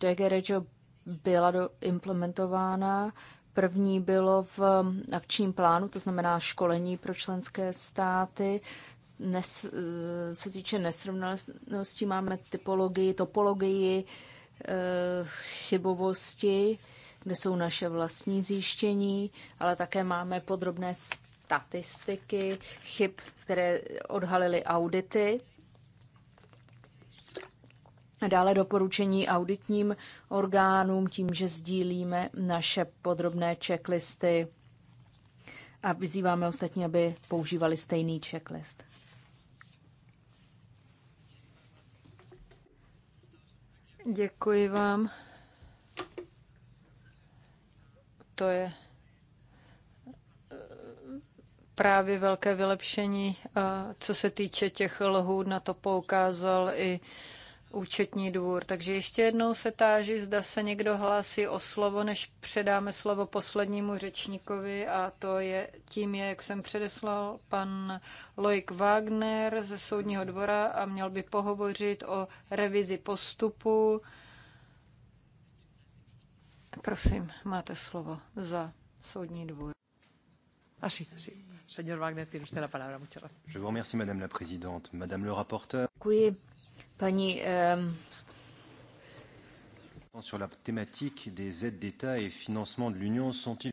Speaker 2: DG Regio byla do, implementována. První bylo v mm, akčním plánu, to znamená školení pro členské státy. Nes, eh, se týče nesrovnalostí, máme typologii, topologii, eh, chybovosti, kde jsou naše vlastní zjištění, ale také máme podrobné statistiky chyb, které odhalily audity Dále doporučení auditním orgánům tím, že sdílíme naše podrobné checklisty a vyzýváme ostatní, aby používali stejný checklist.
Speaker 4: Děkuji vám. To je eh, právě velké vylepšení, eh, co se týče těch lhů, na to poukázal i účetní dvůr. Takže ještě jednou se táží, zda se někdo hlásí o slovo, než předáme slovo poslednímu řečníkovi a to je tím je, jak jsem předeslal, pan Loik Wagner ze Soudního dvora a měl by pohovořit o revizi postupu. Prosím, máte slovo za Soudní
Speaker 3: dvůr. Asi, ah, asi. Señor Wagner, tiene usted la palabra. Muchas gracias.
Speaker 1: Je vous remercie, madame la présidente. Madame le rapporteur. Děkuji Paní um... sur la thématique des aides d'État et financement de l'Union sont-ils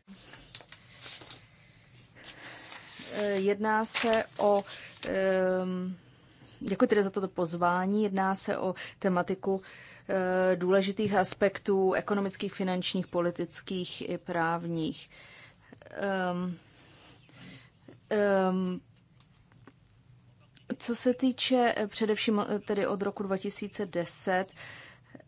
Speaker 2: eh, Jedná se o, děkuji ehm, jako tedy za toto pozvání, jedná se o tematiku eh, důležitých aspektů ekonomických, finančních, politických i právních. Ehm, co se týče eh, především eh, tedy od roku 2010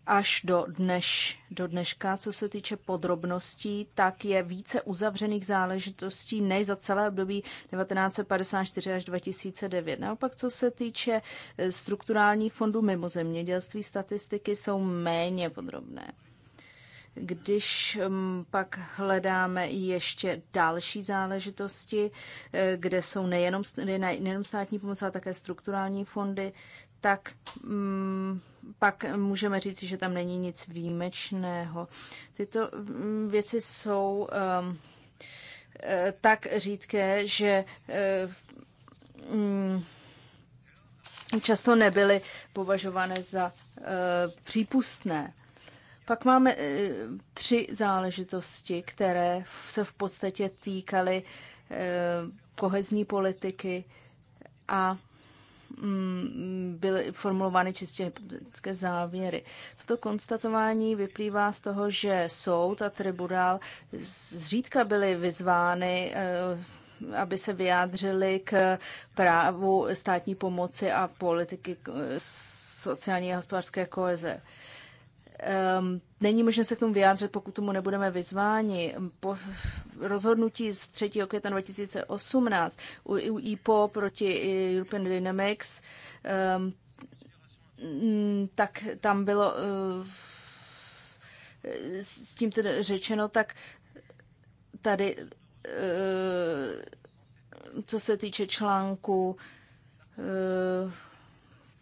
Speaker 2: až do, dneš, do dneška, co se týče podrobností, tak je více uzavřených záležitostí než za celé období 1954 až 2009. Naopak, co se týče eh, strukturálních fondů mimo zemědělství, statistiky jsou méně podrobné. Když mm, pak hledáme ještě další záležitosti, eh, kde jsou nejenom, nejenom státní pomoc, ale také strukturální fondy, tak mm, pak můžeme říct, že tam není nic výjimečného. Tyto mm, věci jsou ehm, eh, tak řídké, že eh, často nebyly považované za přípustné. Pak máme e, tři záležitosti, které se v podstatě týkaly e, kohezní politiky a mm, byly formulovány čistě politické závěry. Toto konstatování vyplývá z toho, že soud a tribunál zřídka byly vyzvány e, aby se vyjádřili k právu státní pomoci a politiky sociální a hospodářské koheze. Um, není možné se k tomu vyjádřit, pokud tomu nebudeme vyzváni. Po rozhodnutí z 3. května 2018 u, IPO e e proti European Dynamics, um, tak tam bylo uh, s tím tedy řečeno, tak tady, uh, co se týče článku uh,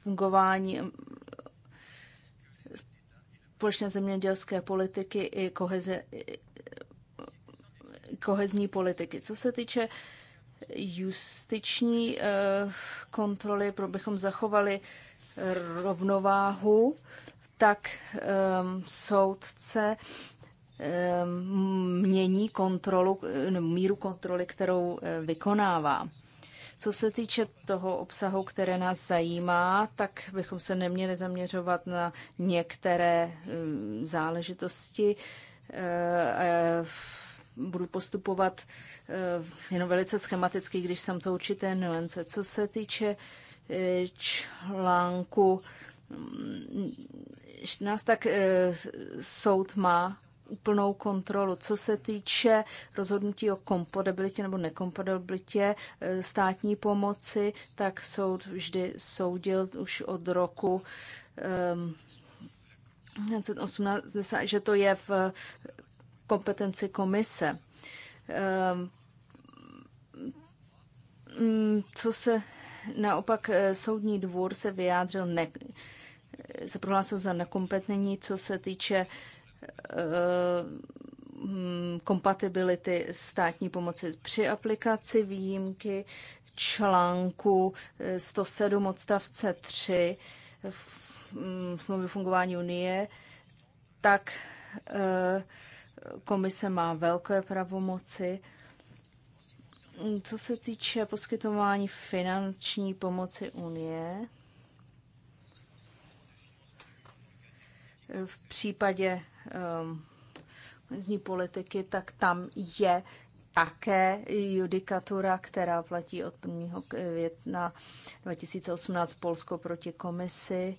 Speaker 2: fungování společné zemědělské politiky i koheze, kohezní politiky. Co se týče justiční eh, kontroly, bychom zachovali rovnováhu, tak ehm, soudce ehm, mění kontrolu, eh, míru kontroly, kterou eh, vykonává. Co se týče toho obsahu, které nás zajímá, tak bychom se neměli zaměřovat na některé mm, záležitosti. Eh, budu postupovat eh, jenom velice schematicky, když jsem to určité nuance. Co se týče eh, článku mm, nás tak soud má plnou kontrolu. Co se týče rozhodnutí o kompatibilitě nebo nekompatibilitě e, státní pomoci, tak soud vždy soudil už od roku um, 18, že to je v kompetenci komise. Um, co se naopak e, soudní dvůr se vyjádřil ne, e, se prohlásil za nekompetentní, co se týče Eh, kompatibility státní pomoci při aplikaci výjimky článku 107 odstavce 3 mm, smlouvy fungování Unie, tak eh, komise má velké pravomoci. Co se týče poskytování finanční pomoci Unie, v případě um, politiky, tak tam je také judikatura, která platí od 1. května 2018 Polsko proti komisi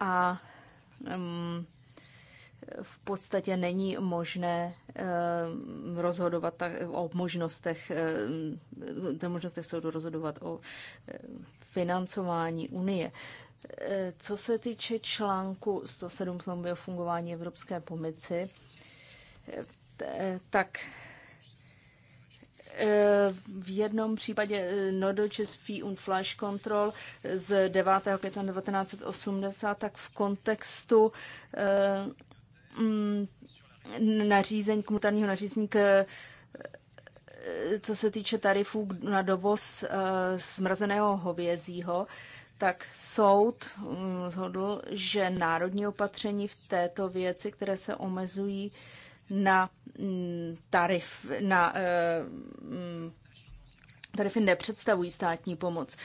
Speaker 2: a um, v podstatě není možné uh, rozhodovat tak, o možnostech, uh, možnostech soudu rozhodovat o uh, financování Unie. Eh, co se týče článku 107 smlouvy o fungování Evropské pomici, eh, eh, tak v jednom případě Nordoches Fee und Flash Control z 9. května 1980, tak v kontextu mm, nařízení, komutárního nařízení k co se týče tarifů na dovoz zmrazeného hovězího, tak soud mm, rozhodl, že národní opatření v této věci, které se omezují na mm, tarif, na eh, mm, tarify nepředstavují státní pomoc.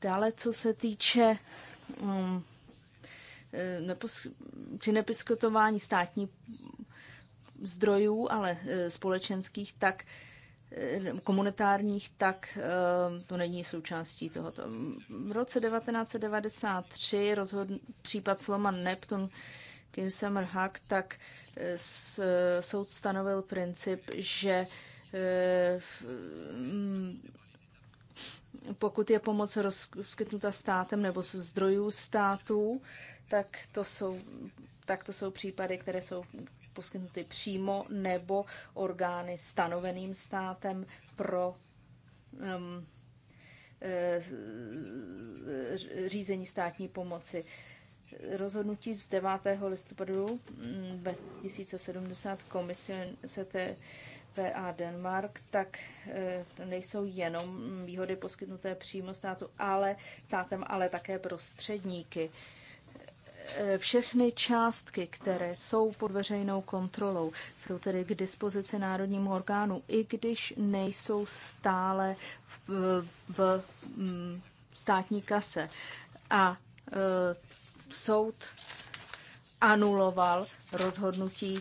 Speaker 2: Dále, co se týče eh, při nepiskotování státní zdrojů, ale eh, společenských, tak Eh, komunitárních, tak eh, to není součástí tohoto. V roce 1993 rozhodl případ Sloman Neptun Kimsemer Hack, tak eh, soud stanovil princip, že mm, pokud je pomoc rozkytnuta státem nebo z zdrojů států, tak to jsou, tak to jsou případy, které jsou poskytnuty přímo nebo orgány stanoveným státem pro um, eh, řízení státní pomoci. Rozhodnutí z 9. listopadu 2070 mm, komise CTPA Denmark, tak eh, nejsou jenom výhody poskytnuté přímo státu, ale státem, ale také prostředníky. Eh, všechny částky, které jsou pod veřejnou kontrolou, jsou tedy k dispozici národnímu orgánu, i když nejsou stále v, eh, v, v mm, státní kase. A e, soud anuloval rozhodnutí,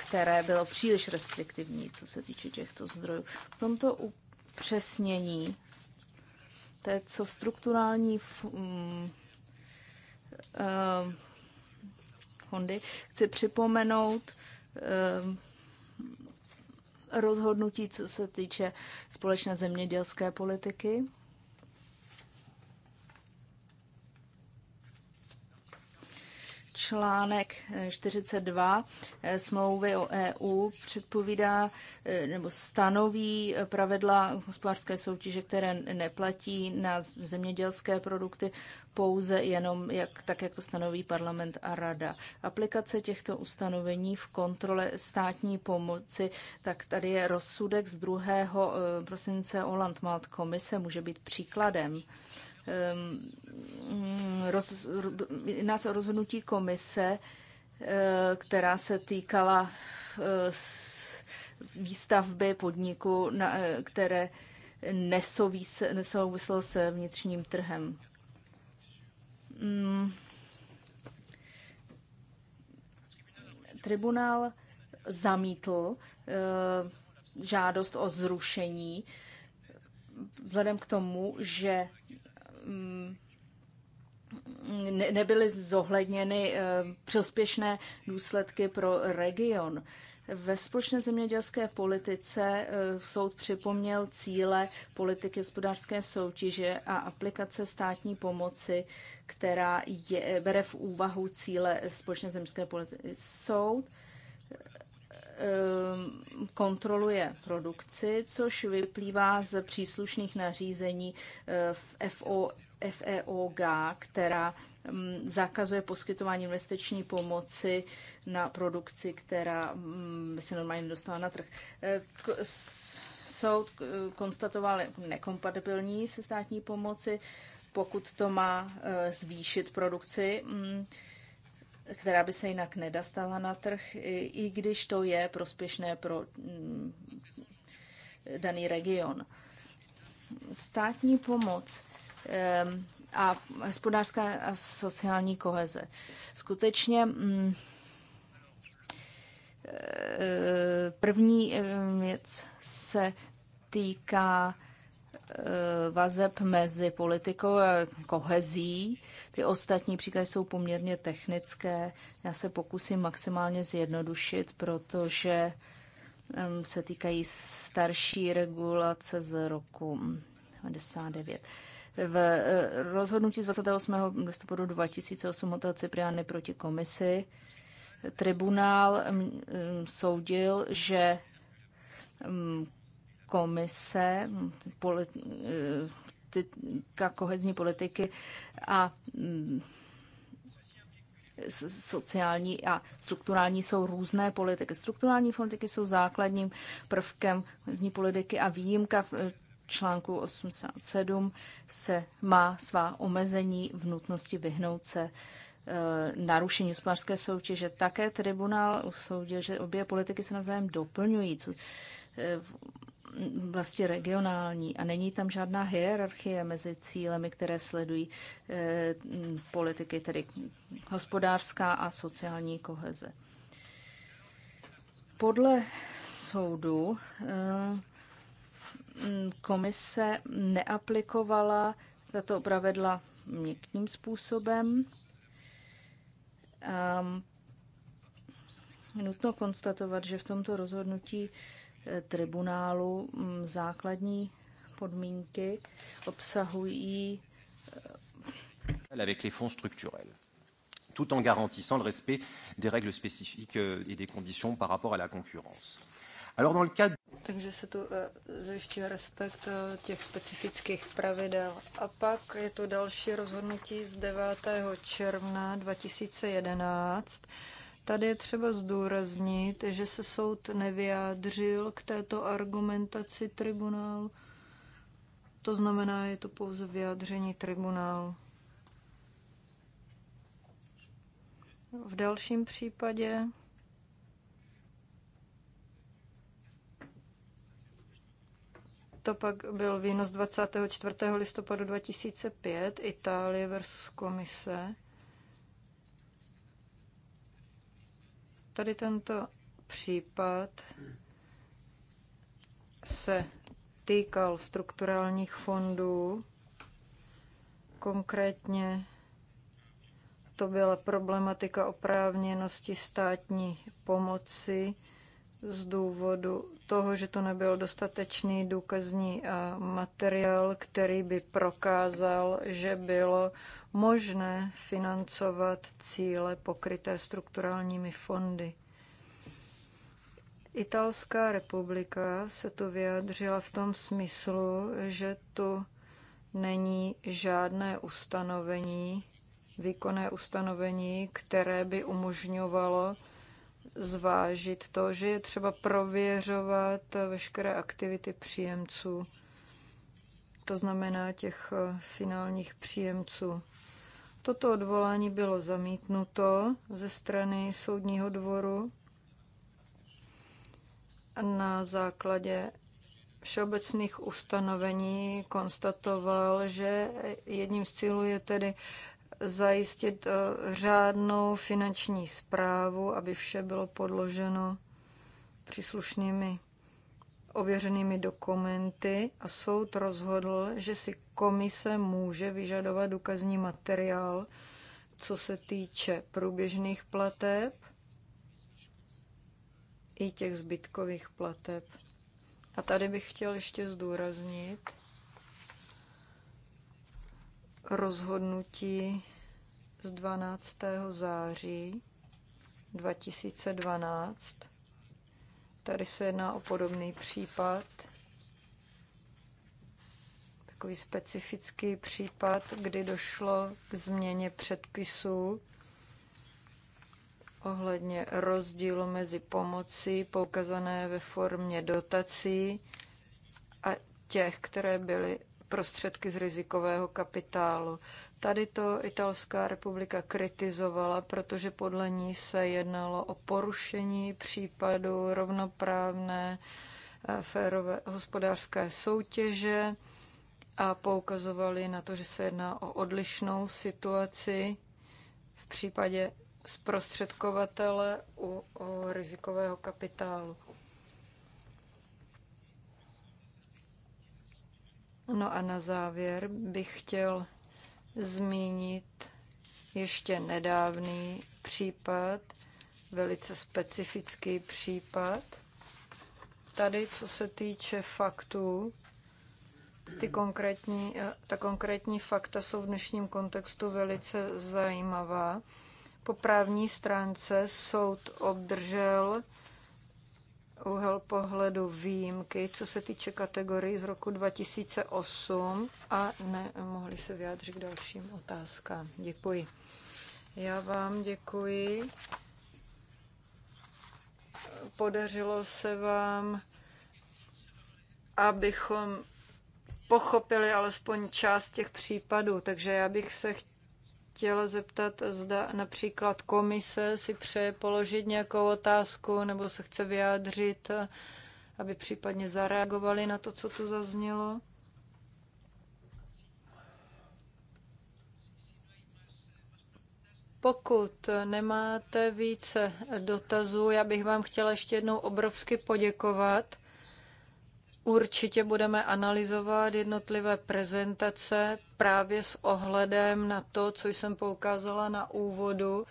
Speaker 2: které bylo příliš restriktivní, co se týče těchto zdrojů. V tomto upřesnění je co strukturální mm, uh, Hondy, chci připomenout uh, rozhodnutí, co se týče společné zemědělské politiky. článek 42 eh, eh, smlouvy o EU předpovídá eh, nebo stanoví pravidla hospodářské soutěže, které neplatí na zemědělské produkty pouze jenom jak, tak, jak to stanoví parlament a rada. Aplikace těchto ustanovení v kontrole státní pomoci, tak tady je rozsudek z 2. prosince Oland Malt komise, může být příkladem. Ehm, roz, nás o rozhodnutí komise, eh, která se týkala eh, výstavby podniku, eh, které nesouvislo s vnitřním trhem. Mm. Tribunál zamítl žádost o zrušení vzhledem k tomu, že Mm, nebyly zohledněny eh, přospěšné důsledky pro region. Ve společné zemědělské politice eh, soud připomněl cíle politiky hospodářské soutěže a aplikace státní pomoci, která je, bere v úvahu cíle společné zemědělské politiky. Soud Eh, kontroluje produkci, což vyplývá z příslušných nařízení eh, v FO, FEOG, která mm, zakazuje poskytování investiční pomoci na produkci, která mm, by se normálně dostala na trh. Eh, soud konstatoval nekompatibilní se státní pomoci, pokud to má zvýšit produkci mm, která by se jinak nedostala na trh, i když to je prospěšné pro mm, daný region. Státní pomoc a hospodářská a sociální koheze. Skutečně mm, e, e, první věc se týká Eh, vazeb mezi politikou a kohezí. Ty ostatní příklady jsou poměrně technické. Já se pokusím maximálně zjednodušit, protože se týkají starší regulace z roku 1999. Hm, v eh, rozhodnutí z 28. listopadu 2008 od Cipriány proti komisi tribunál hm, hm, soudil, že komise, politika kohezní politiky a mm, sociální a strukturální jsou různé politiky. Strukturální politiky jsou základním prvkem kohezní politiky a výjimka v eh, článku 87 se má svá omezení v nutnosti vyhnout se eh, narušení hospodářské soutěže. Také tribunál usoudil, že obě politiky se navzájem doplňují, eh, vlastně regionální a není tam žádná hierarchie mezi cílemi, které sledují eh, politiky, tedy hospodářská a sociální koheze. Podle soudu eh, komise neaplikovala tato pravidla měkkým způsobem. Um, nutno konstatovat, že v tomto rozhodnutí Eh, tribunálu mm, základní podmínky obsahují
Speaker 1: eh, avec les fonds structurels tout en garantissant le respect des règles spécifiques euh, et des conditions par rapport à la concurrence. Alors dans le cadre
Speaker 4: takže se tu eh, zajišťuje respekt těch specifických pravidel. A pak je to další rozhodnutí z 9. června 2011, Tady je třeba zdůraznit, že se soud nevyjádřil k této argumentaci tribunálu. To znamená, je to pouze vyjádření tribunálu. V dalším případě to pak byl výnos 24. listopadu 2005 Itálie versus komise. Tady tento případ se týkal strukturálních fondů, konkrétně to byla problematika oprávněnosti státní pomoci z důvodu toho, že to nebyl dostatečný důkazní eh, materiál, který by prokázal, že bylo možné financovat cíle pokryté strukturálními fondy. Italská republika se tu vyjadřila v tom smyslu, že tu není žádné ustanovení, výkonné ustanovení, které by umožňovalo zvážit to, že je třeba prověřovat veškeré aktivity příjemců, to znamená těch eh, finálních příjemců. Toto odvolání bylo zamítnuto ze strany soudního dvoru na základě všeobecných ustanovení konstatoval, že jedním z cílů je tedy zajistit eh, řádnou finanční zprávu, aby vše bylo podloženo příslušnými ověřenými dokumenty a soud rozhodl, že si komise může vyžadovat důkazní materiál, co se týče průběžných plateb i těch zbytkových plateb. A tady bych chtěl ještě zdůraznit rozhodnutí z 12. září 2012. Tady se jedná o podobný případ, takový specifický případ, kdy došlo k změně předpisů ohledně rozdílu mezi pomocí poukazané ve formě dotací a těch, které byly prostředky z rizikového kapitálu. Tady to Italská republika kritizovala, protože podle ní se jednalo o porušení případu rovnoprávné eh, férové hospodářské soutěže a poukazovali na to, že se jedná o odlišnou situaci v případě zprostředkovatele u, u rizikového kapitálu. No a na závěr bych chtěl zmínit ještě nedávný případ, velice specifický případ. Tady, co se týče faktů, ty konkrétní, eh, ta konkrétní fakta jsou v dnešním kontextu velice zajímavá. Po právní stránce soud obdržel úhel pohledu výjimky, co se týče kategorii z roku 2008 a ne, mohli se vyjádřit k dalším otázkám. Děkuji. Já vám děkuji. Podařilo se vám, abychom pochopili alespoň část těch případů, takže já bych se chtěla chtěla zeptat, zda například komise si přeje položit nějakou otázku nebo se chce vyjádřit, aby případně zareagovali na to, co tu zaznělo. Pokud nemáte více dotazů, já bych vám chtěla ještě jednou obrovsky poděkovat Určitě budeme analyzovat jednotlivé prezentace právě s ohledem na to, co jsem poukázala na úvodu,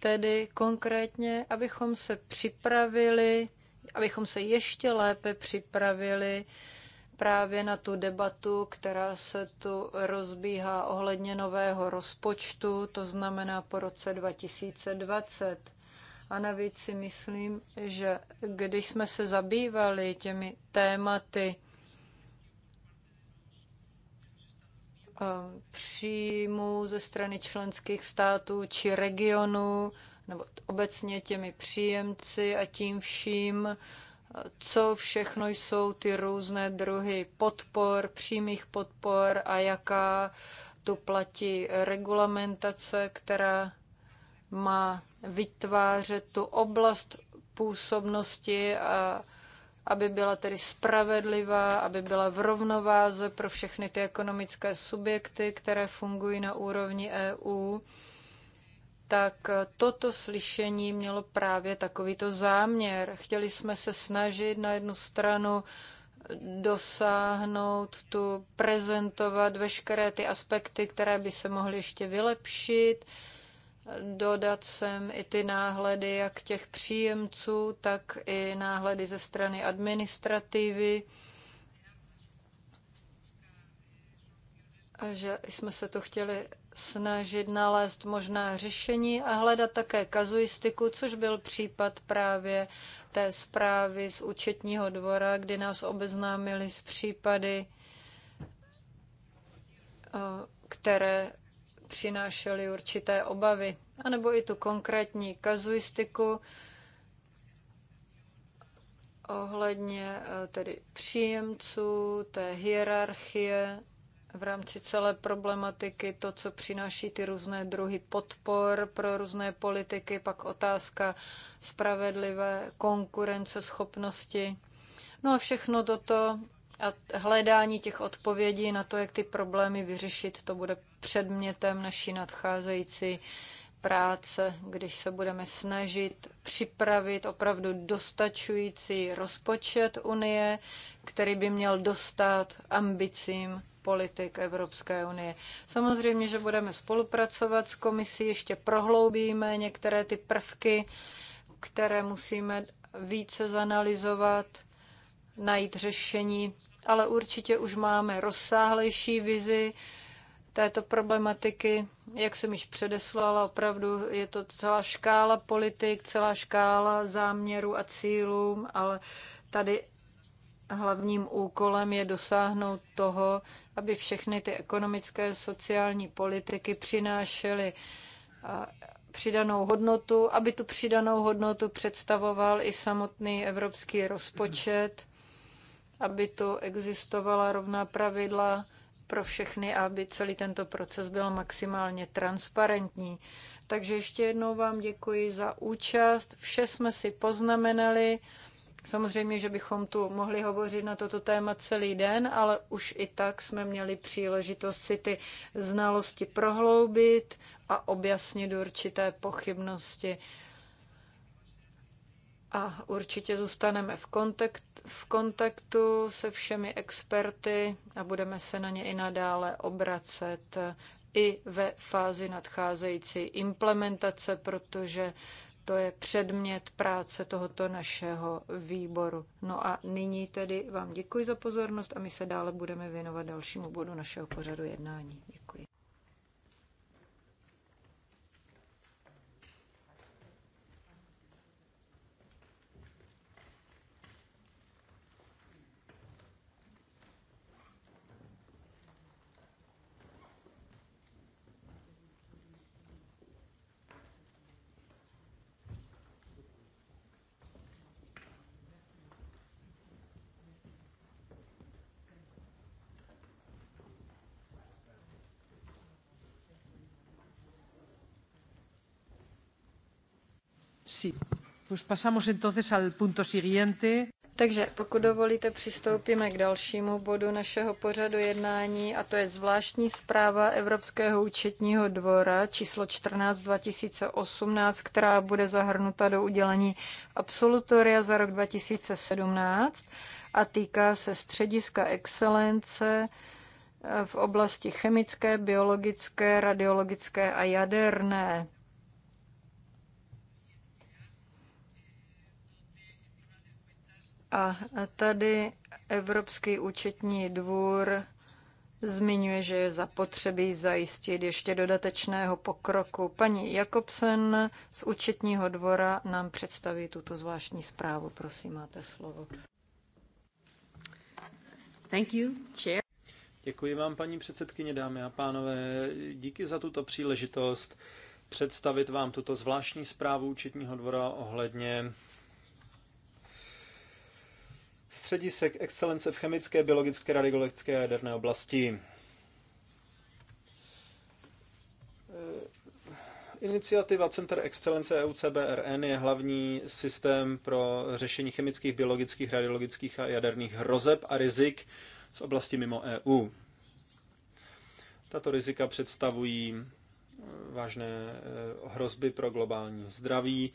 Speaker 4: tedy konkrétně, abychom se připravili, abychom se ještě lépe připravili právě na tu debatu, která se tu rozbíhá ohledně nového rozpočtu, to znamená po roce 2020. A navíc si myslím, že když jsme se zabývali těmi tématy eh, příjmů ze strany členských států či regionů, nebo obecně těmi příjemci a tím vším, eh, co všechno jsou ty různé druhy podpor, přímých podpor a jaká tu platí regulamentace, která má vytvářet tu oblast působnosti, a aby byla tedy spravedlivá, aby byla v rovnováze pro všechny ty ekonomické subjekty, které fungují na úrovni EU, tak toto slyšení mělo právě takovýto záměr. Chtěli jsme se snažit na jednu stranu dosáhnout tu, prezentovat veškeré ty aspekty, které by se mohly ještě vylepšit, Dodat sem i ty náhledy jak těch příjemců, tak i náhledy ze strany administrativy. A že jsme se to chtěli snažit nalézt možná řešení a hledat také kazuistiku, což byl případ právě té zprávy z účetního dvora, kdy nás obeznámili s případy, které přinášely určité obavy, anebo i tu konkrétní kazuistiku ohledně eh, tedy příjemců, té hierarchie v rámci celé problematiky, to, co přináší ty různé druhy podpor pro různé politiky, pak otázka spravedlivé konkurence schopnosti. No a všechno toto a hledání těch odpovědí na to, jak ty problémy vyřešit, to bude předmětem naší nadcházející práce, když se budeme snažit připravit opravdu dostačující rozpočet Unie, který by měl dostat ambicím politik Evropské unie. Samozřejmě, že budeme spolupracovat s komisí, ještě prohloubíme některé ty prvky, které musíme více zanalizovat, najít řešení, ale určitě už máme rozsáhlejší vizi, této problematiky. Jak jsem již předeslala, opravdu je to celá škála politik, celá škála záměrů a cílů, ale tady hlavním úkolem je dosáhnout toho, aby všechny ty ekonomické sociální politiky přinášely přidanou hodnotu, aby tu přidanou hodnotu představoval i samotný evropský rozpočet, aby tu existovala rovná pravidla pro všechny, aby celý tento proces byl maximálně transparentní. Takže ještě jednou vám děkuji za účast. Vše jsme si poznamenali. Samozřejmě, že bychom tu mohli hovořit na toto téma celý den, ale už i tak jsme měli příležitost si ty znalosti prohloubit a objasnit určité pochybnosti a určitě zůstaneme v, kontakt, v kontaktu se všemi experty a budeme se na ně i nadále obracet i ve fázi nadcházející implementace, protože to je předmět práce tohoto našeho výboru. No a nyní tedy vám děkuji za pozornost a my se dále budeme věnovat dalšímu bodu našeho pořadu jednání. Děkuji.
Speaker 3: Sí. Pues pasamos entonces al punto siguiente.
Speaker 4: Takže pokud dovolíte, přistoupíme k dalšímu bodu našeho pořadu jednání a to je zvláštní zpráva Evropského účetního dvora číslo 14 2018, která bude zahrnuta do udělení absolutoria za rok 2017 a týká se střediska excelence eh, v oblasti chemické, biologické, radiologické a jaderné. A tady Evropský účetní dvůr zmiňuje, že je zapotřebí zajistit ještě dodatečného pokroku. Paní Jakobsen z účetního dvora nám představí tuto zvláštní zprávu. Prosím, máte slovo.
Speaker 1: Thank you, chair. Děkuji vám, paní předsedkyně, dámy a pánové. Díky za tuto příležitost představit vám tuto zvláštní zprávu účetního dvora ohledně Středisek excelence v chemické, biologické, radiologické a jaderné oblasti. Eh, iniciativa Center Excellence EUCBRN je hlavní systém pro řešení chemických, biologických, radiologických a jaderných hrozeb a rizik z oblasti mimo EU. Tato rizika představují eh, vážné eh, hrozby pro globální zdraví,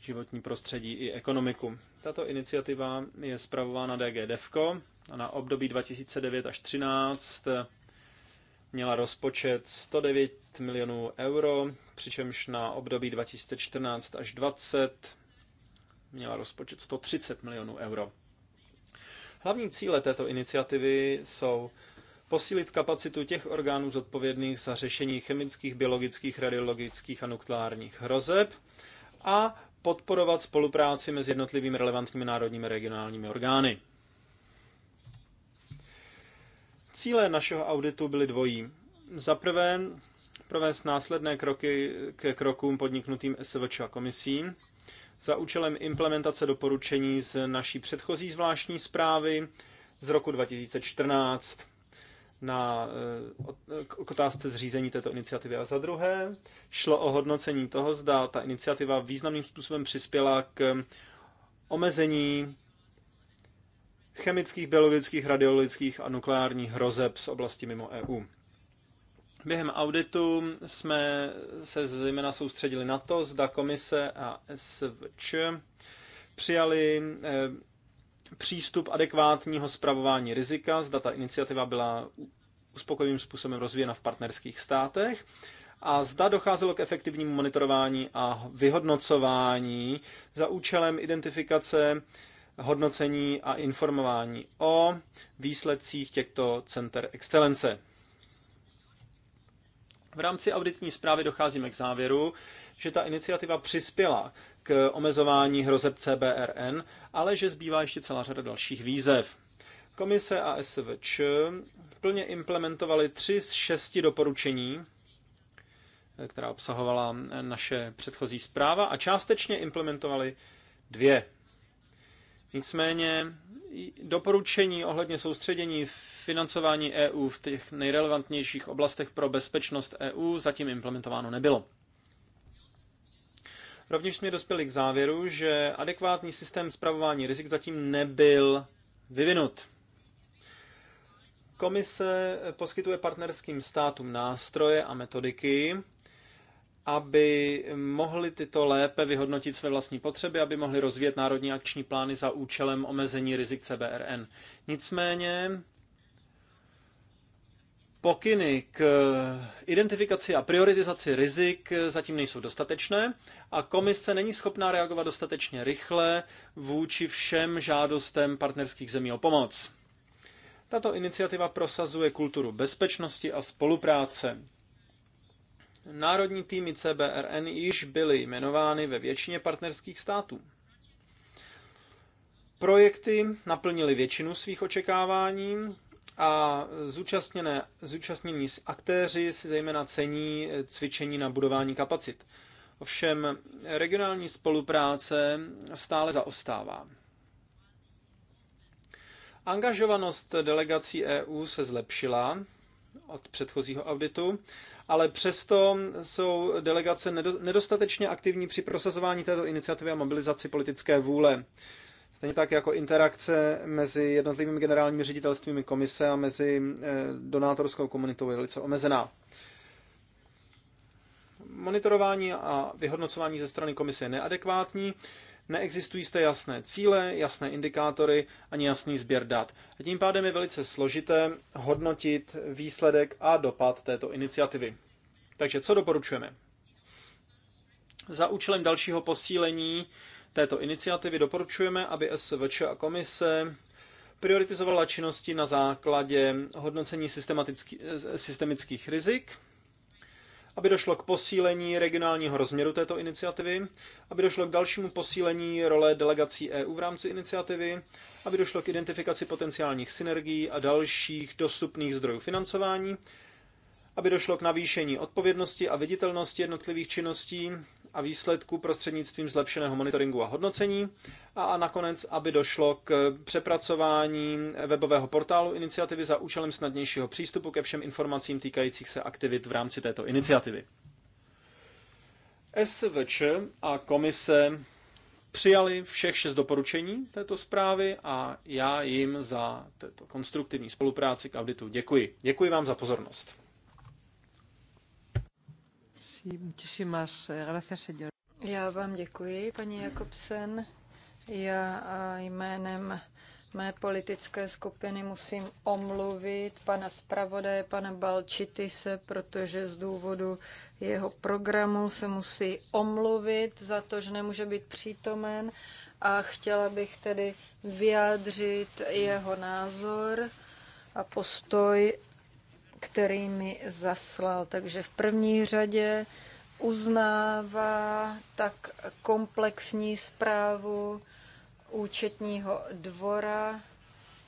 Speaker 1: životní prostředí i ekonomiku. Tato iniciativa je zpravována DG DEVCO a na období 2009 až 2013 měla rozpočet 109 milionů euro, přičemž na období 2014 až 2020 měla rozpočet 130 milionů euro. Hlavní cíle této iniciativy jsou posílit kapacitu těch orgánů zodpovědných za řešení chemických, biologických, radiologických a nukleárních hrozeb a podporovat spolupráci mezi jednotlivými relevantními národními a regionálními orgány. Cíle našeho auditu byly dvojí. Za prvé, provést následné kroky ke krokům podniknutým SVČ a komisí za účelem implementace doporučení z naší předchozí zvláštní zprávy z roku 2014 na, eh, k otázce zřízení této iniciativy. A za druhé šlo o hodnocení toho, zda ta iniciativa významným způsobem přispěla k eh, omezení chemických, biologických, radiologických a nukleárních hrozeb z oblasti mimo EU. Během auditu jsme se zejména soustředili na to, zda komise a SVČ přijali eh, přístup adekvátního zpravování rizika. Zda ta iniciativa byla uspokojivým způsobem rozvíjena v partnerských státech a zda docházelo k efektivnímu monitorování a vyhodnocování za účelem identifikace, hodnocení a informování o výsledcích těchto center excelence. V rámci auditní zprávy docházíme k závěru, že ta iniciativa přispěla k omezování hrozeb CBRN, ale že zbývá ještě celá řada dalších výzev. Komise a SVČ plně implementovali tři z šesti doporučení, která obsahovala naše předchozí zpráva, a částečně implementovali dvě. Nicméně doporučení ohledně soustředění financování EU v těch nejrelevantnějších oblastech pro bezpečnost EU zatím implementováno nebylo. Rovněž jsme dospěli k závěru, že adekvátní systém zpravování rizik zatím nebyl vyvinut. Komise poskytuje partnerským státům nástroje a metodiky, aby mohli tyto lépe vyhodnotit své vlastní potřeby, aby mohli rozvíjet národní akční plány za účelem omezení rizik CBRN. Nicméně Pokyny k eh, identifikaci a prioritizaci rizik eh, zatím nejsou dostatečné a komise není schopná reagovat dostatečně rychle vůči všem žádostem partnerských zemí o pomoc. Tato iniciativa prosazuje kulturu bezpečnosti a spolupráce. Národní týmy CBRN již byly jmenovány ve většině partnerských států. Projekty naplnily většinu svých očekávání, a zúčastněné, zúčastnění s aktéři si zejména cení eh, cvičení na budování kapacit. Ovšem regionální spolupráce stále zaostává. Angažovanost delegací EU se zlepšila od předchozího auditu, ale přesto jsou delegace nedostatečně aktivní při prosazování této iniciativy a mobilizaci politické vůle. Stejně tak jako interakce mezi jednotlivými generálními ředitelstvími komise a mezi eh, donátorskou komunitou je velice omezená. Monitorování a vyhodnocování ze strany komise je neadekvátní, neexistují zde jasné cíle, jasné indikátory ani jasný sběr dat. A tím pádem je velice složité hodnotit výsledek a dopad této iniciativy. Takže co doporučujeme? Za účelem dalšího posílení této iniciativy doporučujeme, aby SVČ a komise prioritizovala činnosti na základě hodnocení eh, systemických rizik, aby došlo k posílení regionálního rozměru této iniciativy, aby došlo k dalšímu posílení role delegací EU v rámci iniciativy, aby došlo k identifikaci potenciálních synergií a dalších dostupných zdrojů financování, aby došlo k navýšení odpovědnosti a viditelnosti jednotlivých činností, a výsledků prostřednictvím zlepšeného monitoringu a hodnocení a nakonec, aby došlo k přepracování webového portálu iniciativy za účelem snadnějšího přístupu ke všem informacím týkajících se aktivit v rámci této iniciativy. SVČ a komise přijali všech šest doporučení této zprávy a já jim za této konstruktivní spolupráci k auditu děkuji. Děkuji vám za pozornost.
Speaker 3: Eh,
Speaker 4: Já vám děkuji, paní Jakobsen. Já jménem mé politické skupiny musím omluvit pana zpravodaje, pana Balčitise, protože z důvodu jeho programu se musí omluvit za to, že nemůže být přítomen a chtěla bych tedy vyjádřit jeho názor a postoj který mi zaslal. Takže v první řadě uznává tak komplexní zprávu účetního dvora,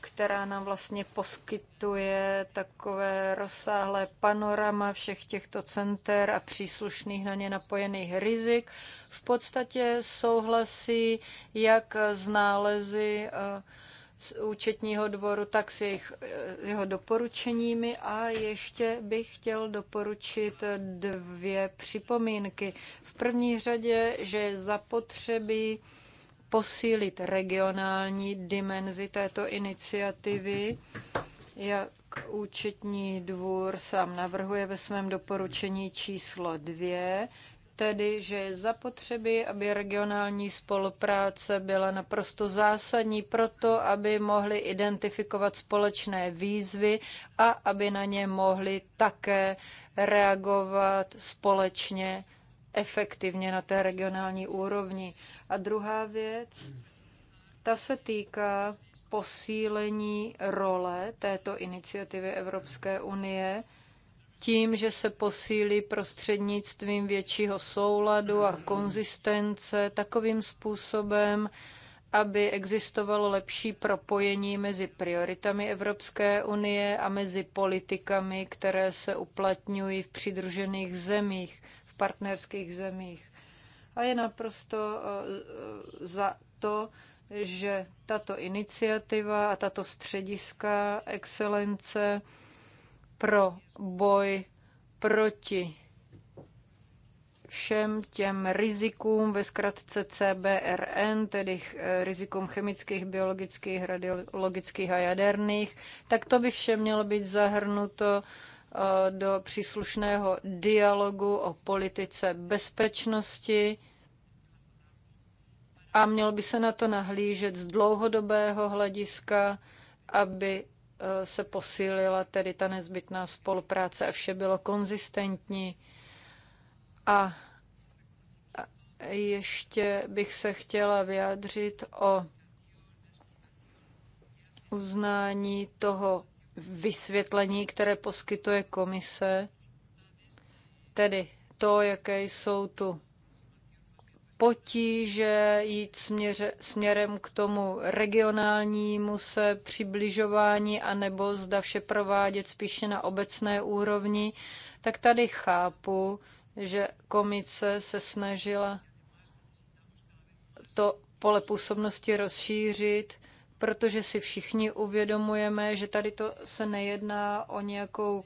Speaker 4: která nám vlastně poskytuje takové rozsáhlé panorama všech těchto center a příslušných na ně napojených rizik. V podstatě souhlasí jak s nálezy uh, z účetního dvoru, tak s jejich, eh, jeho doporučeními a ještě bych chtěl doporučit dvě připomínky. V první řadě, že je zapotřebí posílit regionální dimenzi této iniciativy, jak účetní dvůr sám navrhuje ve svém doporučení číslo dvě tedy, že je zapotřebí, aby regionální spolupráce byla naprosto zásadní pro to, aby mohli identifikovat společné výzvy a aby na ně mohli také reagovat společně efektivně na té regionální úrovni. A druhá věc, ta se týká posílení role této iniciativy Evropské unie tím, že se posílí prostřednictvím většího souladu a konzistence takovým způsobem, aby existovalo lepší propojení mezi prioritami Evropské unie a mezi politikami, které se uplatňují v přidružených zemích, v partnerských zemích. A je naprosto eh, eh, za to, že tato iniciativa a tato střediska excelence pro boj proti všem těm rizikům ve zkratce CBRN, tedy eh, rizikům chemických, biologických, radiologických a jaderných, tak to by vše mělo být zahrnuto eh, do příslušného dialogu o politice bezpečnosti a mělo by se na to nahlížet z dlouhodobého hlediska, aby Eh, se posílila tedy ta nezbytná spolupráce a vše bylo konzistentní. A ještě bych se chtěla vyjádřit o uznání toho vysvětlení, které poskytuje komise, tedy to, jaké jsou tu potíže jít směře, směrem k tomu regionálnímu se přibližování, anebo zda vše provádět spíše na obecné úrovni, tak tady chápu, že komise se snažila to pole působnosti rozšířit, protože si všichni uvědomujeme, že tady to se nejedná o nějakou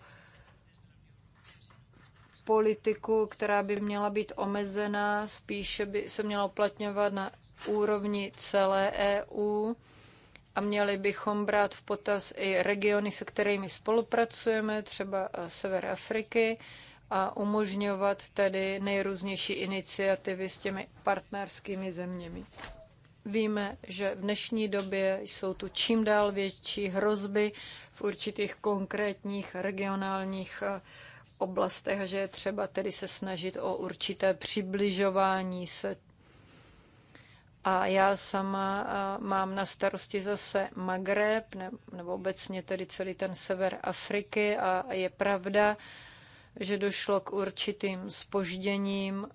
Speaker 4: politiku, která by měla být omezená, spíše by se měla uplatňovat na úrovni celé EU a měli bychom brát v potaz i regiony, se kterými spolupracujeme, třeba eh, Sever Afriky, a umožňovat tedy nejrůznější iniciativy s těmi partnerskými zeměmi. Víme, že v dnešní době jsou tu čím dál větší hrozby v určitých konkrétních regionálních eh, oblastech a že je třeba tedy se snažit o určité přibližování se. A já sama mám na starosti zase Magreb, nebo obecně tedy celý ten sever Afriky a je pravda, že došlo k určitým spožděním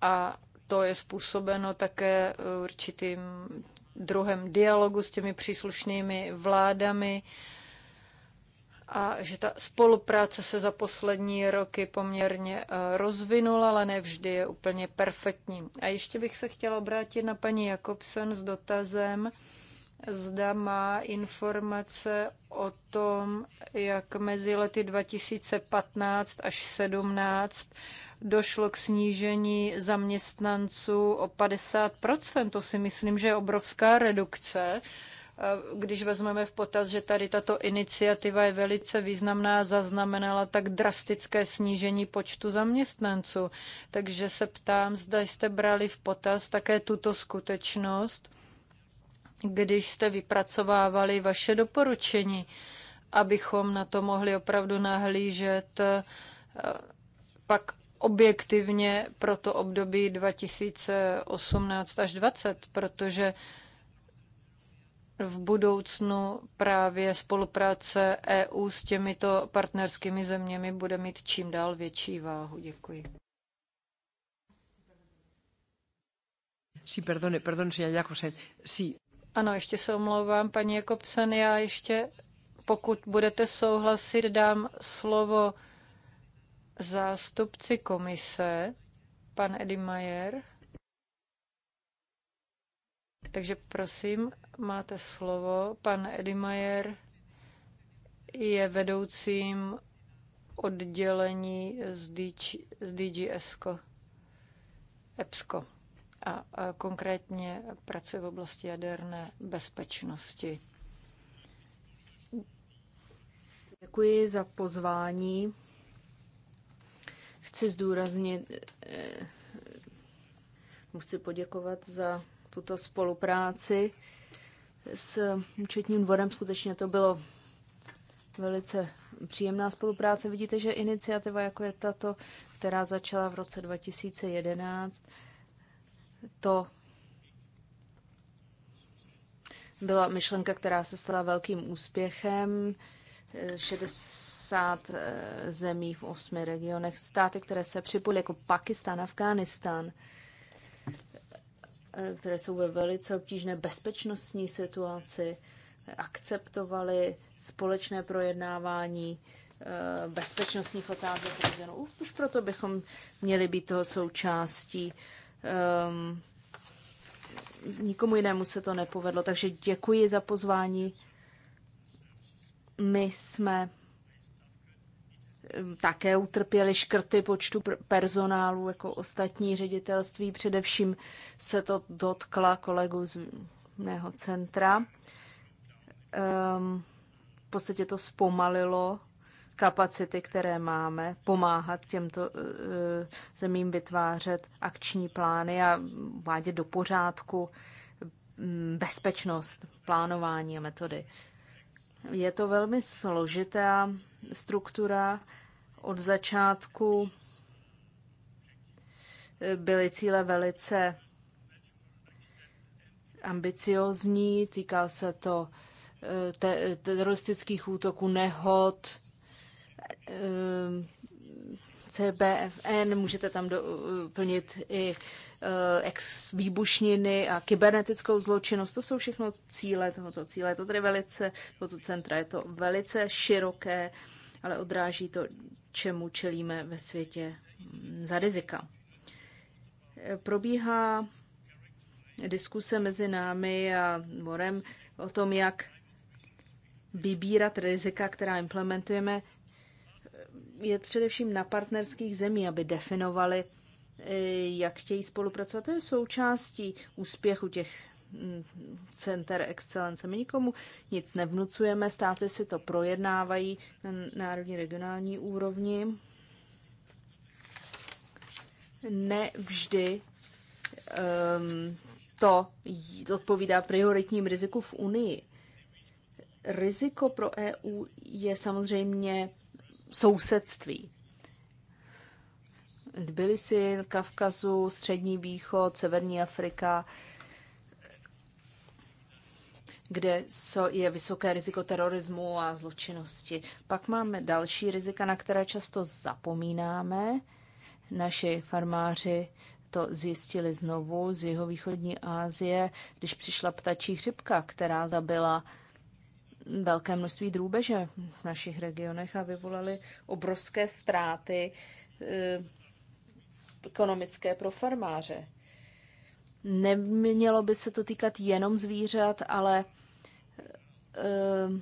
Speaker 4: a to je způsobeno také určitým druhem dialogu s těmi příslušnými vládami a že ta spolupráce se za poslední roky poměrně eh, rozvinula, ale nevždy je úplně perfektní. A ještě bych se chtěla obrátit na paní Jakobsen s dotazem, zda má informace o tom, jak mezi lety 2015 až 17 došlo k snížení zaměstnanců o 50%. To si myslím, že je obrovská redukce. Eh, když vezmeme v potaz, že tady tato iniciativa je velice významná, zaznamenala tak drastické snížení počtu zaměstnanců. Takže se ptám, zda jste brali v potaz také tuto skutečnost, když jste vypracovávali vaše doporučení, abychom na to mohli opravdu nahlížet eh, pak objektivně pro to období 2018 až 2020, protože v budoucnu právě spolupráce EU s těmito partnerskými zeměmi bude mít čím dál větší váhu.
Speaker 3: Děkuji. Sí, perdone, perdone, si. Sí.
Speaker 4: Ano, ještě se omlouvám, paní Jakobsen, já ještě, pokud budete souhlasit, dám slovo zástupci komise, pan Edy Majer. Takže prosím, máte slovo. Pan Edimajer je vedoucím oddělení z DG, z DG EPSCO e a, a konkrétně pracuje v oblasti jaderné bezpečnosti. Děkuji za pozvání.
Speaker 2: Chci zdůraznit, eh, chci poděkovat za tuto spolupráci s účetním dvorem skutečně to bylo velice příjemná spolupráce. Vidíte, že iniciativa jako je tato, která začala v roce 2011, to byla myšlenka, která se stala velkým úspěchem. 60 eh, zemí v osmi regionech, státy, které se připojily jako Pakistán, Afghánistán, Eh, které jsou ve velice obtížné bezpečnostní situaci, akceptovali společné projednávání eh, bezpečnostních otázek regionu. Už proto bychom měli být toho součástí. Um, nikomu jinému se to nepovedlo, takže děkuji za pozvání. My jsme Ehm, také utrpěly škrty počtu personálu jako ostatní ředitelství. Především se to dotkla kolegů z mého centra. Ehm, v podstatě to zpomalilo kapacity, které máme, pomáhat těmto e, e, zemím vytvářet akční plány a vádět do pořádku mm, bezpečnost, plánování a metody. Je to velmi složitá struktura, od začátku byly cíle velice ambiciozní, týká se to eh, te- teroristických útoků, nehod, eh, CBFN, můžete tam doplnit eh, i ex výbušniny a kybernetickou zločinnost. To jsou všechno cíle tohoto cíle. Je to tedy velice, tohoto centra je to velice široké, ale odráží to čemu čelíme ve světě mm, za rizika. Probíhá diskuse mezi námi a Morem o tom, jak vybírat rizika, která implementujeme, je především na partnerských zemí, aby definovali, eh, jak chtějí spolupracovat. To je součástí úspěchu těch center excelence. My nikomu nic nevnucujeme, státy si to projednávají na národní regionální úrovni. Ne vždy um, to odpovídá prioritním riziku v Unii. Riziko pro EU je samozřejmě sousedství. byli si Kavkazu, Střední východ, Severní Afrika, kde je vysoké riziko terorismu a zločinnosti. Pak máme další rizika, na které často zapomínáme. Naši farmáři to zjistili znovu z jeho východní Asie, když přišla ptačí chřipka, která zabila velké množství drůbeže v našich regionech a vyvolaly obrovské ztráty eh, ekonomické pro farmáře. Nemělo by se to týkat jenom zvířat, ale Ehm,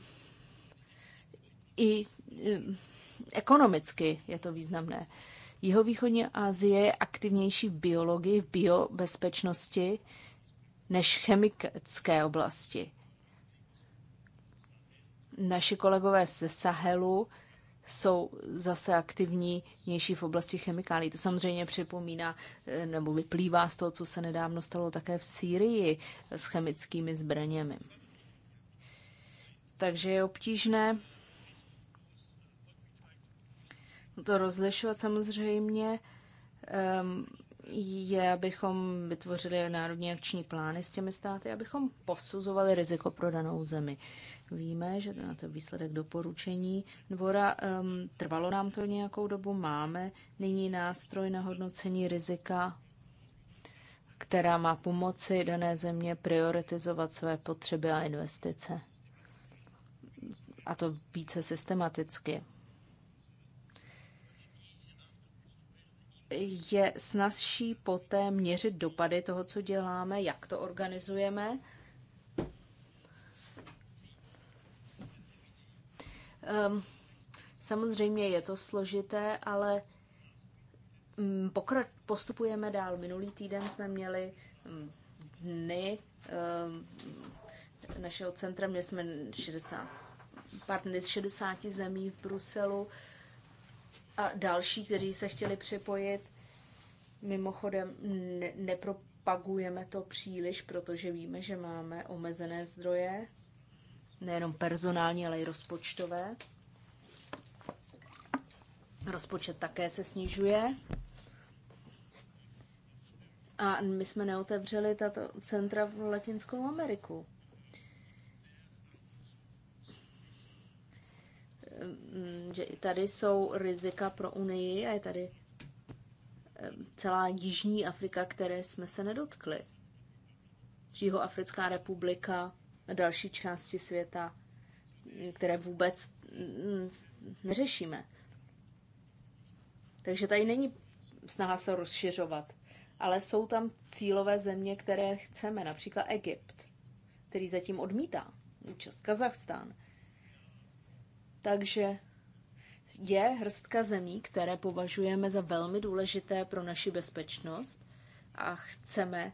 Speaker 2: i ehm, ekonomicky je to významné. Jihovýchodní Asie je aktivnější v biologii, v biobezpečnosti než chemické oblasti. Naši kolegové ze Sahelu jsou zase aktivnější v oblasti chemikálí. To samozřejmě připomíná eh, nebo vyplývá z toho, co se nedávno stalo také v Sýrii s chemickými zbraněmi. Takže je obtížné to rozlišovat samozřejmě. Ehm, je, abychom vytvořili národní akční plány s těmi státy, abychom posuzovali riziko pro danou zemi. Víme, že na to výsledek doporučení dvora um, trvalo nám to nějakou dobu. Máme nyní nástroj na hodnocení rizika, která má pomoci dané země prioritizovat své potřeby a investice a to více systematicky. Je snazší poté měřit dopady toho, co děláme, jak to organizujeme. Um, samozřejmě je to složité, ale um, pokra- postupujeme dál. Minulý týden jsme měli mm, dny um, našeho centra, měli jsme 60 partnery z 60 zemí v Bruselu a další, kteří se chtěli připojit. Mimochodem, ne- nepropagujeme to příliš, protože víme, že máme omezené zdroje, nejenom personální, ale i rozpočtové. Rozpočet také se snižuje. A my jsme neotevřeli tato centra v Latinskou Ameriku. Mm, že i tady jsou rizika pro Unii a je tady celá Jižní Afrika, které jsme se nedotkli. Jihoafrická republika a další části světa, mm, které vůbec mm, neřešíme. Takže tady není snaha se rozšiřovat, ale jsou tam cílové země, které chceme, například Egypt, který zatím odmítá účast, Kazachstán, takže je hrstka zemí, které považujeme za velmi důležité pro naši bezpečnost a chceme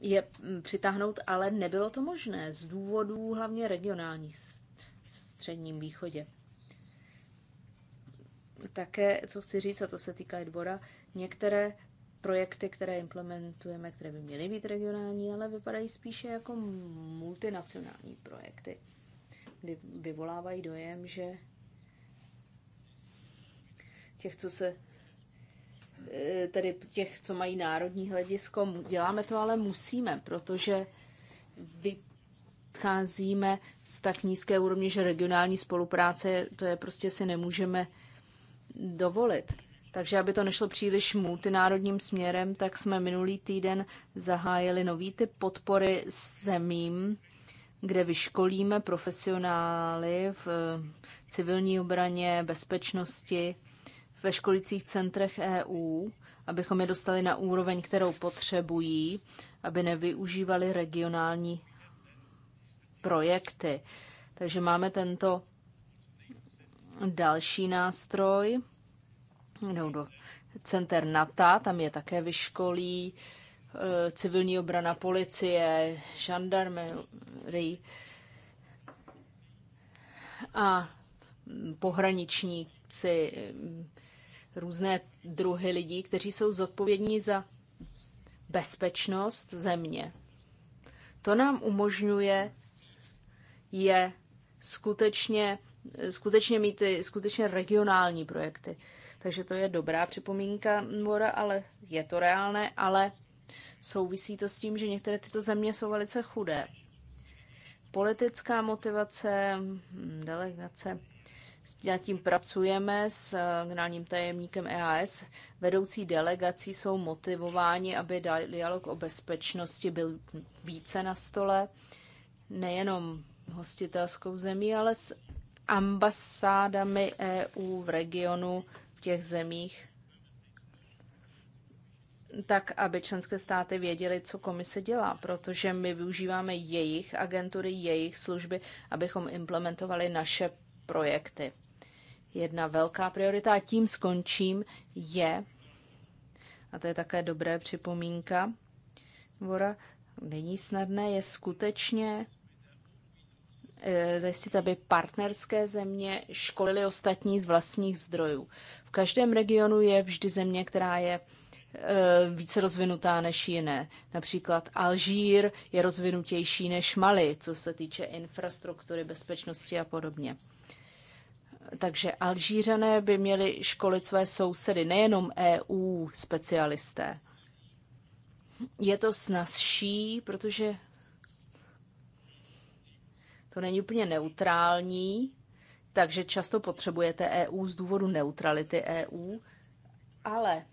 Speaker 2: je mm, přitáhnout, ale nebylo to možné z důvodů hlavně regionálních v středním východě. Také, co chci říct, a to se týká i dvora, některé projekty, které implementujeme, které by měly být regionální, ale vypadají spíše jako multinacionální projekty vyvolávají dojem, že těch, co se eh, tedy těch, co mají národní hledisko, děláme to, ale musíme, protože vycházíme z tak nízké úrovně, že regionální spolupráce, to je prostě si nemůžeme dovolit. Takže aby to nešlo příliš multinárodním směrem, tak jsme minulý týden zahájili nový typ podpory zemím, kde vyškolíme profesionály v eh, civilní obraně, bezpečnosti, ve školicích centrech EU, abychom je dostali na úroveň, kterou potřebují, aby nevyužívali regionální projekty. Takže máme tento další nástroj, jdou do center NATO, tam je také vyškolí, Eh, civilní obrana, policie, žandarmerie a pohraničníci, eh, různé druhy lidí, kteří jsou zodpovědní za bezpečnost země. To nám umožňuje je skutečně, skutečně mít ty skutečně regionální projekty. Takže to je dobrá připomínka Mora, ale je to reálné, ale Souvisí to s tím, že některé tyto země jsou velice chudé. Politická motivace, hm, delegace, s tím pracujeme s eh, generálním tajemníkem EAS. Vedoucí delegací jsou motivováni, aby dialog o bezpečnosti byl více na stole, nejenom hostitelskou zemí, ale s ambasádami EU v regionu v těch zemích, tak, aby členské státy věděly, co komise dělá, protože my využíváme jejich agentury, jejich služby, abychom implementovali naše projekty. Jedna velká priorita, a tím skončím, je, a to je také dobré připomínka, Vora, není snadné, je skutečně eh, zajistit, aby partnerské země školily ostatní z vlastních zdrojů. V každém regionu je vždy země, která je Eh, více rozvinutá než jiné. Například Alžír je rozvinutější než Mali, co se týče infrastruktury, bezpečnosti a podobně. Takže Alžířané by měli školit své sousedy, nejenom EU specialisté. Je to snazší, protože to není úplně neutrální, takže často potřebujete EU z důvodu neutrality EU, ale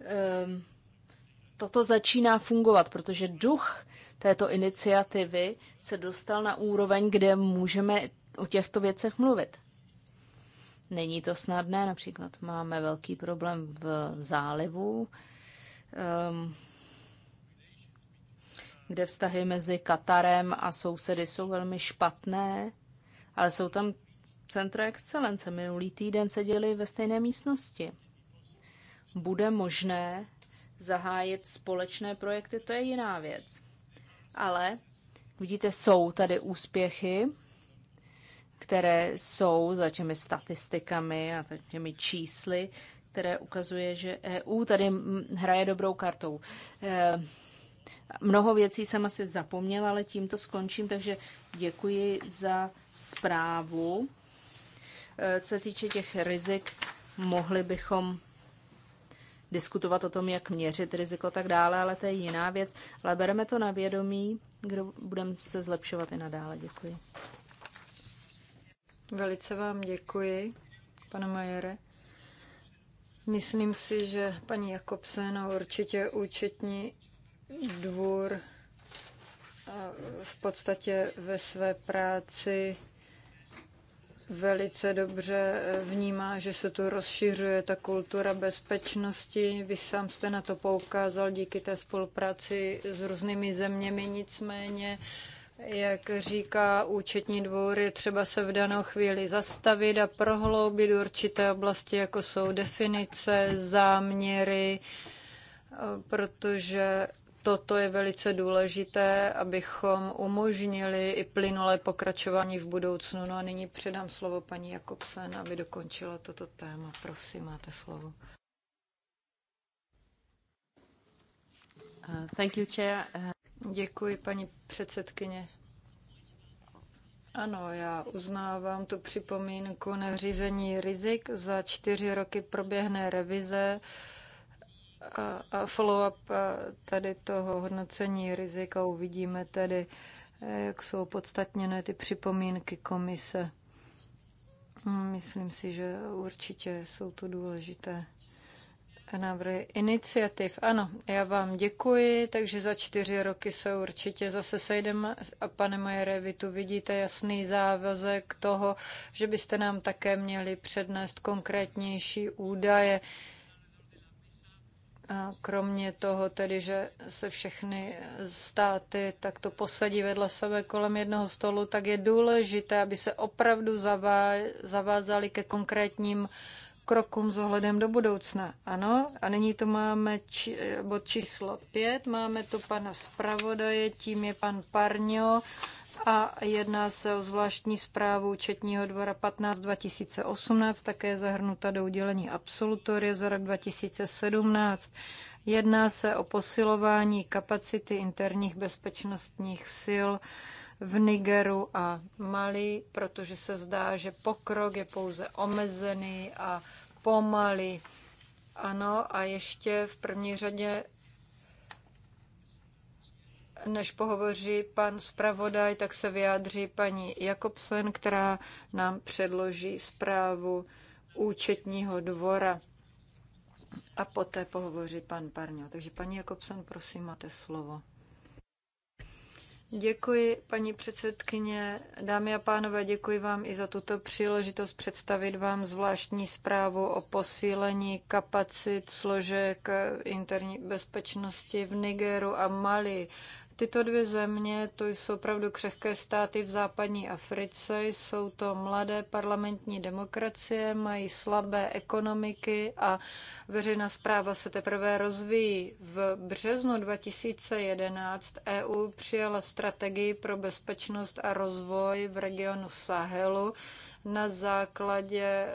Speaker 2: Ehm, toto začíná fungovat, protože duch této iniciativy se dostal na úroveň, kde můžeme o těchto věcech mluvit. Není to snadné, například máme velký problém v zálivu, ehm, kde vztahy mezi Katarem a sousedy jsou velmi špatné, ale jsou tam centra excelence. Minulý týden seděli ve stejné místnosti bude možné zahájit společné projekty, to je jiná věc. Ale vidíte, jsou tady úspěchy, které jsou za těmi statistikami a za těmi čísly, které ukazuje, že EU tady hraje dobrou kartou. Eh, mnoho věcí jsem asi zapomněla, ale tímto skončím, takže děkuji za zprávu. Eh, co se týče těch rizik, mohli bychom diskutovat o tom, jak měřit riziko tak dále, ale to je jiná věc. Ale bereme to na vědomí, kdo budeme se zlepšovat i nadále. Děkuji.
Speaker 4: Velice vám děkuji, pane Majere. Myslím si, že paní Jakobsen a určitě účetní dvůr v podstatě ve své práci velice dobře eh, vnímá, že se tu rozšiřuje ta kultura bezpečnosti. Vy sám jste na to poukázal díky té spolupráci s různými zeměmi, nicméně jak říká účetní dvůr, je třeba se v danou chvíli zastavit a prohloubit určité oblasti, jako jsou definice, záměry, eh, protože toto je velice důležité, abychom umožnili i plynulé pokračování v budoucnu. No a nyní předám slovo paní Jakobsen, aby dokončila toto téma. Prosím, máte slovo. Uh, thank you, chair. Uh... Děkuji, paní předsedkyně. Ano, já uznávám tu připomínku na řízení rizik. Za čtyři roky proběhne revize. Uh, a follow-up tady toho hodnocení rizika uvidíme tedy, e, jak jsou podstatněné ty připomínky komise. Myslím si, že určitě jsou to důležité návrhy iniciativ. Ano, já vám děkuji, takže za čtyři roky se určitě zase sejdeme a pane Majere, vy tu vidíte jasný závazek toho, že byste nám také měli přednést konkrétnější údaje, Kromě toho tedy, že se všechny státy takto posadí vedle sebe kolem jednoho stolu, tak je důležité, aby se opravdu zavázali ke konkrétním krokům s ohledem do budoucna. Ano, a nyní tu máme či, bod číslo pět? máme tu pana zpravodaje, tím je pan Parňo a jedná se o zvláštní zprávu Četního dvora 15 2018, také zahrnuta do udělení absolutorie za rok 2017. Jedná se o posilování kapacity interních bezpečnostních sil v Nigeru a Mali, protože se zdá, že pokrok je pouze omezený a pomalý. Ano, a ještě v první řadě než pohovoří pan zpravodaj, tak se vyjádří paní Jakobsen, která nám předloží zprávu účetního dvora. A poté pohovoří pan Parňo. Takže paní Jakobsen, prosím, máte slovo. Děkuji, paní předsedkyně. Dámy a pánové, děkuji vám i za tuto příležitost představit vám zvláštní zprávu o posílení kapacit složek interní bezpečnosti v Nigeru a Mali. Tyto dvě země, to jsou opravdu křehké státy v západní Africe, jsou to mladé parlamentní demokracie, mají slabé ekonomiky a veřejná zpráva se teprve rozvíjí. V březnu 2011 EU přijala strategii pro bezpečnost a rozvoj v regionu Sahelu, na základě eh,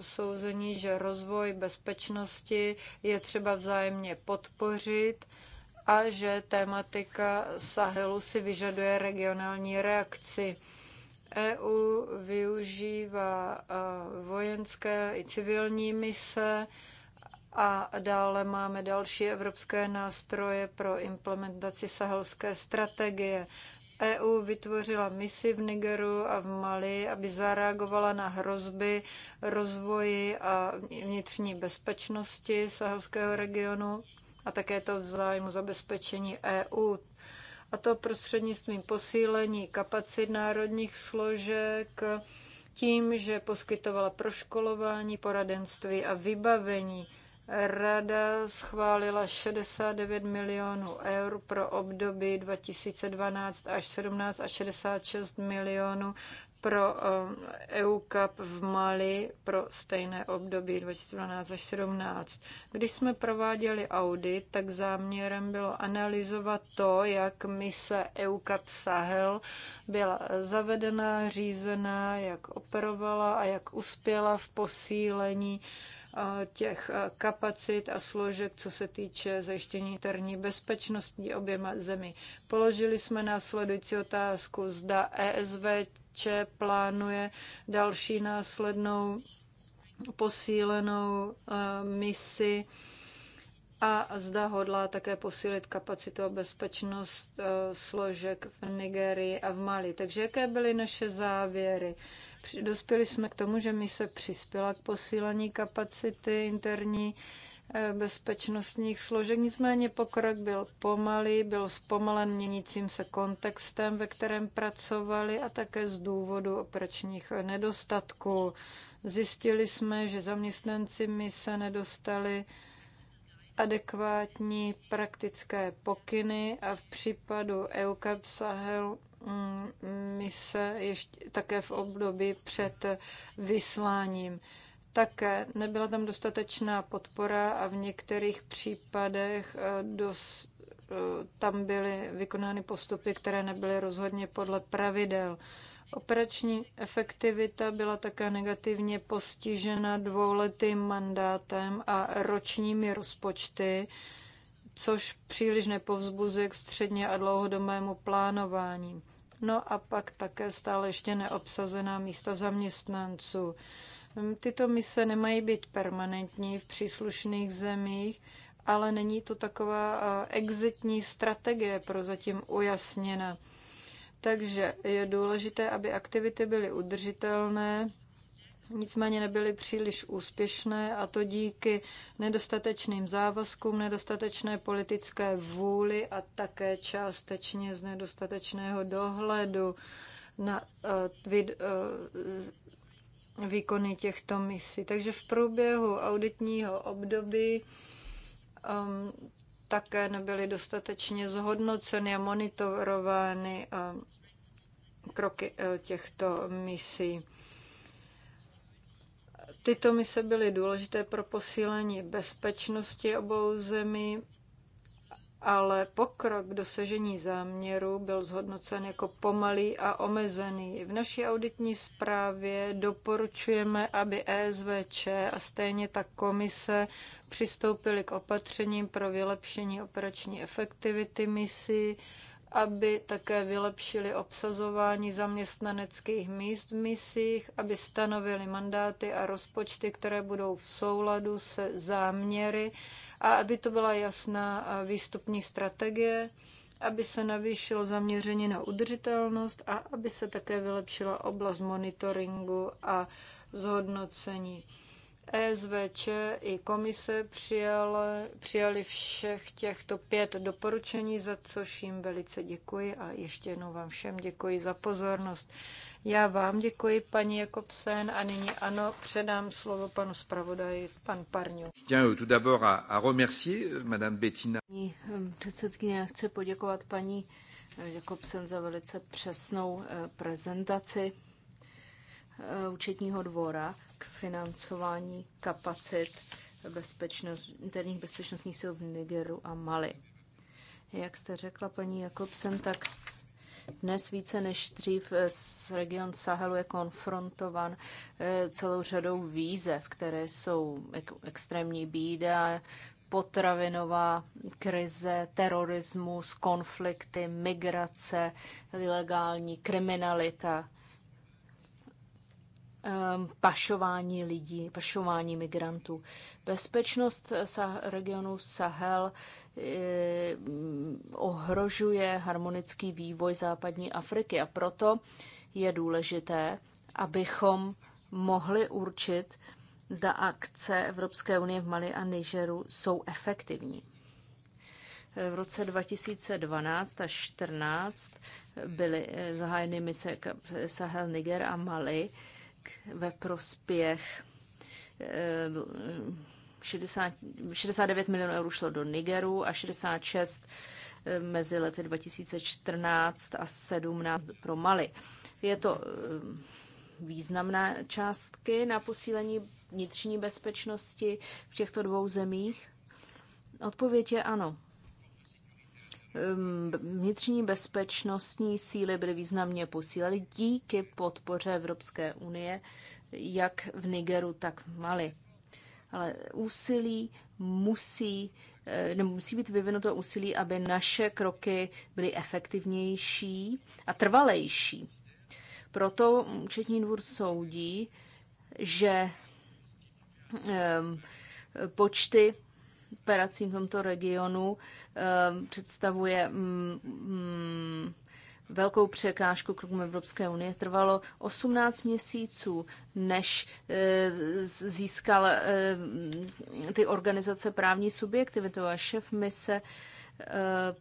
Speaker 4: souzení, že rozvoj bezpečnosti je třeba vzájemně podpořit a že tématika Sahelu si vyžaduje regionální reakci. EU využívá e, vojenské i civilní mise a dále máme další evropské nástroje pro implementaci sahelské strategie. EU vytvořila misi v Nigeru a v Mali, aby zareagovala na hrozby rozvoji a vnitřní bezpečnosti sahelského regionu a také to v zájmu zabezpečení EU. A to prostřednictvím posílení kapacit národních složek, tím, že poskytovala proškolování, poradenství a vybavení. Rada schválila 69 milionů eur pro období 2012 až 17 a 66 milionů pro um, EUCAP v Mali pro stejné období 2012 až 2017. Když jsme prováděli audit, tak záměrem bylo analyzovat to, jak mise EUCAP Sahel byla zavedená, řízená, jak operovala a jak uspěla v posílení uh, těch uh, kapacit a složek, co se týče zajištění terní bezpečnosti oběma zemi. Položili jsme následující otázku, zda ESV če plánuje další následnou posílenou eh, misi a zda hodlá také posílit kapacitu a bezpečnost eh, složek v Nigerii a v Mali. Takže jaké byly naše závěry? Dospěli jsme k tomu, že mise přispěla k posílení kapacity interní Eh, bezpečnostních složek. Nicméně pokrok byl pomalý, byl zpomalen měnícím se kontextem, ve kterém pracovali a také z důvodu operačních nedostatků. Zjistili jsme, že zaměstnanci mi se nedostali adekvátní praktické pokyny a v případu EUCAP Sahel mm, mise ještě také v období před vysláním. Také nebyla tam dostatečná podpora a v některých případech eh, dos, eh, tam byly vykonány postupy, které nebyly rozhodně podle pravidel. Operační efektivita byla také negativně postižena dvouletým mandátem a ročními rozpočty, což příliš nepovzbuzuje k středně a dlouhodobému plánování. No a pak také stále ještě neobsazená místa zaměstnanců. Hm, tyto mise nemají být permanentní v příslušných zemích, ale není to taková exitní strategie prozatím ujasněna. Takže je důležité, aby aktivity byly udržitelné, nicméně nebyly příliš úspěšné a to díky nedostatečným závazkům, nedostatečné politické vůli a také částečně z nedostatečného dohledu na vid výkony těchto misí. Takže v průběhu auditního období um, také nebyly dostatečně zhodnoceny a monitorovány um, kroky uh, těchto misí. Tyto mise byly důležité pro posílení bezpečnosti obou zemí ale pokrok k dosažení záměru byl zhodnocen jako pomalý a omezený. V naší auditní zprávě doporučujeme, aby ESVČ a stejně tak komise přistoupili k opatřením pro vylepšení operační efektivity misí, aby také vylepšili obsazování zaměstnaneckých míst v misích, aby stanovili mandáty a rozpočty, které budou v souladu se záměry a aby to byla jasná výstupní strategie, aby se navýšilo zaměření na udržitelnost a aby se také vylepšila oblast monitoringu a zhodnocení. ESVČ i komise přijaly přijali všech těchto pět doporučení, za což jim velice děkuji a ještě jednou vám všem děkuji za pozornost. Já vám děkuji, paní Jakobsen, a nyní ano, předám slovo panu zpravodaji, pan Parňu. Euh, euh, euh,
Speaker 2: předsedkyně, já chci poděkovat paní Jakobsen za velice přesnou prezentaci účetního dvora k financování kapacit bezpečnost, interních bezpečnostních sil v Nigeru a Mali. Jak jste řekla, paní Jakobsen, tak dnes více než dřív eh, region Sahelu je konfrontovan eh, celou řadou výzev, které jsou extrémní bída, potravinová krize, terorismus, konflikty, migrace, ilegální kriminalita um, pašování lidí, pašování migrantů. Bezpečnost sah- regionu Sahel ehm, ohrožuje harmonický vývoj západní Afriky a proto je důležité, abychom mohli určit, zda akce Evropské unie v Mali a Nigeru jsou efektivní. V roce 2012 a 2014 byly eh, zahájeny mise Sahel, Niger a Mali ve prospěch 60, eh, 69 milionů eur šlo do Nigeru a 66 eh, mezi lety 2014 a 17 pro Mali. Je to eh, významné částky na posílení vnitřní bezpečnosti v těchto dvou zemích? Odpověď je ano. Ehm, vnitřní bezpečnostní síly byly významně posíleny díky podpoře Evropské unie, jak v Nigeru, tak v Mali. Ale úsilí musí, eh, nebo musí být vyvinuto úsilí, aby naše kroky byly efektivnější a trvalejší. Proto účetní dvůr soudí, že ehm, počty operacím v tomto regionu ehm, představuje mm, mm, velkou překážku krokům Evropské unie. Trvalo 18 měsíců, než eh, získal ehm, ty organizace právní subjektivitu a šef mise ehm,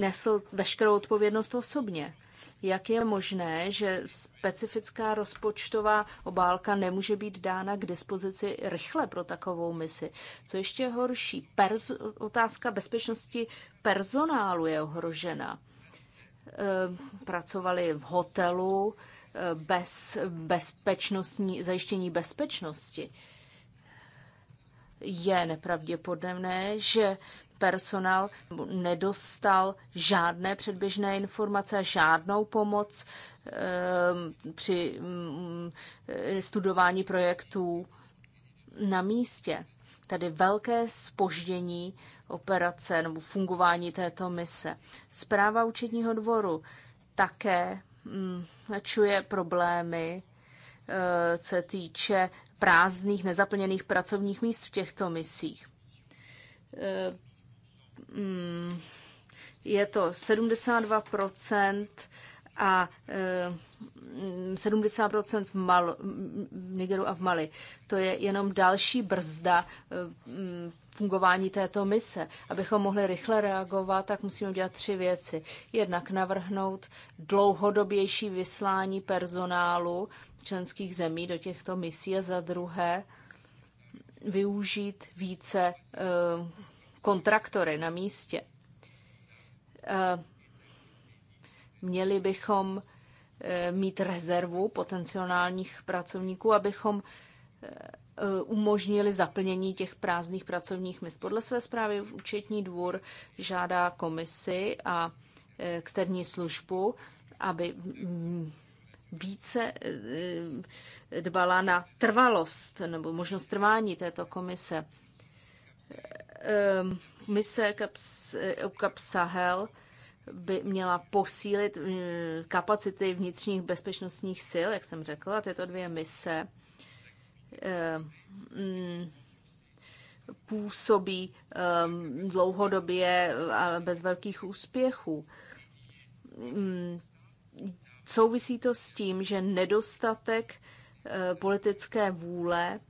Speaker 2: nesl veškerou odpovědnost osobně jak je možné, že specifická rozpočtová obálka nemůže být dána k dispozici rychle pro takovou misi. Co ještě horší, perz- otázka bezpečnosti personálu je ohrožena. Eh, pracovali v hotelu eh, bez bezpečnostní, zajištění bezpečnosti je nepravděpodobné, že personál nedostal žádné předběžné informace, žádnou pomoc ehm, při mm, eh, studování projektů na místě. Tady velké spoždění operace nebo fungování této mise. Zpráva účetního dvoru také mm, čuje problémy, eh, co týče prázdných, nezaplněných pracovních míst v těchto misích eh, Mm, je to 72% a 70% eh, v, Mal, v Nigeru a v Mali. To je jenom další brzda eh, mm, fungování této mise. Abychom mohli rychle reagovat, tak musíme udělat tři věci. Jednak navrhnout dlouhodobější vyslání personálu členských zemí do těchto misí a za druhé využít více eh, kontraktory na místě. Eh, měli bychom eh, mít rezervu potenciálních pracovníků, abychom eh, umožnili zaplnění těch prázdných pracovních míst. Podle své zprávy účetní dvůr žádá komisi a externí službu, aby mm, více dbala na trvalost nebo možnost trvání této komise. Ehm, mise UCAP Sahel by měla posílit ehm, kapacity vnitřních bezpečnostních sil, jak jsem řekla, tyto dvě mise ehm, mm, působí dlouhodobě, ale bez velkých úspěchů. Mm, souvisí to s tím, že nedostatek eh, politické vůle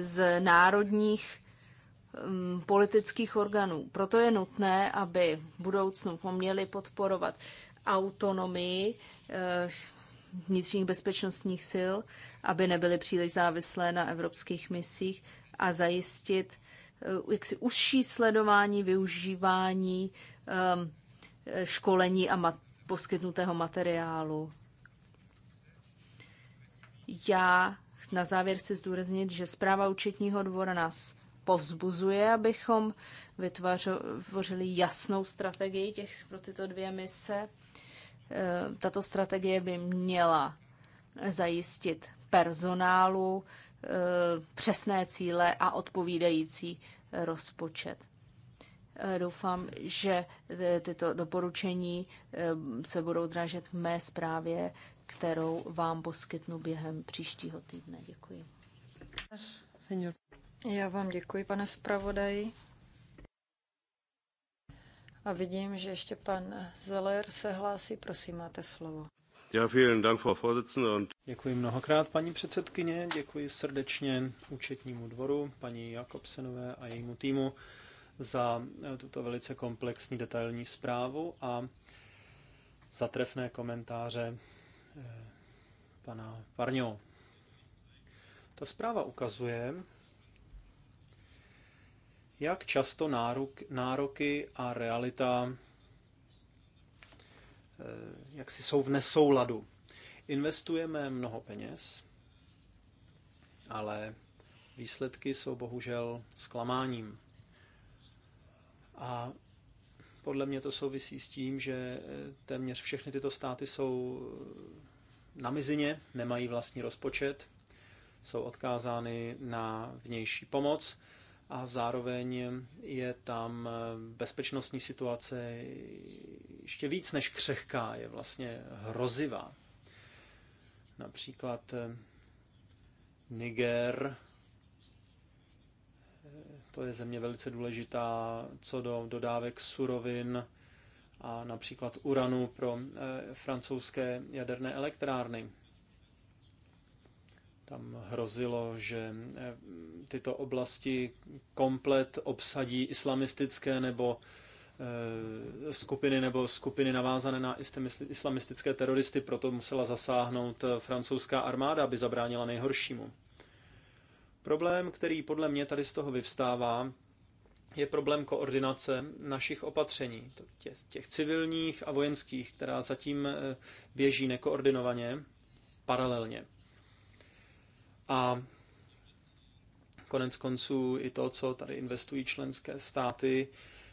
Speaker 2: z národních Mm, politických orgánů. Proto je nutné, aby v budoucnu poměli podporovat autonomii eh, vnitřních bezpečnostních sil, aby nebyly příliš závislé na evropských misích a zajistit eh, jaksi užší sledování, využívání eh, školení a mat- poskytnutého materiálu. Já na závěr chci zdůraznit, že zpráva účetního dvora nás povzbuzuje, abychom vytvořili jasnou strategii těch, pro tyto dvě mise. E, tato strategie by měla zajistit personálu e, přesné cíle a odpovídající rozpočet. E, doufám, že tyto doporučení se budou dražet v mé zprávě, kterou vám poskytnu během příštího týdne. Děkuji.
Speaker 4: Já vám děkuji, pane zpravodaji. A vidím, že ještě pan Zeller se hlásí. Prosím, máte slovo.
Speaker 3: Ja, vielen
Speaker 1: Dank, Frau Vorsitzende. Děkuji mnohokrát, paní předsedkyně. Děkuji srdečně účetnímu dvoru, paní Jakobsenové a jejímu týmu za eh, tuto velice komplexní detailní zprávu a za trefné komentáře eh, pana Parňo. Ta zpráva ukazuje, jak často nárok, nároky a realita eh, jak si jsou v nesouladu. Investujeme mnoho peněz, ale výsledky jsou bohužel zklamáním. A podle mě to souvisí s tím, že eh, téměř všechny tyto státy jsou eh, na mizině, nemají vlastní rozpočet, jsou odkázány na vnější pomoc a zároveň je tam eh, bezpečnostní situace ještě víc než křehká, je vlastně hrozivá. Například eh, Niger, eh, to je země velice důležitá co do dodávek surovin a například uranu pro francouzské jaderné elektrárny. Tam hrozilo, že eh, tyto oblasti komplet obsadí islamistické nebo eh, skupiny nebo skupiny navázané na islamistické teroristy, proto musela zasáhnout eh, francouzská armáda, aby zabránila nejhoršímu. Problém, který podle mě tady z toho vyvstává, je problém koordinace našich opatření, těch civilních a vojenských, která zatím běží nekoordinovaně, paralelně. A konec konců i to, co tady investují členské státy,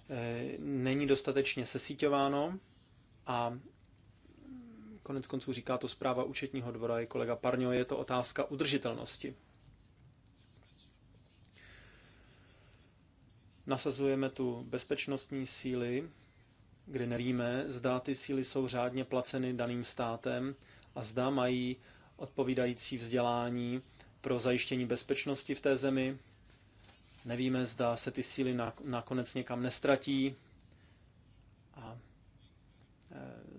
Speaker 1: eh, není dostatečně sesíťováno a konec konců říká to zpráva účetního dvora i kolega Parňo, je to otázka udržitelnosti. Nasazujeme tu bezpečnostní síly, kdy nevíme, zda ty síly jsou řádně placeny daným státem a zda mají odpovídající vzdělání pro zajištění bezpečnosti v té zemi. Nevíme, zda se ty síly nakonec někam nestratí a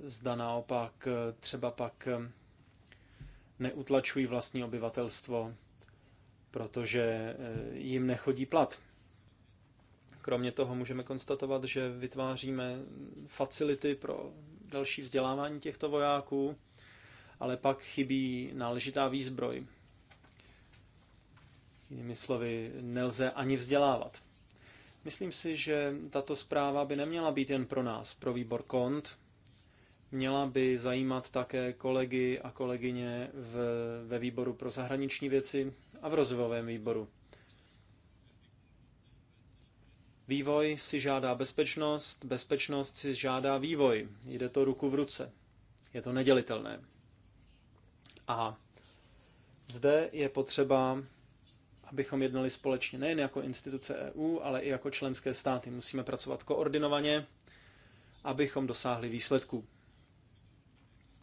Speaker 1: e, zda naopak e, třeba pak e, neutlačují vlastní obyvatelstvo, protože jim nechodí plat. Kromě toho můžeme konstatovat, že vytváříme facility pro další vzdělávání těchto vojáků, ale pak chybí náležitá výzbroj. Jinými slovy, nelze ani vzdělávat. Myslím si, že tato zpráva by neměla být jen pro nás, pro výbor KONT, měla by zajímat také kolegy a kolegyně v, ve výboru pro zahraniční věci a v rozvojovém výboru. Vývoj si žádá bezpečnost, bezpečnost si žádá vývoj. Jde to ruku v ruce. Je to nedělitelné. A zde je potřeba abychom jednali společně nejen jako instituce EU, ale i jako členské státy. Musíme pracovat koordinovaně, abychom dosáhli výsledků.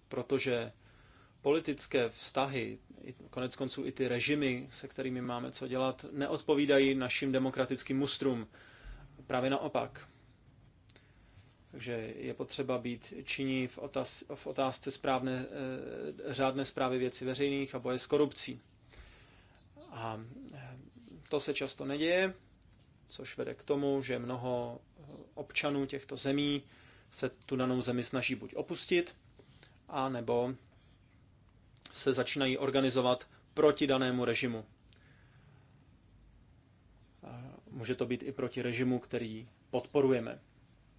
Speaker 1: Protože politické vztahy, konec konců i ty režimy, se kterými máme co dělat, neodpovídají našim demokratickým mustrům. Právě naopak. Takže je potřeba být činí v, otaz, v otázce správné, eh, řádné zprávy věcí veřejných a boje s korupcí. A to se často neděje, což vede k tomu, že mnoho eh, občanů těchto zemí se tu danou zemi snaží buď opustit, a nebo se začínají organizovat proti danému režimu. Může to být i proti režimu, který podporujeme.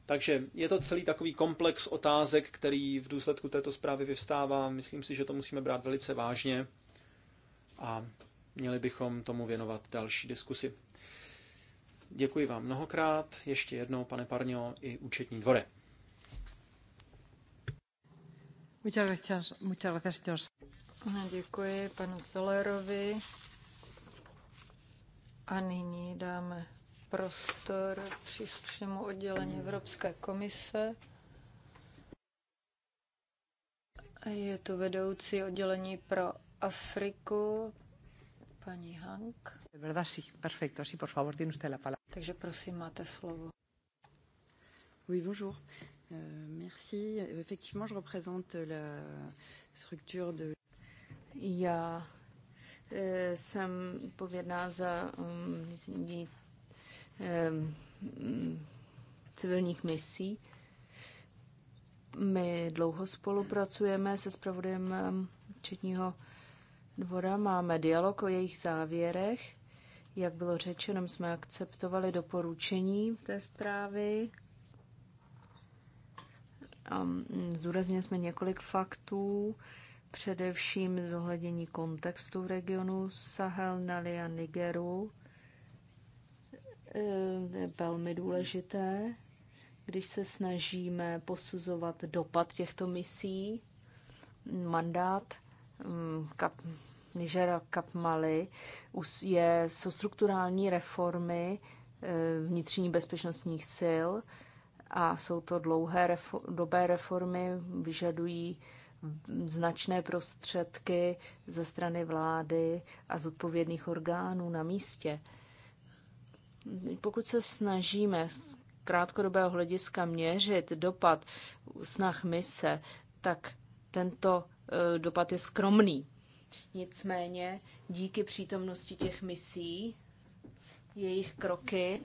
Speaker 1: Takže je to celý takový komplex otázek, který v důsledku této zprávy vyvstává. Myslím si, že to musíme brát velice vážně a Měli bychom tomu věnovat další diskusi. Děkuji vám mnohokrát, ještě jednou, pane Parňo, i účetní dvore.
Speaker 4: Děkuji panu Solerovi. A nyní dáme prostor příslušnému oddělení Evropské komise. Je tu vedoucí oddělení pro Afriku, paní Hank.
Speaker 3: Takže prosím, máte slovo. Oui, bonjour. Euh, merci. Effectivement, je représente la structure
Speaker 4: de... Já e, jsem povědná za
Speaker 2: um, civilních misí. My dlouho spolupracujeme se spravodajem eh, Četního dvora. Máme dialog o jejich závěrech. Jak bylo řečeno, jsme akceptovali doporučení té zprávy. Mm, Zúrazně jsme několik faktů, především zohlednění kontextu v regionu Sahel, Nali a Nigeru. E, je velmi důležité, když se snažíme posuzovat dopad těchto misí, mandát, mm, kap, Nižera Kapmaly je, jsou strukturální reformy eh, vnitřní bezpečnostních sil a jsou to dlouhé refo- dobé reformy, vyžadují značné prostředky ze strany vlády a zodpovědných orgánů na místě. Pokud se snažíme z krátkodobého hlediska měřit dopad snah mise, tak tento eh, dopad je skromný. Nicméně díky přítomnosti těch misí, jejich kroky,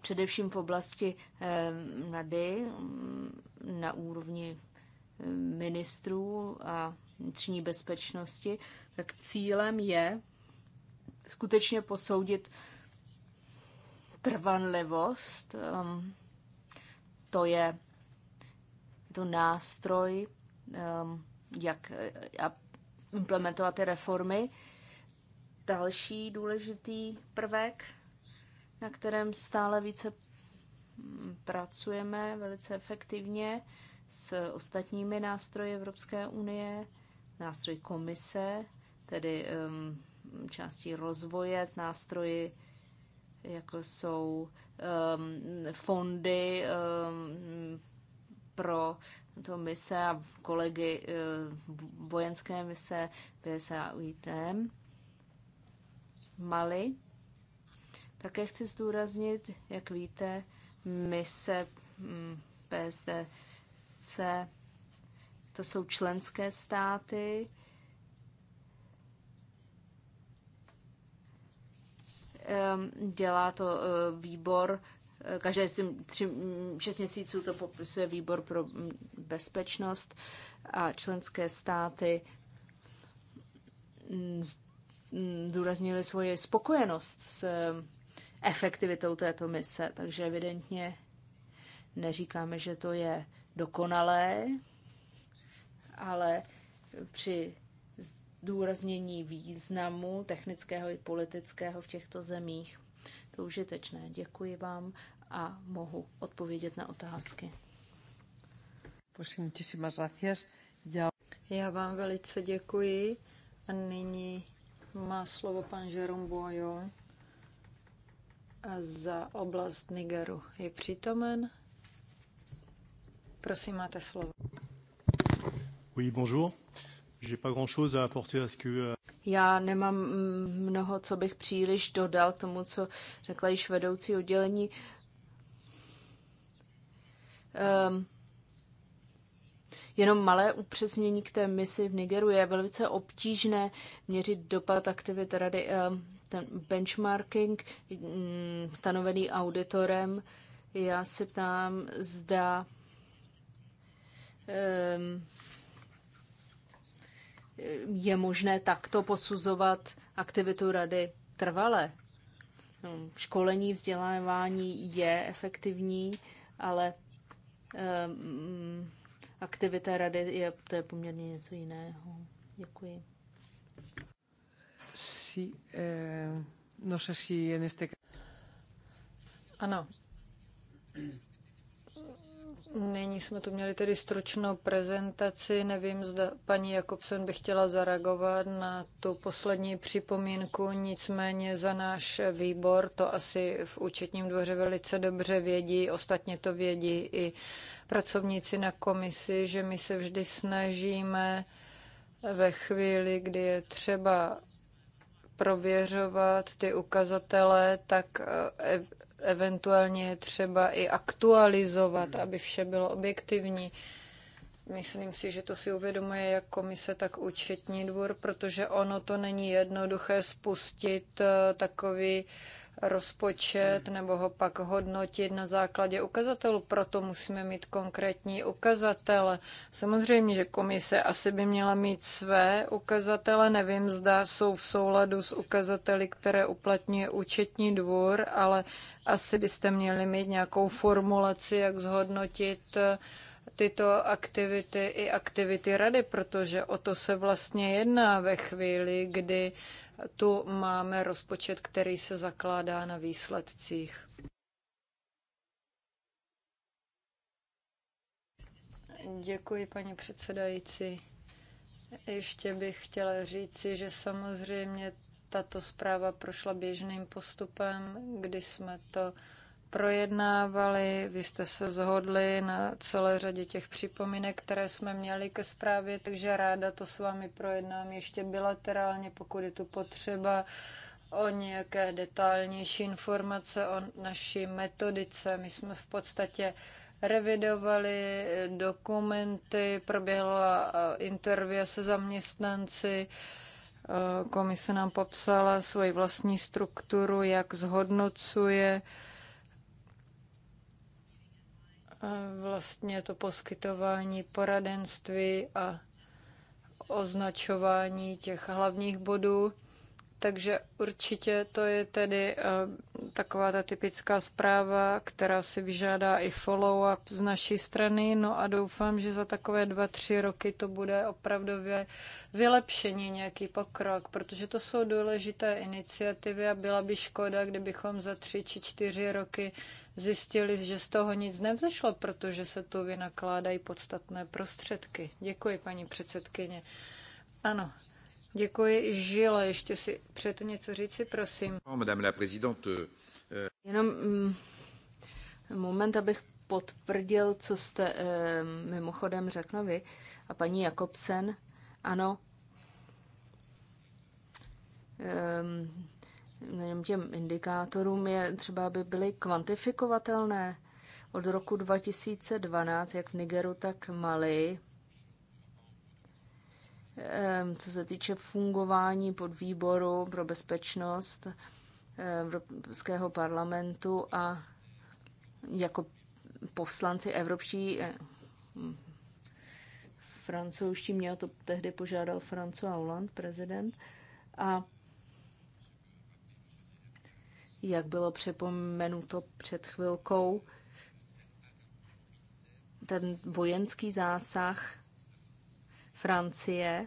Speaker 2: především v oblasti eh, rady mm, na úrovni eh, ministrů a vnitřní bezpečnosti, tak cílem je skutečně posoudit trvanlivost. Ehm, to je to nástroj ehm, jak eh, implementovat ty reformy. Další důležitý prvek, na kterém stále více mm, pracujeme velice efektivně s ostatními nástroji Evropské unie, nástroj komise, tedy um, ehm, částí rozvoje, s nástroji, jako jsou um, fondy um, pro to mise a kolegy eh, vojenské mise PSA UITM Mali. Také chci zdůraznit, jak víte, mise hm, PSDC, to jsou členské státy, ehm, dělá to eh, výbor Eh, každé tři, mm, šest měsíců to popisuje výbor pro mm, bezpečnost a členské státy mm, zdůraznili svoji spokojenost s eh, efektivitou této mise, takže evidentně neříkáme, že to je dokonalé, ale při zdůraznění významu technického i politického v těchto zemích to užitečné. Děkuji vám a mohu
Speaker 4: odpovědět na otázky. Já vám velice děkuji a nyní má slovo pan Jerome Boyo za oblast Nigeru. Je přítomen? Prosím, máte slovo.
Speaker 1: Oui, bonjour. Euh,
Speaker 4: já nemám mm, mnoho, co bych
Speaker 2: příliš dodal k tomu, co řekla již vedoucí oddělení. Um, jenom malé upřesnění k té misi v Nigeru je velice obtížné měřit dopad aktivit rady. Um, ten benchmarking um, stanovený auditorem, já se ptám, zda um, je možné takto posuzovat aktivitu rady trvale. No, školení, vzdělávání je efektivní, ale um, aktivita rady je, to je poměrně něco jiného. Děkuji.
Speaker 3: Sí, eh, no sé si en este...
Speaker 4: Ano. Nyní jsme tu měli tedy stručnou prezentaci. Nevím, zda paní Jakobsen by chtěla zareagovat na tu poslední připomínku. Nicméně za náš výbor to asi v účetním dvoře velice dobře vědí. Ostatně to vědí i pracovníci na komisi, že my se vždy snažíme ve chvíli, kdy je třeba prověřovat ty ukazatele, tak eh, eventuálně je třeba i aktualizovat, aby vše bylo objektivní. Myslím si, že to si uvědomuje jak komise, tak účetní dvůr, protože ono to není jednoduché spustit eh, takový uh, rozpočet nebo ho pak hodnotit na základě ukazatelů. Proto musíme mít konkrétní ukazatele. Samozřejmě, že komise asi by měla mít své ukazatele. Nevím, zda jsou v souladu s ukazateli, které uplatňuje účetní dvůr, ale asi byste měli mít nějakou formulaci, jak zhodnotit eh, tyto aktivity i aktivity rady, protože o to se vlastně jedná ve chvíli, kdy tu máme rozpočet, který se zakládá na výsledcích. Děkuji, paní předsedající. Ještě bych chtěla říci, že samozřejmě tato zpráva prošla běžným postupem, kdy jsme to projednávali, vy jste se zhodli na celé řadě těch připomínek, které jsme měli ke zprávě, takže ráda to s vámi projednám ještě bilaterálně, pokud je tu potřeba o nějaké detailnější informace o naší metodice. My jsme v podstatě revidovali dokumenty, proběhla e, intervě se zaměstnanci, e, komise nám popsala svoji vlastní strukturu, jak zhodnocuje vlastně to poskytování poradenství a označování těch hlavních bodů takže určitě to je tedy eh, taková ta typická zpráva, která si vyžádá i follow-up z naší strany. No a doufám, že za takové dva, tři roky to bude opravdově vylepšení, nějaký pokrok, protože to jsou důležité iniciativy a byla by škoda, kdybychom za tři či čtyři roky zjistili, že z toho nic nevzešlo, protože se tu vynakládají podstatné prostředky. Děkuji, paní předsedkyně. Ano, Děkuji. Žila, ještě si přeto něco říci, prosím. Oh, madame la présidente. Eh, jenom mm, moment, abych
Speaker 2: potvrdil, co jste eh, mimochodem řekla vy a paní Jakobsen. Ano, um, těm indikátorům je třeba, aby byly kvantifikovatelné. Od roku 2012, jak v Nigeru, tak v Mali, co se týče fungování podvýboru pro bezpečnost eh, Evropského parlamentu a jako poslanci evropští eh, hm, francouzští, mě to tehdy požádal François Hollande, prezident, a jak bylo připomenuto před chvilkou, ten vojenský zásah Francie.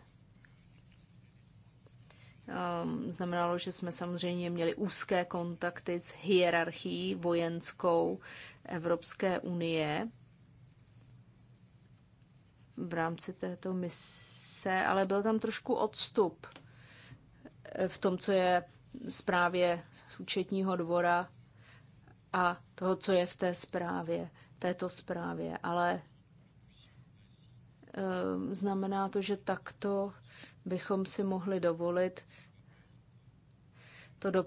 Speaker 2: Ehm, znamenalo, že jsme samozřejmě měli úzké kontakty s hierarchií vojenskou Evropské unie v rámci této mise, ale byl tam trošku odstup eh, v tom, co je zprávě z účetního dvora a toho, co je v té zprávě, této zprávě. Ale Ehm, znamená to, že takto bychom si mohli dovolit to do,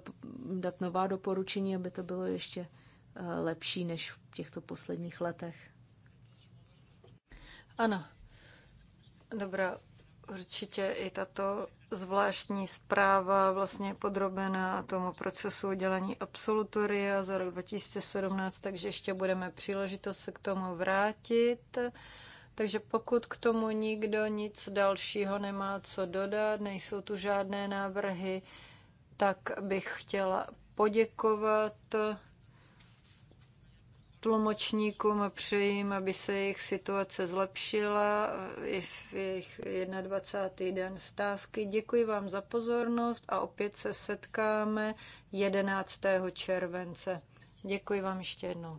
Speaker 2: dát nová doporučení, aby to bylo ještě eh, lepší než v těchto posledních letech.
Speaker 4: Ano. Dobrá, určitě i tato zvláštní zpráva vlastně podrobená tomu procesu udělení absolutoria za rok 2017, takže ještě budeme příležitost se k tomu vrátit. Takže pokud k tomu nikdo nic dalšího nemá co dodat, nejsou tu žádné návrhy, tak bych chtěla poděkovat tlumočníkům a přeji aby se jejich situace zlepšila i v jejich 21. den stávky. Děkuji vám za pozornost a opět se setkáme 11. července. Děkuji vám ještě jednou.